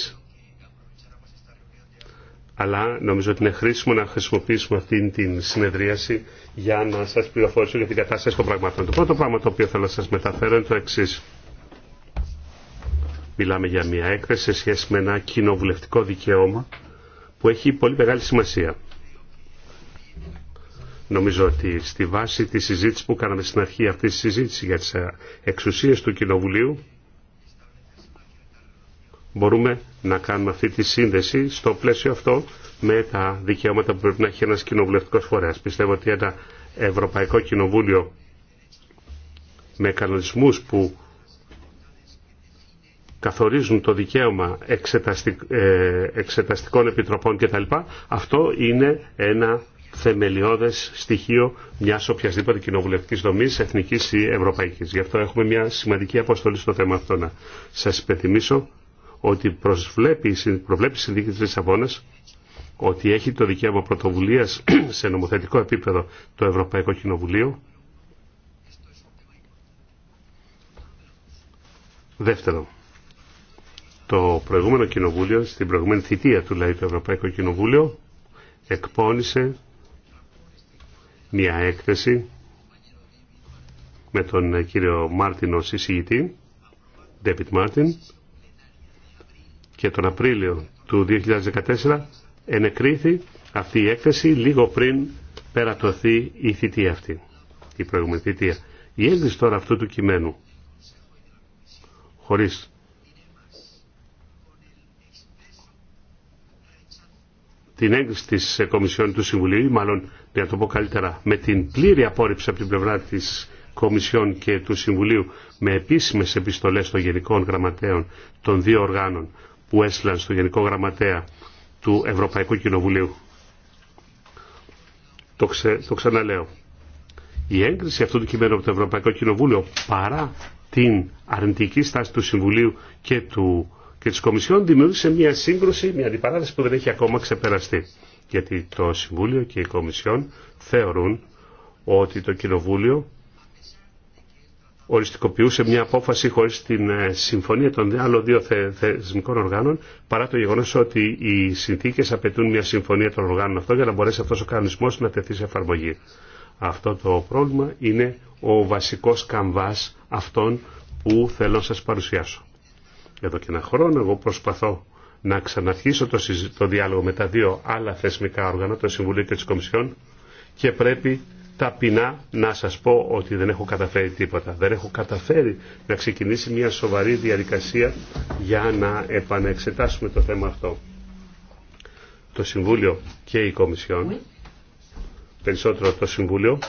Αλλά νομίζω ότι είναι χρήσιμο να χρησιμοποιήσουμε αυτήν την συνεδρίαση για να σας πληροφορήσω για την κατάσταση των πραγμάτων. Το πρώτο πράγμα το οποίο θέλω να σας μεταφέρω είναι το εξή. Μιλάμε για μια έκθεση σε σχέση με ένα κοινοβουλευτικό δικαίωμα που έχει πολύ μεγάλη σημασία. Νομίζω ότι στη βάση της συζήτηση που κάναμε στην αρχή αυτής τη συζήτηση για τις ε, εξουσίες του Κοινοβουλίου μπορούμε να κάνουμε αυτή τη σύνδεση στο πλαίσιο αυτό με τα δικαιώματα που πρέπει να έχει ένας κοινοβουλευτικός φορέας. Πιστεύω ότι ένα Ευρωπαϊκό Κοινοβούλιο με κανονισμούς που καθορίζουν το δικαίωμα ε, εξεταστικών επιτροπών κτλ. Αυτό είναι ένα Θεμελιώδε στοιχείο μιας οποιασδήποτε ή Ευρωπαϊκή. Γι' αυτό έχουμε μια σημαντική αποστολή στον θέμα εθνικής ή ευρωπαϊκής. Γι' αυτό έχουμε μια σημαντική αποστολή στο θέμα αυτό. Να σας υπενθυμίσω ότι προσβλέπει, προβλέπει η συνδίκη τη Λισαβόνα ότι έχει το δικαίωμα πρωτοβουλίας σε νομοθετικό επίπεδο το Ευρωπαϊκό Κοινοβουλίο. Δεύτερο, το προηγούμενο κοινοβούλιο, στην προηγούμενη θητεία του λέει δηλαδή, το Ευρωπαϊκό Κοινοβούλιο, εκπώνησε μια έκθεση με τον κύριο Μάρτιν ως εισηγητή, Μάρτιν, και τον Απρίλιο του 2014 ενεκρίθη αυτή η έκθεση λίγο πριν περατωθεί η θητεία αυτή, η προηγούμενη θητεία. Η έκθεση τώρα αυτού του κειμένου, χωρίς την έγκριση της ε, Κομισιόν του Συμβουλίου ή μάλλον, για να το πω καλύτερα, με την πλήρη απόρριψη από την πλευρά της Κομισιόν και του Συμβουλίου με επίσημες επιστολές των Γενικών Γραμματέων των δύο οργάνων που έστειλαν στο Γενικό Γραμματέα του Ευρωπαϊκού Κοινοβουλίου. Το, το ξαναλέω. Η έγκριση αυτού του κειμένου από το Ευρωπαϊκό Κοινοβούλιο παρά την αρνητική στάση του Συμβουλίου και του και της Κομισιόν δημιούργησε μια σύγκρουση, μια αντιπαράθεση που δεν έχει ακόμα ξεπεραστεί. Γιατί το Συμβούλιο και η Κομισιόν θεωρούν ότι το Κοινοβούλιο οριστικοποιούσε μια απόφαση χωρίς την ε, συμφωνία των άλλων δύο θεσμικών οργάνων παρά το γεγονός ότι οι συνθήκες απαιτούν μια συμφωνία των οργάνων αυτών για να μπορέσει αυτός ο κανονισμός να τεθεί σε εφαρμογή. Αυτό το πρόβλημα είναι ο βασικός καμβάς αυτών που θέλω να σας παρουσιάσω. Εδώ και ένα χρόνο εγώ προσπαθώ να ξαναρχίσω το, το διάλογο με τα δύο άλλα θεσμικά όργανα, το Συμβουλίο και τις Κομισιόν και πρέπει ταπεινά να σας πω ότι δεν έχω καταφέρει τίποτα. Δεν έχω καταφέρει να ξεκινήσει μια σοβαρή διαδικασία για να επανεξετάσουμε το θέμα αυτό. Το Συμβούλιο και η Κομισιόν, περισσότερο το Συμβούλιο,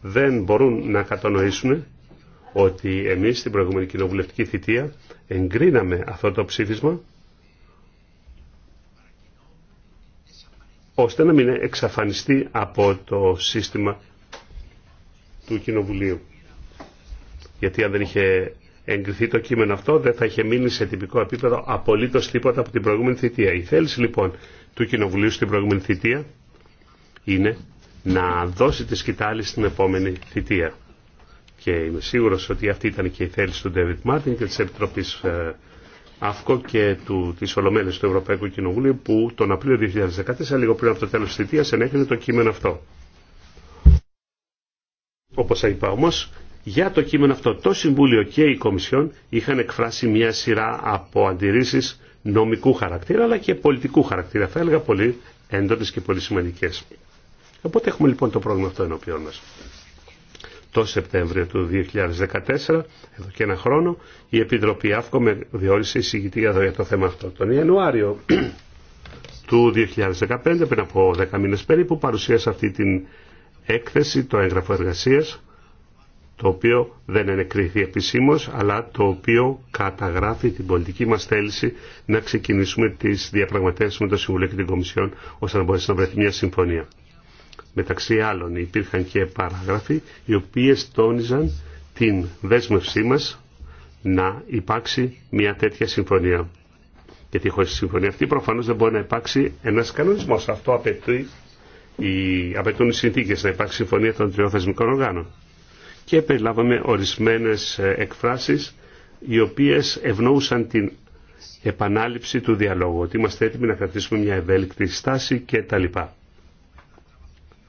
δεν μπορούν να κατανοήσουν ότι εμείς στην προηγούμενη κοινοβουλευτική θητεία εγκρίναμε αυτό το ψήφισμα ώστε να μην εξαφανιστεί από το σύστημα του Κοινοβουλίου. Γιατί αν δεν είχε εγκριθεί το κείμενο αυτό δεν θα είχε μείνει σε τυπικό επίπεδο απολύτως τίποτα από την προηγούμενη θητεία. Η θέληση λοιπόν του Κοινοβουλίου στην προηγούμενη θητεία είναι να δώσει τη σκητάλη στην επόμενη θητεία και είμαι σίγουρο ότι αυτή ήταν και η θέληση του Ντέβιτ Μάρτιν και της Επιτροπής ε, ΑΦΚΟ και του, της του Ευρωπαϊκού Κοινοβουλίου που τον Απρίλιο 2014, λίγο πριν από το τέλος της θητείας, ενέκρινε το κείμενο αυτό. Όπως είπα όμως, για το κείμενο αυτό το Συμβούλιο και η Κομισιόν είχαν εκφράσει μια σειρά από αντιρρήσεις νομικού χαρακτήρα αλλά και πολιτικού χαρακτήρα, θα έλεγα πολύ έντονες και πολύ σημαντικές. Οπότε έχουμε λοιπόν το πρόβλημα αυτό ενώπιόν μας το Σεπτέμβριο του 2014, εδώ και ένα χρόνο, η Επιτροπή ΑΦΚΟ με διόρισε εισηγητή για το θέμα αυτό. Τον Ιανουάριο του 2015, πριν από 10 μήνες περίπου, παρουσίασε αυτή την έκθεση, το έγγραφο εργασίας, το οποίο δεν ενεκρίθη επισήμως, αλλά το οποίο καταγράφει την πολιτική μας θέληση να ξεκινήσουμε τις διαπραγματεύσεις με το Συμβουλίο και την Κομισιόν, ώστε να μπορέσει να βρεθεί μια συμφωνία. Μεταξύ άλλων υπήρχαν και παράγραφοι οι οποίες τόνιζαν την δέσμευσή μας να υπάρξει μια τέτοια συμφωνία. Γιατί χωρίς συμφωνία αυτή προφανώς δεν μπορεί να υπάρξει ένας κανονισμός. Αυτό απαιτεί, οι, απαιτούν οι συνθήκες να υπάρξει συμφωνία των τριών θεσμικών οργάνων. Και περιλάβαμε ορισμένες ε, εκφράσεις οι οποίες ευνοούσαν την επανάληψη του διαλόγου, ότι είμαστε έτοιμοι να κρατήσουμε μια ευέλικτη στάση κτλ.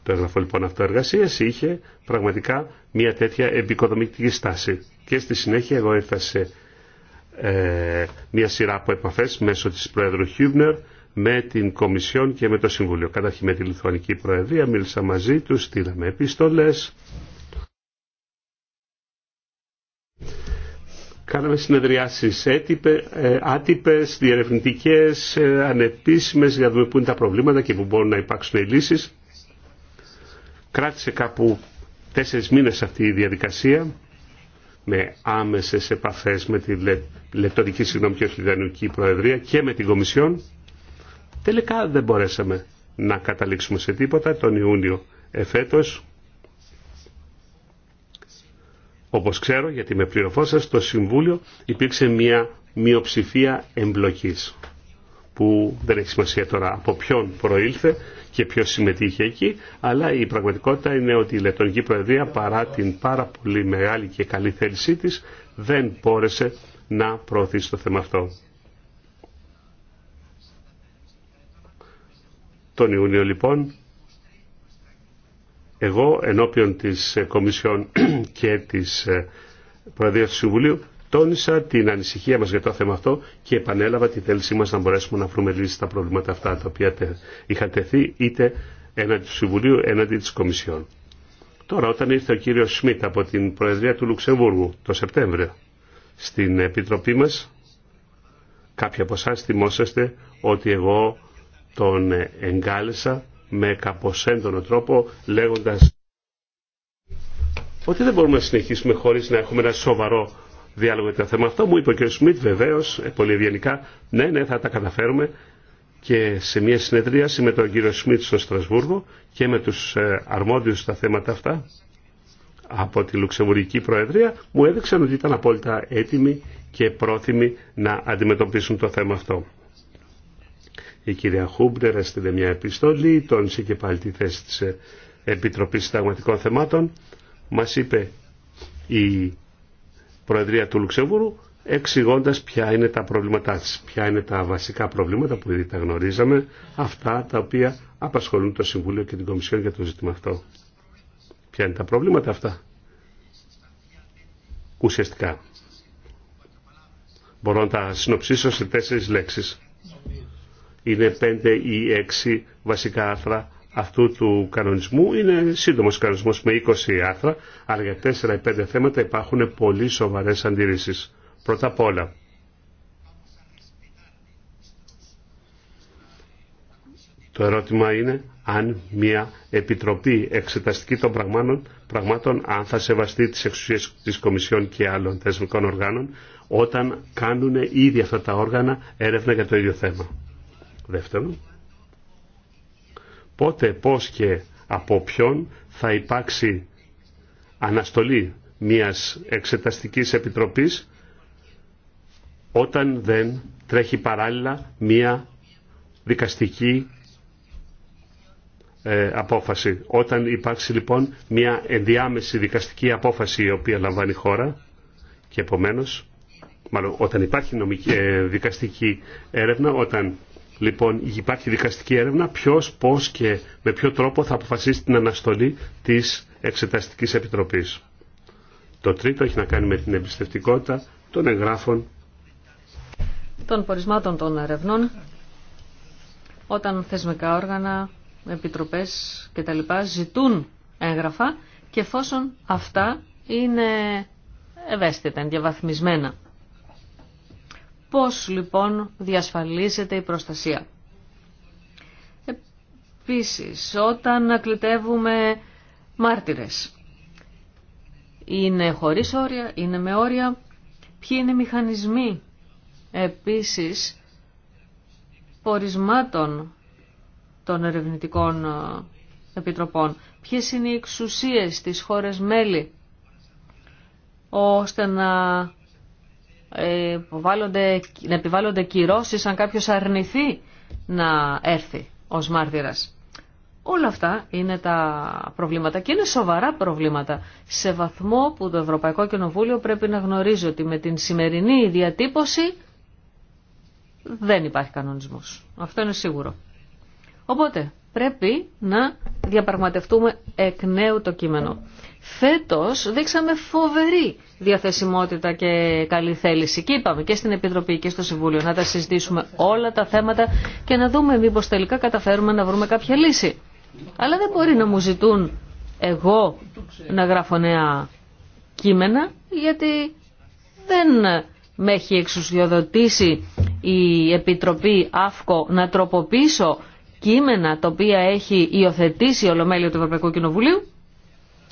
Το έγγραφο λοιπόν αυτό εργασία είχε πραγματικά μια τέτοια επικοδομητική στάση. Και στη συνέχεια εγώ ήρθα σε ε, μια σειρά από επαφέ μέσω τη Πρόεδρου Χιούμπνερ με την Κομισιόν και με το Συμβούλιο. Καταρχήν με τη Λιθουανική Προεδρία μίλησα μαζί του, στείλαμε επιστολέ. Κάναμε συνεδριάσεις άτυπε, ε, άτυπες, διερευνητικές, ε, ανεπίσημες για να δούμε πού είναι τα προβλήματα και πού μπορούν να υπάρξουν οι λύσεις. Κράτησε κάπου τέσσερις μήνες αυτή η διαδικασία με άμεσες επαφές με τη λεπτορική Συγγνώμη και Δανειοκή Προεδρία και με την Κομισιόν. Τελικά δεν μπορέσαμε να καταλήξουμε σε τίποτα τον Ιούνιο εφέτος. Όπως ξέρω, γιατί με πληροφόρησα, στο Συμβούλιο υπήρξε μια μειοψηφία εμπλοκής που δεν έχει σημασία τώρα από ποιον προήλθε, και ποιος συμμετείχε εκεί, αλλά η πραγματικότητα είναι ότι η Λετωνική Προεδρία παρά την πάρα πολύ μεγάλη και καλή θέλησή της δεν μπόρεσε να προωθήσει το θέμα αυτό. Τον Ιούνιο λοιπόν εγώ ενώπιον της Κομισιόν και της ε, Προεδρίας του Συμβουλίου Τόνισα την ανησυχία μας για το θέμα αυτό και επανέλαβα τη θέλησή μας να μπορέσουμε να βρούμε τα στα προβλήματα αυτά τα οποία είχαν τεθεί είτε έναντι του Συμβουλίου έναντι της Κομισιόν. Τώρα όταν ήρθε ο κύριος Σμιτ από την Προεδρία του Λουξεμβούργου το Σεπτέμβριο στην Επιτροπή μας κάποιοι από εσά θυμόσαστε ότι εγώ τον εγκάλεσα με καποσέντονο τρόπο λέγοντας ότι δεν μπορούμε να συνεχίσουμε χωρίς να έχουμε ένα σοβαρό διάλογο για το θέμα αυτό. Μου είπε ο κ. Σμιτ βεβαίω, ε, πολύ ευγενικά, ναι, ναι, θα τα καταφέρουμε και σε μια συνεδρίαση με τον κύριο Σμιτ στο Στρασβούργο και με τους ε, αρμόδιους στα θέματα αυτά από τη Λουξεμβουργική Προεδρία μου έδειξαν ότι ήταν απόλυτα έτοιμοι και πρόθυμοι να αντιμετωπίσουν το θέμα αυτό. Η κυρία Χούμπνερ έστειλε μια επιστολή, τόνισε και πάλι τη θέση της ε, Επιτροπής Συνταγματικών Θεμάτων. Μας είπε η Προεδρία του Λουξεμβούρου εξηγώντα ποια είναι τα προβλήματά τη, ποια είναι τα βασικά προβλήματα που ήδη τα γνωρίζαμε, αυτά τα οποία απασχολούν το Συμβούλιο και την Κομισιόν για το ζήτημα αυτό. Ποια είναι τα προβλήματα αυτά. Ουσιαστικά. Μπορώ να τα συνοψίσω σε τέσσερις λέξεις. Είναι πέντε ή έξι βασικά άρθρα αυτού του κανονισμού. Είναι σύντομος κανονισμός με 20 άθρα αλλά για 4 ή 5 θέματα υπάρχουν πολύ σοβαρές αντιρρήσεις. Πρώτα απ' όλα, το ερώτημα είναι αν μια επιτροπή εξεταστική των πραγμάτων, πραγμάτων αν θα σεβαστεί τις εξουσίες της Κομισιόν και άλλων θεσμικών οργάνων όταν κάνουν ήδη αυτά τα όργανα έρευνα για το ίδιο θέμα. Δεύτερον, πότε, πώς και από ποιον θα υπάρξει αναστολή μιας εξεταστικής επιτροπής όταν δεν τρέχει παράλληλα μια δικαστική ε, απόφαση. Όταν υπάρξει λοιπόν μια ενδιάμεση δικαστική απόφαση η οποία λαμβάνει χώρα και επομένως, μάλλον όταν υπάρχει νομική, ε, δικαστική έρευνα, όταν Λοιπόν, υπάρχει δικαστική έρευνα Ποιο, πώς και με ποιο τρόπο θα αποφασίσει την αναστολή της Εξεταστικής Επιτροπής. Το τρίτο έχει να κάνει με την εμπιστευτικότητα των εγγράφων των πορισμάτων των ερευνών όταν θεσμικά όργανα, επιτροπές κτλ. ζητούν έγγραφα και εφόσον αυτά είναι ευαίσθητα, διαβαθμισμένα. Πώς λοιπόν διασφαλίζεται η προστασία. Επίσης, όταν ακλητεύουμε μάρτυρες, είναι χωρίς όρια, είναι με όρια, ποιοι είναι οι μηχανισμοί επίσης πορισμάτων των ερευνητικών ε, επιτροπών, ποιες είναι οι εξουσίες της χώρες μέλη, ώστε να ε, να επιβάλλονται κυρώσεις αν κάποιος αρνηθεί να έρθει ως μάρτυρας. Όλα αυτά είναι τα προβλήματα και είναι σοβαρά προβλήματα σε βαθμό που το Ευρωπαϊκό Κοινοβούλιο πρέπει να γνωρίζει ότι με την σημερινή διατύπωση δεν υπάρχει κανονισμός. Αυτό είναι σίγουρο. Οπότε πρέπει να διαπραγματευτούμε εκ νέου το κείμενο. Φέτος δείξαμε φοβερή διαθεσιμότητα και καλή θέληση και είπαμε και στην Επιτροπή και στο Συμβούλιο να τα συζητήσουμε όλα τα θέματα και να δούμε μήπως τελικά καταφέρουμε να βρούμε κάποια λύση. Αλλά δεν μπορεί να μου ζητούν εγώ να γράφω νέα κείμενα γιατί δεν με έχει εξουσιοδοτήσει η Επιτροπή ΑΦΚΟ να τροποποιήσω κείμενα τα οποία έχει υιοθετήσει Ολομέλεια του Ευρωπαϊκού Κοινοβουλίου.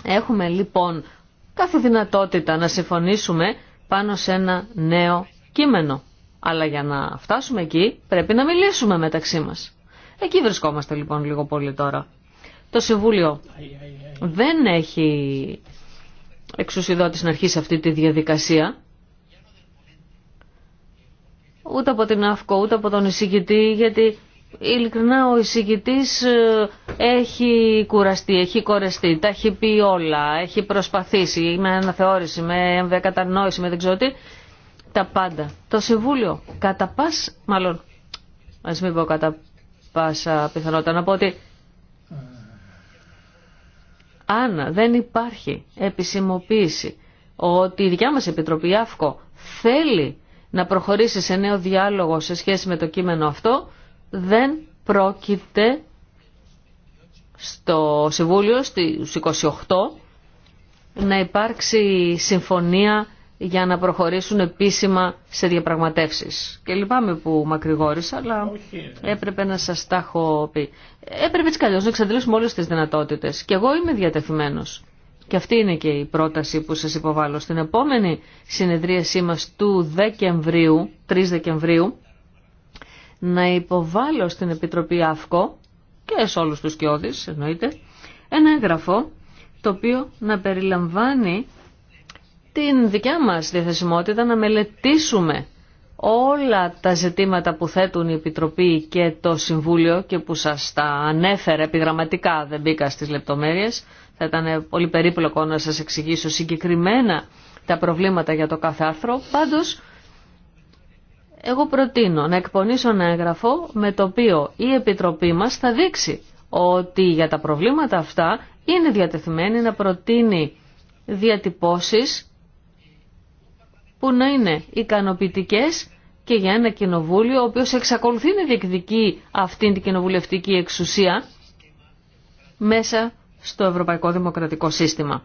Έχουμε λοιπόν κάθε δυνατότητα να συμφωνήσουμε πάνω σε ένα νέο κείμενο. Αλλά για να φτάσουμε εκεί πρέπει να μιλήσουμε μεταξύ μας. Εκεί βρισκόμαστε λοιπόν λίγο πολύ τώρα. Το Συμβούλιο δεν έχει εξουσιδότηση να αρχίσει αυτή τη διαδικασία. Ούτε από την ΑΦΚΟ, ούτε από τον εισηγητή, γιατί ειλικρινά ο εισηγητής ε, έχει κουραστεί, έχει κορεστεί, τα έχει πει όλα, έχει προσπαθήσει με αναθεώρηση, με κατανόηση, με δεν ξέρω τι, τα πάντα. Το Συμβούλιο κατά μάλλον, ας μην πω κατά πάσα πιθανότητα να πω ότι αν δεν υπάρχει επισημοποίηση ότι η δικιά μας Επιτροπή ΑΦΚΟ θέλει να προχωρήσει σε νέο διάλογο σε σχέση με το κείμενο αυτό, δεν πρόκειται στο Συμβούλιο στις 28 να υπάρξει συμφωνία για να προχωρήσουν επίσημα σε διαπραγματεύσεις. Και λυπάμαι που μακρηγόρησα, αλλά ε. έπρεπε να σας τα έχω πει. Έπρεπε έτσι καλώς να εξαντλήσουμε όλες τις δυνατότητες. Και εγώ είμαι διατεθειμένος. Και αυτή είναι και η πρόταση που σας υποβάλλω. Στην επόμενη συνεδρίασή μας του Δεκεμβρίου, 3 Δεκεμβρίου, να υποβάλω στην Επιτροπή ΑΦΚΟ και σε όλους τους κοιόδης εννοείται ένα έγγραφο το οποίο να περιλαμβάνει την δικιά μας διαθεσιμότητα να μελετήσουμε όλα τα ζητήματα που θέτουν η Επιτροπή και το Συμβούλιο και που σας τα ανέφερε επιγραμματικά, δεν μπήκα στις λεπτομέρειες, θα ήταν πολύ περίπλοκο να σας εξηγήσω συγκεκριμένα τα προβλήματα για το κάθε άρθρο, πάντως εγώ προτείνω να εκπονήσω ένα έγγραφο με το οποίο η Επιτροπή μας θα δείξει ότι για τα προβλήματα αυτά είναι διατεθειμένη να προτείνει διατυπώσεις που να είναι ικανοποιητικές και για ένα κοινοβούλιο ο οποίος εξακολουθεί να διεκδικεί αυτήν την κοινοβουλευτική εξουσία μέσα στο Ευρωπαϊκό Δημοκρατικό Σύστημα.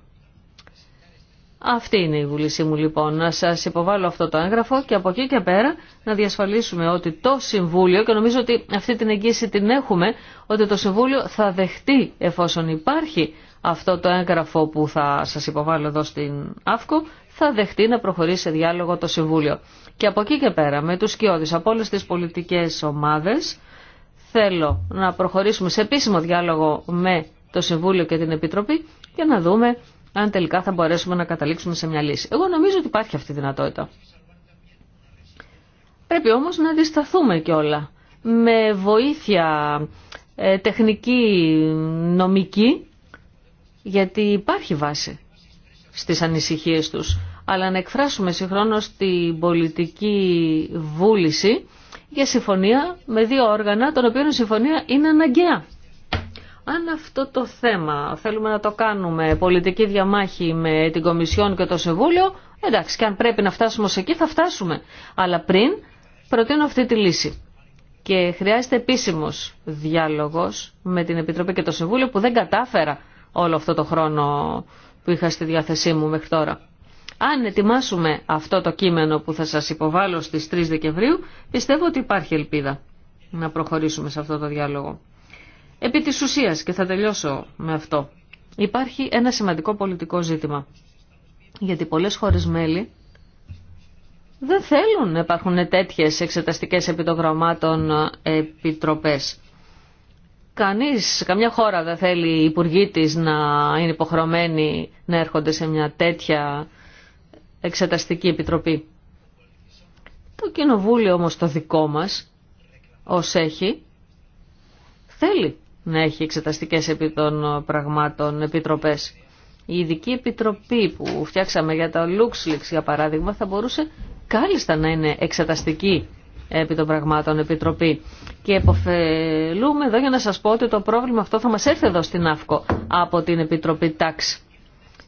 Αυτή είναι η βουλήσή μου λοιπόν, να σα υποβάλω αυτό το έγγραφο και από εκεί και πέρα να διασφαλίσουμε ότι το Συμβούλιο, και νομίζω ότι αυτή την εγγύηση την έχουμε, ότι το Συμβούλιο θα δεχτεί εφόσον υπάρχει αυτό το έγγραφο που θα σα υποβάλω εδώ στην ΑΦΚΟ, θα δεχτεί να προχωρήσει σε διάλογο το Συμβούλιο. Και από εκεί και πέρα με του σκιώδει από όλες τις πολιτικές ομάδες θέλω να προχωρήσουμε σε επίσημο διάλογο με το Συμβούλιο και την Επιτροπή και να δούμε αν τελικά θα μπορέσουμε να καταλήξουμε σε μια λύση. Εγώ νομίζω ότι υπάρχει αυτή η δυνατότητα. Πρέπει όμως να αντισταθούμε κιόλα με βοήθεια ε, τεχνική, νομική, γιατί υπάρχει βάση στις ανησυχίες τους, αλλά να εκφράσουμε συγχρόνως την πολιτική βούληση για συμφωνία με δύο όργανα, των οποίων η συμφωνία είναι αναγκαία. Αν αυτό το θέμα θέλουμε να το κάνουμε πολιτική διαμάχη με την Κομισιόν και το Σεβούλιο, εντάξει, και αν πρέπει να φτάσουμε ως εκεί θα φτάσουμε. Αλλά πριν προτείνω αυτή τη λύση. Και χρειάζεται επίσημο διάλογο με την Επιτροπή και το Σεβούλιο που δεν κατάφερα όλο αυτό το χρόνο που είχα στη διάθεσή μου μέχρι τώρα. Αν ετοιμάσουμε αυτό το κείμενο που θα σας υποβάλω στις 3 Δεκεμβρίου, πιστεύω ότι υπάρχει ελπίδα να προχωρήσουμε σε αυτό το διάλογο. Επί της ουσίας, και θα τελειώσω με αυτό, υπάρχει ένα σημαντικό πολιτικό ζήτημα. Γιατί πολλές χώρες μέλη δεν θέλουν να υπάρχουν τέτοιες εξεταστικές επιτογραμμάτων επιτροπές. Κανείς, καμιά χώρα δεν θέλει οι υπουργοί να είναι υποχρεωμένοι να έρχονται σε μια τέτοια εξεταστική επιτροπή. Το κοινοβούλιο όμως το δικό μας, ως έχει, θέλει να έχει εξεταστικές επί των πραγμάτων επιτροπές. Η ειδική επιτροπή που φτιάξαμε για τα LuxLeaks για παράδειγμα θα μπορούσε κάλλιστα να είναι εξεταστική επί των πραγμάτων επιτροπή. Και εποφελούμε εδώ για να σας πω ότι το πρόβλημα αυτό θα μας έρθει εδώ στην ΑΦΚΟ από την Επιτροπή Τάξη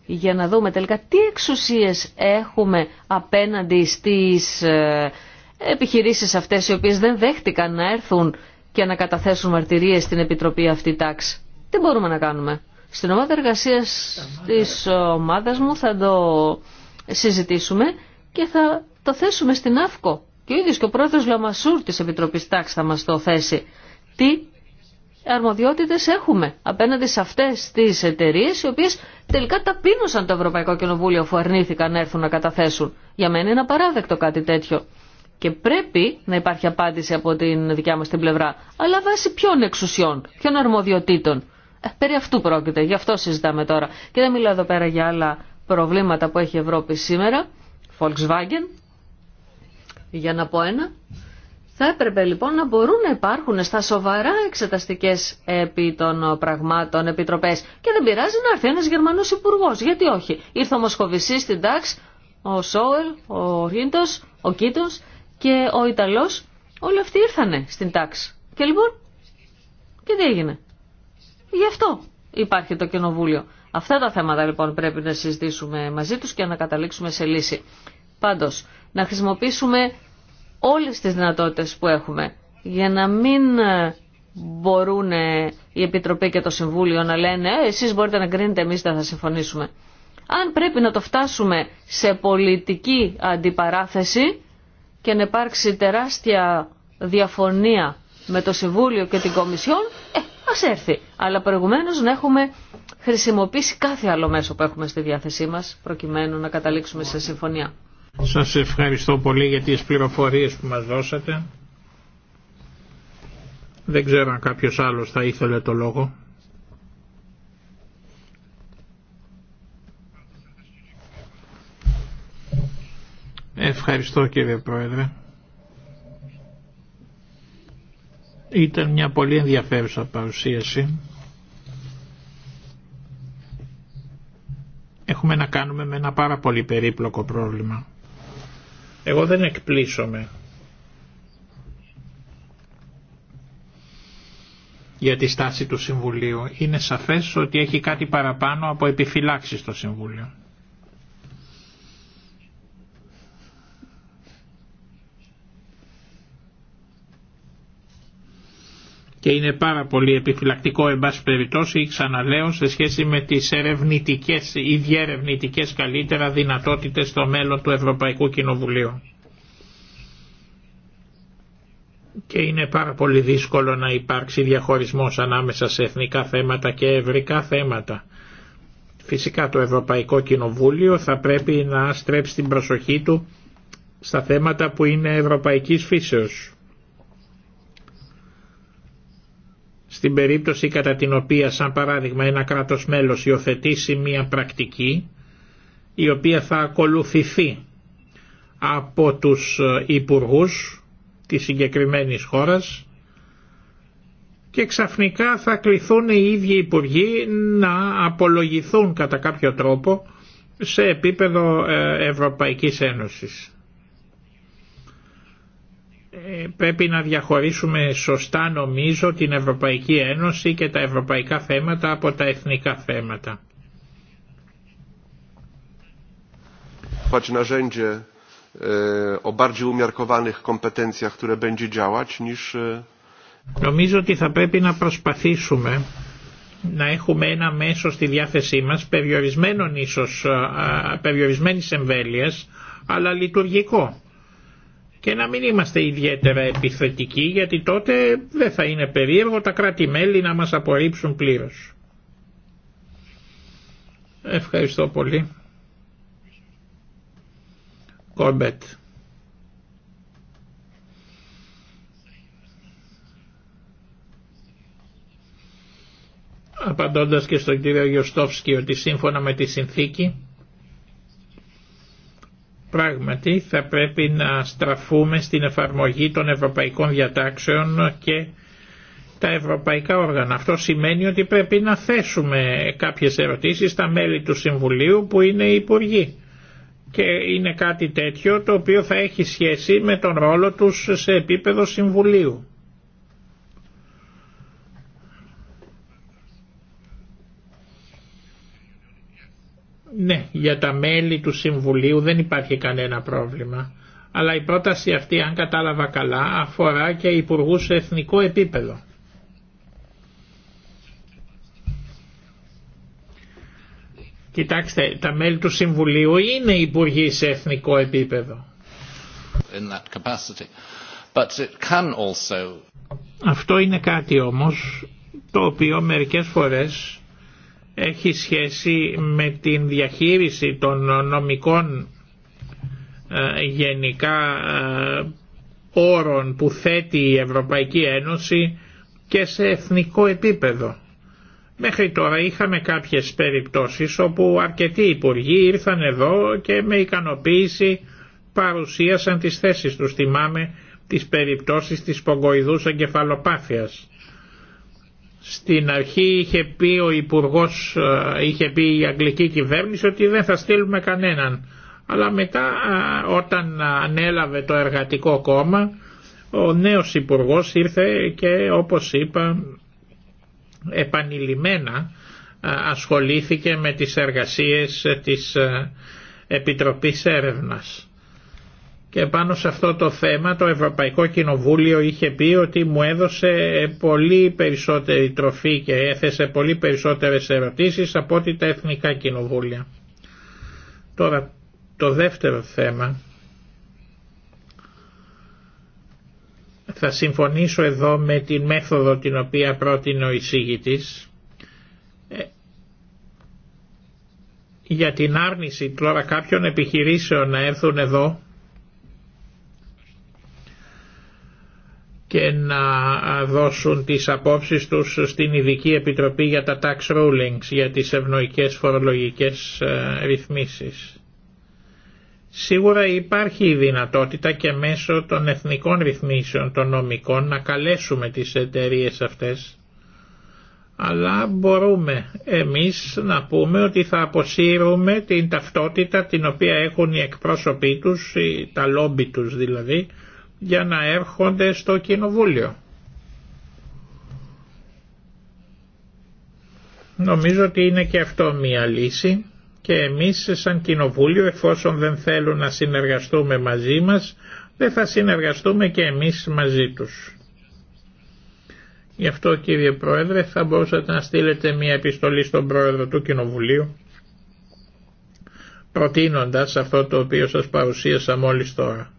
για να δούμε τελικά τι εξουσίες έχουμε απέναντι στις ε, επιχειρήσεις αυτές οι οποίες δεν δέχτηκαν να έρθουν και να καταθέσουν μαρτυρίες στην Επιτροπή αυτή τάξη. Τι μπορούμε να κάνουμε. Στην ομάδα εργασία τη ομάδα μου θα το συζητήσουμε και θα το θέσουμε στην ΑΦΚΟ. Και ο ίδιο και ο πρόεδρο Λαμασούρ τη επιτροπή Τάξη θα μα το θέσει. Τι αρμοδιότητε έχουμε απέναντι σε αυτέ τι εταιρείε, οι οποίε τελικά ταπείνωσαν το Ευρωπαϊκό Κοινοβούλιο αφού αρνήθηκαν να έρθουν να καταθέσουν. Για μένα είναι απαράδεκτο κάτι τέτοιο. Και πρέπει να υπάρχει απάντηση από την δικιά μας την πλευρά. Αλλά βάσει ποιων εξουσιών, ποιων αρμοδιοτήτων. Ε, περί αυτού πρόκειται, γι' αυτό συζητάμε τώρα. Και δεν μιλάω εδώ πέρα για άλλα προβλήματα που έχει η Ευρώπη σήμερα. Volkswagen, για να πω ένα. Θα έπρεπε λοιπόν να μπορούν να υπάρχουν στα σοβαρά εξεταστικέ επί των πραγμάτων επιτροπέ. Και δεν πειράζει να έρθει ένα Γερμανό υπουργό. Γιατί όχι. Ήρθε ο Μοσχοβησή στην τάξη, ο Σόελ, ο Ρίντο, ο Κίτο και ο Ιταλός, όλοι αυτοί ήρθανε στην τάξη. Και λοιπόν, και τι έγινε. Γι' αυτό υπάρχει το κοινοβούλιο. Αυτά τα θέματα λοιπόν πρέπει να συζητήσουμε μαζί τους και να καταλήξουμε σε λύση. Πάντως, να χρησιμοποιήσουμε όλες τις δυνατότητες που έχουμε για να μην ε, μπορούν ε, η Επιτροπή και το Συμβούλιο να λένε ε, εσείς μπορείτε να κρίνετε, εμείς δεν θα συμφωνήσουμε. Αν πρέπει να το φτάσουμε σε πολιτική αντιπαράθεση, και να υπάρξει τεράστια διαφωνία με το Συμβούλιο και την Κομισιόν, ε, ας έρθει. Αλλά προηγουμένως να έχουμε χρησιμοποιήσει κάθε άλλο μέσο που έχουμε στη διάθεσή μας, προκειμένου να καταλήξουμε σε συμφωνία. Σας ευχαριστώ πολύ για τις πληροφορίες που μας δώσατε. Δεν ξέρω αν κάποιος άλλος θα ήθελε το λόγο. Ευχαριστώ κύριε Πρόεδρε. Ήταν μια πολύ ενδιαφέρουσα παρουσίαση. Έχουμε να κάνουμε με ένα πάρα πολύ περίπλοκο πρόβλημα. Εγώ δεν εκπλήσωμαι. για τη στάση του Συμβουλίου. Είναι σαφές ότι έχει κάτι παραπάνω από επιφυλάξεις στο Συμβούλιο. και είναι πάρα πολύ επιφυλακτικό εν πάση περιπτώσει ξαναλέω σε σχέση με τις ερευνητικές ή διερευνητικές καλύτερα δυνατότητες στο μέλλον του Ευρωπαϊκού Κοινοβουλίου. Και είναι πάρα πολύ δύσκολο να υπάρξει διαχωρισμός ανάμεσα σε εθνικά θέματα και ευρικά θέματα. Φυσικά το Ευρωπαϊκό Κοινοβούλιο θα πρέπει να στρέψει την προσοχή του στα θέματα που είναι ευρωπαϊκής φύσεως. στην περίπτωση κατά την οποία σαν παράδειγμα ένα κράτος μέλος υιοθετήσει μία πρακτική η οποία θα ακολουθηθεί από τους ε, υπουργούς της συγκεκριμένης χώρας και ξαφνικά θα κληθούν οι ίδιοι υπουργοί να απολογηθούν κατά κάποιο τρόπο σε επίπεδο ε, Ευρωπαϊκής Ένωσης. Ε, πρέπει να διαχωρίσουμε σωστά νομίζω την Ευρωπαϊκή Ένωση και τα ευρωπαϊκά θέματα από τα εθνικά θέματα. Νομίζω ότι θα πρέπει να προσπαθήσουμε να έχουμε ένα μέσο στη διάθεσή μας περιορισμένων ίσως, ε, ε, περιορισμένης εμβέλειας, αλλά λειτουργικό και να μην είμαστε ιδιαίτερα επιθετικοί γιατί τότε δεν θα είναι περίεργο τα κράτη-μέλη να μας απορρίψουν πλήρως. Ευχαριστώ πολύ. Κόρμπετ. Απαντώντας και στον κύριο Γιωστόφσκι ότι σύμφωνα με τη συνθήκη Πράγματι θα πρέπει να στραφούμε στην εφαρμογή των ευρωπαϊκών διατάξεων και τα ευρωπαϊκά όργανα. Αυτό σημαίνει ότι πρέπει να θέσουμε κάποιες ερωτήσεις στα μέλη του Συμβουλίου που είναι οι Υπουργοί. Και είναι κάτι τέτοιο το οποίο θα έχει σχέση με τον ρόλο τους σε επίπεδο Συμβουλίου. Ναι, για τα μέλη του Συμβουλίου δεν υπάρχει κανένα πρόβλημα. Αλλά η πρόταση αυτή, αν κατάλαβα καλά, αφορά και υπουργού σε εθνικό επίπεδο. Κοιτάξτε, τα μέλη του Συμβουλίου είναι υπουργοί σε εθνικό επίπεδο. Αυτό είναι κάτι όμως το οποίο μερικές φορές έχει σχέση με την διαχείριση των νομικών ε, γενικά ε, όρων που θέτει η Ευρωπαϊκή Ένωση και σε εθνικό επίπεδο. Μέχρι τώρα είχαμε κάποιες περιπτώσεις όπου αρκετοί υπουργοί ήρθαν εδώ και με ικανοποίηση παρουσίασαν τις θέσεις τους. Θυμάμαι τις περιπτώσεις της πογκοειδούς εγκεφαλοπάθειας. Στην αρχή είχε πει ο Υπουργός, ε, είχε πει η Αγγλική κυβέρνηση ότι δεν θα στείλουμε κανέναν. Αλλά μετά ε, όταν ανέλαβε το εργατικό κόμμα ο νέος Υπουργό ήρθε και όπως είπα επανειλημμένα ε, ασχολήθηκε με τις εργασίες της Επιτροπής Έρευνας. Και πάνω σε αυτό το θέμα το Ευρωπαϊκό Κοινοβούλιο είχε πει ότι μου έδωσε πολύ περισσότερη τροφή και έθεσε πολύ περισσότερες ερωτήσεις από ότι τα Εθνικά Κοινοβούλια. Τώρα το δεύτερο θέμα. Θα συμφωνήσω εδώ με την μέθοδο την οποία πρότεινε ο εισήγητης ε, για την άρνηση τώρα κάποιων επιχειρήσεων να έρθουν εδώ και να δώσουν τις απόψεις τους στην Ειδική Επιτροπή για τα Tax Rulings, για τις ευνοϊκές φορολογικές ε, ρυθμίσεις. Σίγουρα υπάρχει η δυνατότητα και μέσω των εθνικών ρυθμίσεων των νομικών να καλέσουμε τις εταιρείε αυτές, αλλά μπορούμε εμείς να πούμε ότι θα αποσύρουμε την ταυτότητα την οποία έχουν οι εκπρόσωποι τους, τα λόμπι τους δηλαδή, για να έρχονται στο κοινοβούλιο. Νομίζω ότι είναι και αυτό μία λύση και εμείς σαν κοινοβούλιο εφόσον δεν θέλουν να συνεργαστούμε μαζί μας δεν θα συνεργαστούμε και εμείς μαζί τους. Γι' αυτό κύριε Πρόεδρε θα μπορούσατε να στείλετε μία επιστολή στον Πρόεδρο του Κοινοβουλίου προτείνοντας αυτό το οποίο σας παρουσίασα μόλις τώρα.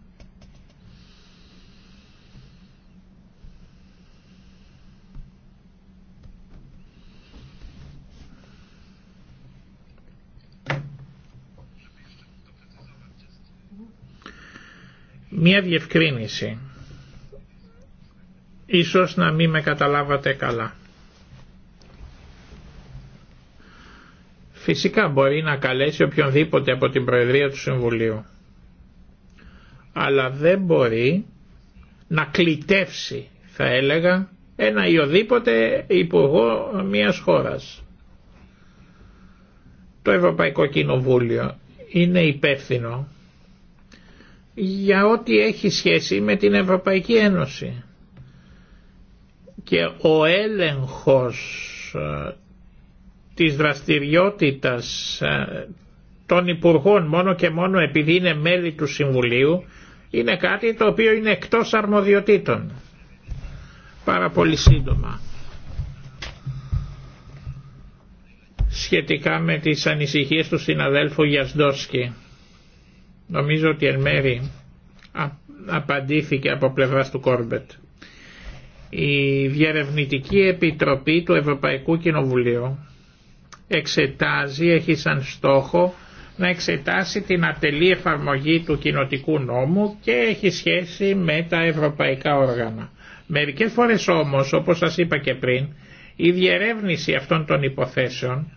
Μία διευκρίνηση. Ίσως να μην με καταλάβατε καλά. Φυσικά μπορεί να καλέσει οποιονδήποτε από την Προεδρία του Συμβουλίου. Αλλά δεν μπορεί να κλητεύσει, θα έλεγα, ένα ή οδήποτε υπουργό μιας χώρας. Το Ευρωπαϊκό Κοινοβούλιο είναι υπεύθυνο για ό,τι έχει σχέση με την Ευρωπαϊκή Ένωση. Και ο έλεγχος ε, της δραστηριότητας ε, των Υπουργών μόνο και μόνο επειδή είναι μέλη του Συμβουλίου είναι κάτι το οποίο είναι εκτός αρμοδιοτήτων. Πάρα πολύ σύντομα. Σχετικά με τις ανησυχίες του συναδέλφου Γιασντόσκη. Νομίζω ότι εν μέρη απαντήθηκε από πλευράς του Κόρμπετ. Η Διερευνητική Επιτροπή του Ευρωπαϊκού Κοινοβουλίου εξετάζει, έχει σαν στόχο να εξετάσει την ατελή εφαρμογή του κοινοτικού νόμου και έχει σχέση με τα ευρωπαϊκά όργανα. Μερικές φορές όμως, όπως σας είπα και πριν, η διερεύνηση αυτών των υποθέσεων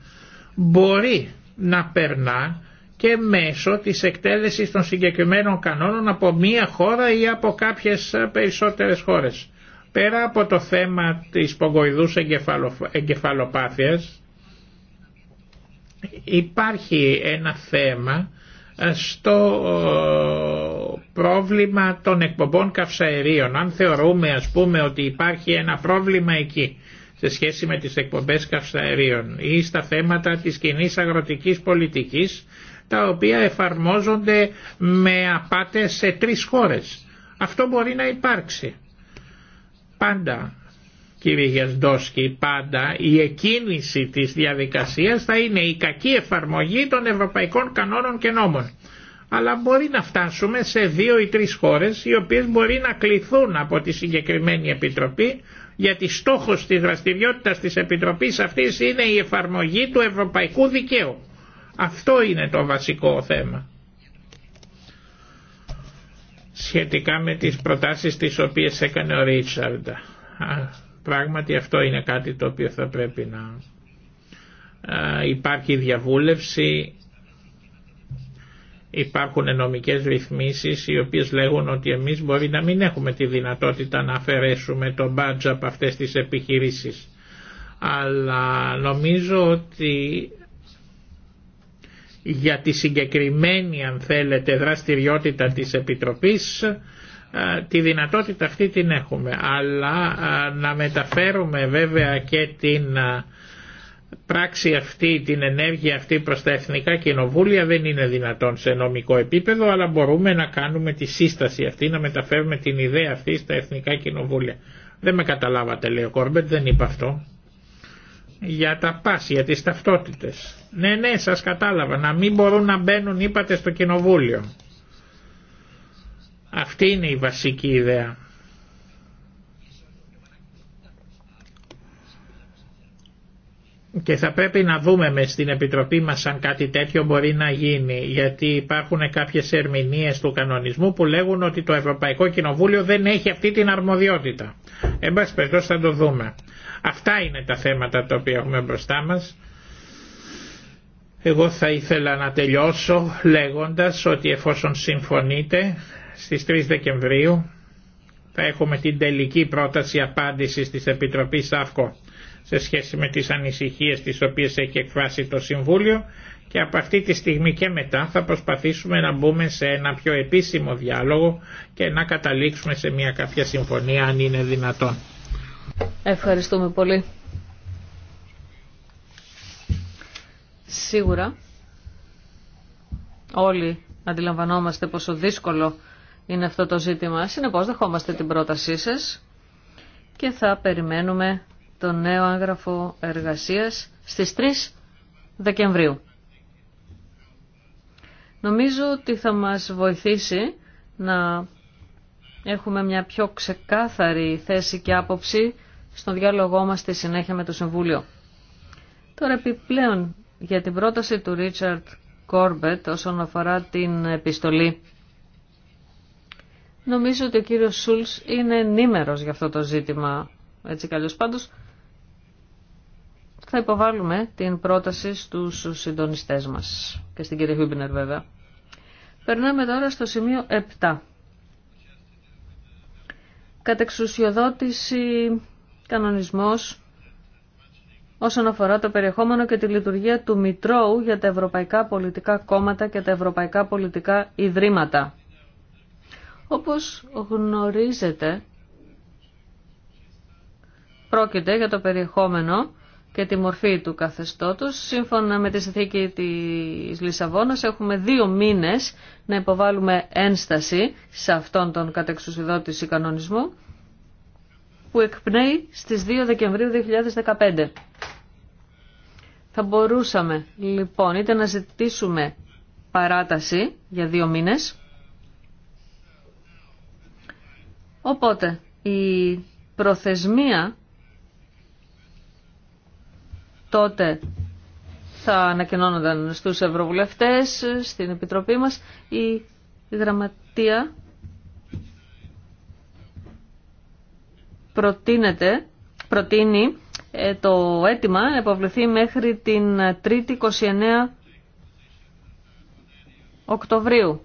μπορεί να περνά και μέσω της εκτέλεσης των συγκεκριμένων κανόνων από μία χώρα ή από κάποιες περισσότερες χώρες. Πέρα από το θέμα της πογκοειδούς εγκεφαλοπάθειας υπάρχει ένα θέμα ε, στο ε, πρόβλημα των εκπομπών καυσαερίων. Αν θεωρούμε ας πούμε ότι υπάρχει ένα πρόβλημα εκεί σε σχέση με τις εκπομπές καυσαερίων ή στα θέματα της κοινή αγροτικής πολιτικής τα οποία εφαρμόζονται με απάτες σε τρεις χώρες. Αυτό μπορεί να υπάρξει. Πάντα, κύριε Γιασντόσκη, πάντα η εκκίνηση της διαδικασίας θα είναι η κακή εφαρμογή των ευρωπαϊκών κανόνων και νόμων. Αλλά μπορεί να φτάσουμε σε δύο ή τρεις χώρες οι οποίες μπορεί να κληθούν από τη συγκεκριμένη Επιτροπή γιατί στόχος της δραστηριότητας της Επιτροπής αυτής είναι η εφαρμογή του ευρωπαϊκού δικαίου. Αυτό είναι το βασικό θέμα. Σχετικά με τις προτάσεις τις οποίες έκανε ο Ρίτσαρντ. Πράγματι αυτό είναι κάτι το οποίο θα πρέπει να υπάρχει διαβούλευση, υπάρχουν νομικές ρυθμίσεις οι οποίες λέγουν ότι εμείς μπορεί να μην έχουμε τη δυνατότητα να αφαιρέσουμε το μπάτζ από αυτές τις επιχειρήσεις. Αλλά νομίζω ότι για τη συγκεκριμένη αν θέλετε δραστηριότητα της Επιτροπής τη δυνατότητα αυτή την έχουμε αλλά να μεταφέρουμε βέβαια και την πράξη αυτή, την ενέργεια αυτή προς τα εθνικά κοινοβούλια δεν είναι δυνατόν σε νομικό επίπεδο αλλά μπορούμε να κάνουμε τη σύσταση αυτή, να μεταφέρουμε την ιδέα αυτή στα εθνικά κοινοβούλια. Δεν με καταλάβατε λέει ο Κόρμπετ, δεν είπα αυτό για τα πας, για τις ταυτότητες. Ναι, ναι, σας κατάλαβα, να μην μπορούν να μπαίνουν, είπατε, στο κοινοβούλιο. Αυτή είναι η βασική ιδέα. Και θα πρέπει να δούμε με στην Επιτροπή μας αν κάτι τέτοιο μπορεί να γίνει, γιατί υπάρχουν κάποιες ερμηνείες του κανονισμού που λέγουν ότι το Ευρωπαϊκό Κοινοβούλιο δεν έχει αυτή την αρμοδιότητα. Εν θα το δούμε. Αυτά είναι τα θέματα τα οποία έχουμε μπροστά μας. Εγώ θα ήθελα να τελειώσω λέγοντας ότι εφόσον συμφωνείτε στις 3 Δεκεμβρίου θα έχουμε την τελική πρόταση απάντησης της Επιτροπής ΑΦΚΟ σε σχέση με τις ανησυχίες τις οποίες έχει εκφράσει το Συμβούλιο και από αυτή τη στιγμή και μετά θα προσπαθήσουμε να μπούμε σε ένα πιο επίσημο διάλογο και να καταλήξουμε σε μια κάποια συμφωνία αν είναι δυνατόν. Ευχαριστούμε πολύ. Σίγουρα όλοι αντιλαμβανόμαστε πόσο δύσκολο είναι αυτό το ζήτημα. Συνεπώς δεχόμαστε την πρότασή σας και θα περιμένουμε το νέο άγγραφο εργασίας στις 3 Δεκεμβρίου. Νομίζω ότι θα μας βοηθήσει να έχουμε μια πιο ξεκάθαρη θέση και άποψη στον διάλογό μας στη συνέχεια με το Συμβούλιο. Τώρα επιπλέον για την πρόταση του Ρίτσαρτ Κόρμπετ όσον αφορά την επιστολή. Νομίζω ότι ο κύριος Σούλς είναι νήμερος για αυτό το ζήτημα. Έτσι καλώς πάντως θα υποβάλουμε την πρόταση στους συντονιστές μας και στην κυρία Χούμπινερ βέβαια. Περνάμε τώρα στο σημείο 7. Κατεξουσιοδότηση κανονισμός όσον αφορά το περιεχόμενο και τη λειτουργία του Μητρώου για τα Ευρωπαϊκά Πολιτικά Κόμματα και τα Ευρωπαϊκά Πολιτικά Ιδρύματα. Όπως γνωρίζετε, πρόκειται για το περιεχόμενο και τη μορφή του καθεστώτος. Σύμφωνα με τη συνθήκη της Λισαβόνας έχουμε δύο μήνες να υποβάλουμε ένσταση σε αυτόν τον κατεξουσιδότηση κανονισμού που εκπνέει στις 2 Δεκεμβρίου 2015. Θα μπορούσαμε λοιπόν είτε να ζητήσουμε παράταση για δύο μήνες. Οπότε η προθεσμία τότε θα ανακοινώνονταν στους ευρωβουλευτές, στην Επιτροπή μας, η γραμματεία προτείνεται, προτείνει ε, το αίτημα να υποβληθεί μέχρι την 3η 29 Οκτωβρίου.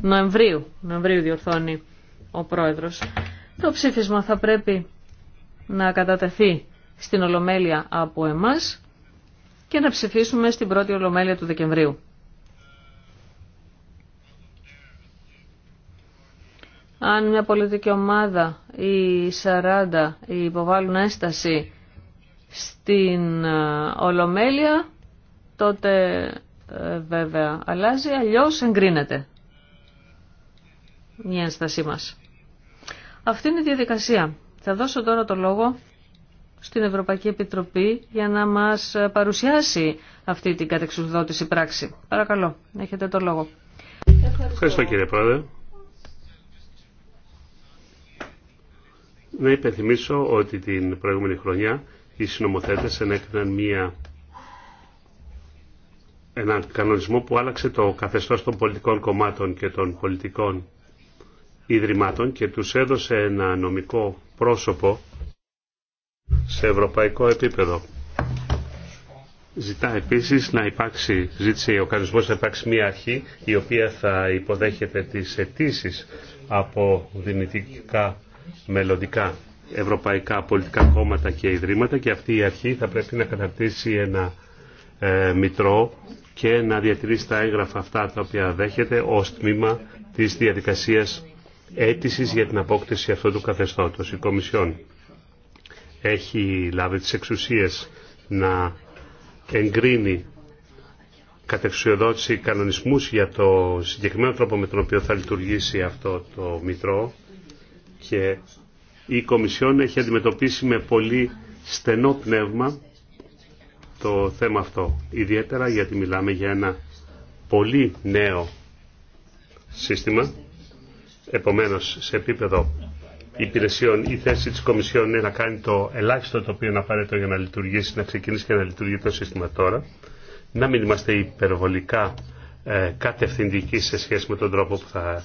Νοεμβρίου, Νοεμβρίου διορθώνει ο πρόεδρος. Το ψήφισμα θα πρέπει να κατατεθεί στην Ολομέλεια από εμάς και να ψηφίσουμε στην πρώτη Ολομέλεια του Δεκεμβρίου. Αν μια πολιτική ομάδα ή 40 υποβάλλουν ένσταση στην ε, Ολομέλεια, τότε ε, βέβαια αλλάζει, αλλιώς εγκρίνεται η ένστασή μας. βεβαια αλλαζει είναι η διαδικασία. Θα δώσω τώρα το λόγο στην Ευρωπαϊκή Επιτροπή για να μας παρουσιάσει αυτή την κατεξουδότηση πράξη. Παρακαλώ, έχετε το λόγο. Ευχαριστώ, κύριε Πρόεδρε. Να υπενθυμίσω ότι την προηγούμενη χρονιά οι συνομοθέτες ενέκριναν μία, έναν κανονισμό που άλλαξε το καθεστώς των πολιτικών κομμάτων και των πολιτικών ιδρυμάτων και τους έδωσε ένα νομικό πρόσωπο σε ευρωπαϊκό επίπεδο. Ζητά επίσης να υπάρξει, ζήτησε ο κανονισμός να υπάρξει μια αρχή η οποία θα υποδέχεται τις αιτήσει από δυνητικά μελλοντικά ευρωπαϊκά πολιτικά κόμματα και ιδρύματα και αυτή η αρχή θα πρέπει να καταρτήσει ένα ε, μητρό και να διατηρήσει τα έγγραφα αυτά τα οποία δέχεται ως τμήμα της διαδικασίας αίτησης για την απόκτηση αυτού του καθεστώτος. Η Κομισιόν έχει λάβει τις εξουσίες να εγκρίνει κατεξουσιοδότηση κανονισμούς για το συγκεκριμένο τρόπο με τον οποίο θα λειτουργήσει αυτό το Μητρό και η Κομισιόν έχει αντιμετωπίσει με πολύ στενό πνεύμα το θέμα αυτό. Ιδιαίτερα γιατί μιλάμε για ένα πολύ νέο σύστημα Επομένως, σε επίπεδο υπηρεσιών η θέση της Κομισιόν είναι να κάνει το ελάχιστο το οποίο είναι απαραίτητο για να λειτουργήσει, να ξεκινήσει και να λειτουργεί το σύστημα τώρα. Να μην είμαστε υπερβολικά ε, κατευθυντικοί σε σχέση με τον τρόπο που θα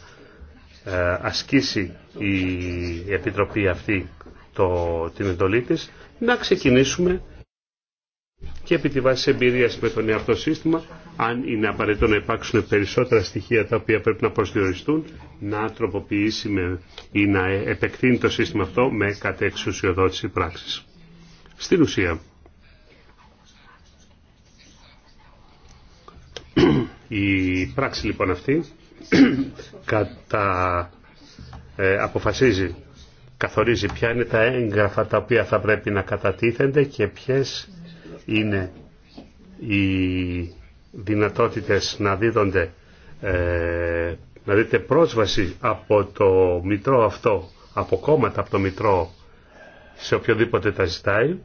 ε, ασκήσει η Επιτροπή αυτή το, την εντολή της. Να ξεκινήσουμε και επί τη βάση εμπειρία με τον εαυτό σύστημα, αν είναι απαραίτητο να υπάρξουν περισσότερα στοιχεία τα οποία πρέπει να προσδιοριστούν, να τροποποιήσει με, ή να επεκτείνει το σύστημα αυτό με κατεξουσιοδότηση πράξης. Στην ουσία, η πράξη με κατεξουσιοδοτηση πραξη στην ουσια αυτή κατα, ε, αποφασίζει, καθορίζει ποια είναι τα έγγραφα τα οποία θα πρέπει να κατατίθενται και ποιες είναι οι δυνατότητες να δίδονται ε, να δείτε πρόσβαση από το μητρό αυτό, από κόμματα από το μητρό σε οποιοδήποτε τα ζητάει.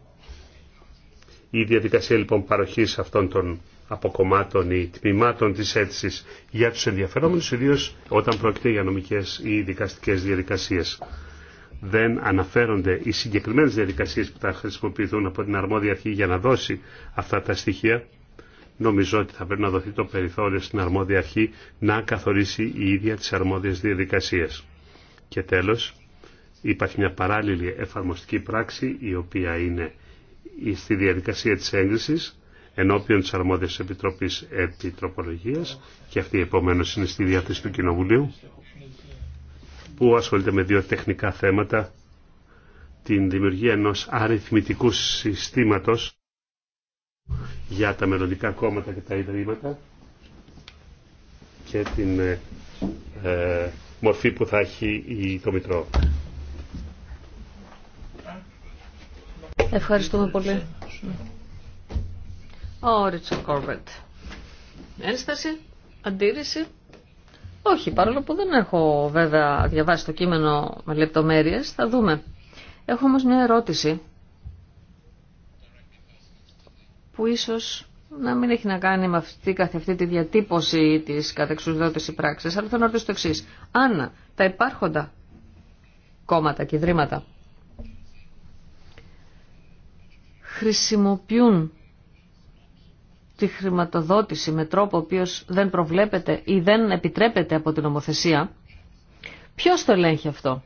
Η διαδικασία λοιπόν παροχής αυτών των αποκομμάτων ή τμήματων της αίτηση για τους ενδιαφερόμενους, ιδίως όταν πρόκειται για νομικές ή δικαστικές διαδικασίες δεν αναφέρονται οι συγκεκριμένε διαδικασίε που θα χρησιμοποιηθούν από την αρμόδια αρχή για να δώσει αυτά τα στοιχεία, νομίζω ότι θα πρέπει να δοθεί το περιθώριο στην αρμόδια αρχή να καθορίσει η ίδια τι αρμόδιε διαδικασίε. Και τέλο, υπάρχει μια παράλληλη εφαρμοστική πράξη η οποία είναι στη διαδικασία της έγκρισης ενώπιον της αρμόδιας επιτροπής επιτροπολογίας και αυτή επομένως είναι στη διάθεση του Κοινοβουλίου που ασχολείται με δύο τεχνικά θέματα, την δημιουργία ενός αριθμητικού συστήματος για τα μελλοντικά κόμματα και τα ιδρύματα και την ε, ε, μορφή που θα έχει η, το Μητρό. Ευχαριστούμε πολύ. Ο Ρίτσο Κόρβετ. Ένσταση, αντίρρηση. Όχι, παρόλο που δεν έχω βέβαια διαβάσει το κείμενο με λεπτομέρειες, θα δούμε. Έχω όμως μια ερώτηση που ίσως να μην έχει να κάνει με αυτή, καθ' αυτή τη διατύπωση της κατεξουσδότηση πράξης, αλλά θα να ρωτήσω το εξή. Αν τα υπάρχοντα κόμματα και ιδρύματα χρησιμοποιούν χρηματοδότηση με τρόπο ο οποίος δεν προβλέπεται ή δεν επιτρέπεται από την νομοθεσία, ποιος το ελέγχει αυτό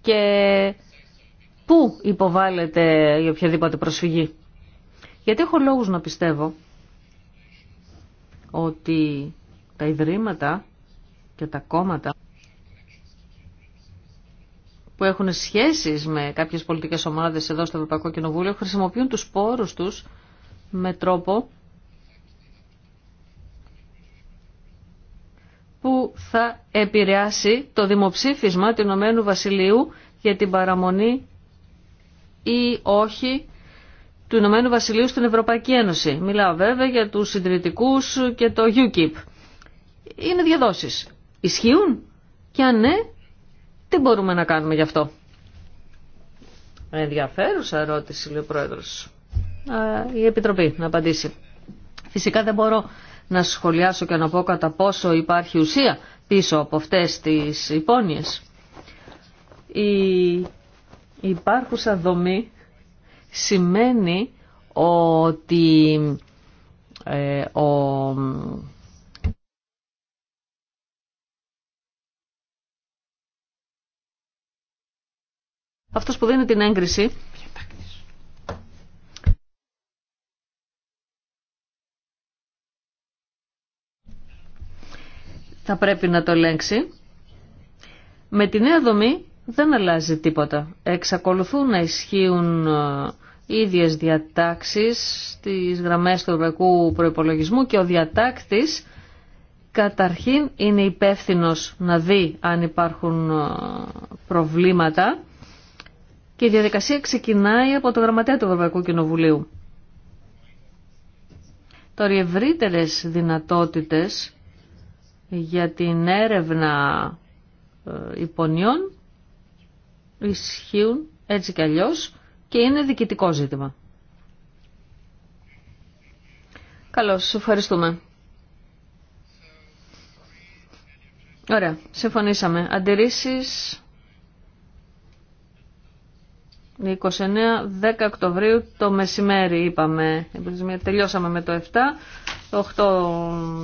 και πού υποβάλλεται η οποιαδήποτε προσφυγή. Γιατί έχω λόγους να πιστεύω ότι τα ιδρύματα και τα κόμματα που έχουν σχέσεις με κάποιες πολιτικές ομάδες εδώ στο Ευρωπαϊκό Κοινοβούλιο χρησιμοποιούν τους πόρους τους με τρόπο που θα επηρεάσει το δημοψήφισμα του Ηνωμένου Βασιλείου για την παραμονή ή όχι του Ηνωμένου Βασιλείου στην Ευρωπαϊκή Ένωση. Μιλάω βέβαια για τους συντηρητικούς και το UKIP. Είναι διαδόσεις. Ισχύουν και αν ναι, τι μπορούμε να κάνουμε γι' αυτό. Ενδιαφέρουσα ερώτηση, λέει ο Πρόεδρος η Επιτροπή να απαντήσει. Φυσικά δεν μπορώ να σχολιάσω και να πω κατά πόσο υπάρχει ουσία πίσω από αυτές τις υπόνοιες. Η υπάρχουσα δομή σημαίνει ότι ε, ο, αυτός που δίνει την έγκριση θα πρέπει να το ελέγξει. Με τη νέα δομή δεν αλλάζει τίποτα. Εξακολουθούν να ισχύουν οι ε, ίδιες διατάξεις στις γραμμές του ευρωπαϊκού προϋπολογισμού και ο διατάκτης καταρχήν είναι υπεύθυνο να δει αν υπάρχουν ε, προβλήματα και η διαδικασία ξεκινάει από το γραμματέα του Ευρωπαϊκού Κοινοβουλίου. Τώρα οι ευρύτερε δυνατότητες για την έρευνα ε, υπονιών ισχύουν έτσι κι αλλιώς και είναι διοικητικό ζήτημα. Καλώς, ευχαριστούμε. Ωραία, συμφωνήσαμε. Αντιρρήσεις 29-10 Οκτωβρίου το μεσημέρι είπαμε. Τελειώσαμε με το 7. Το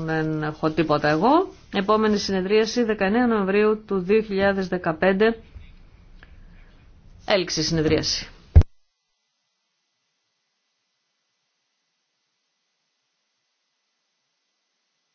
8 δεν έχω τίποτα εγώ. Επόμενη συνεδρίαση 19 Νοεμβρίου του 2015. Έλξη συνεδρίαση.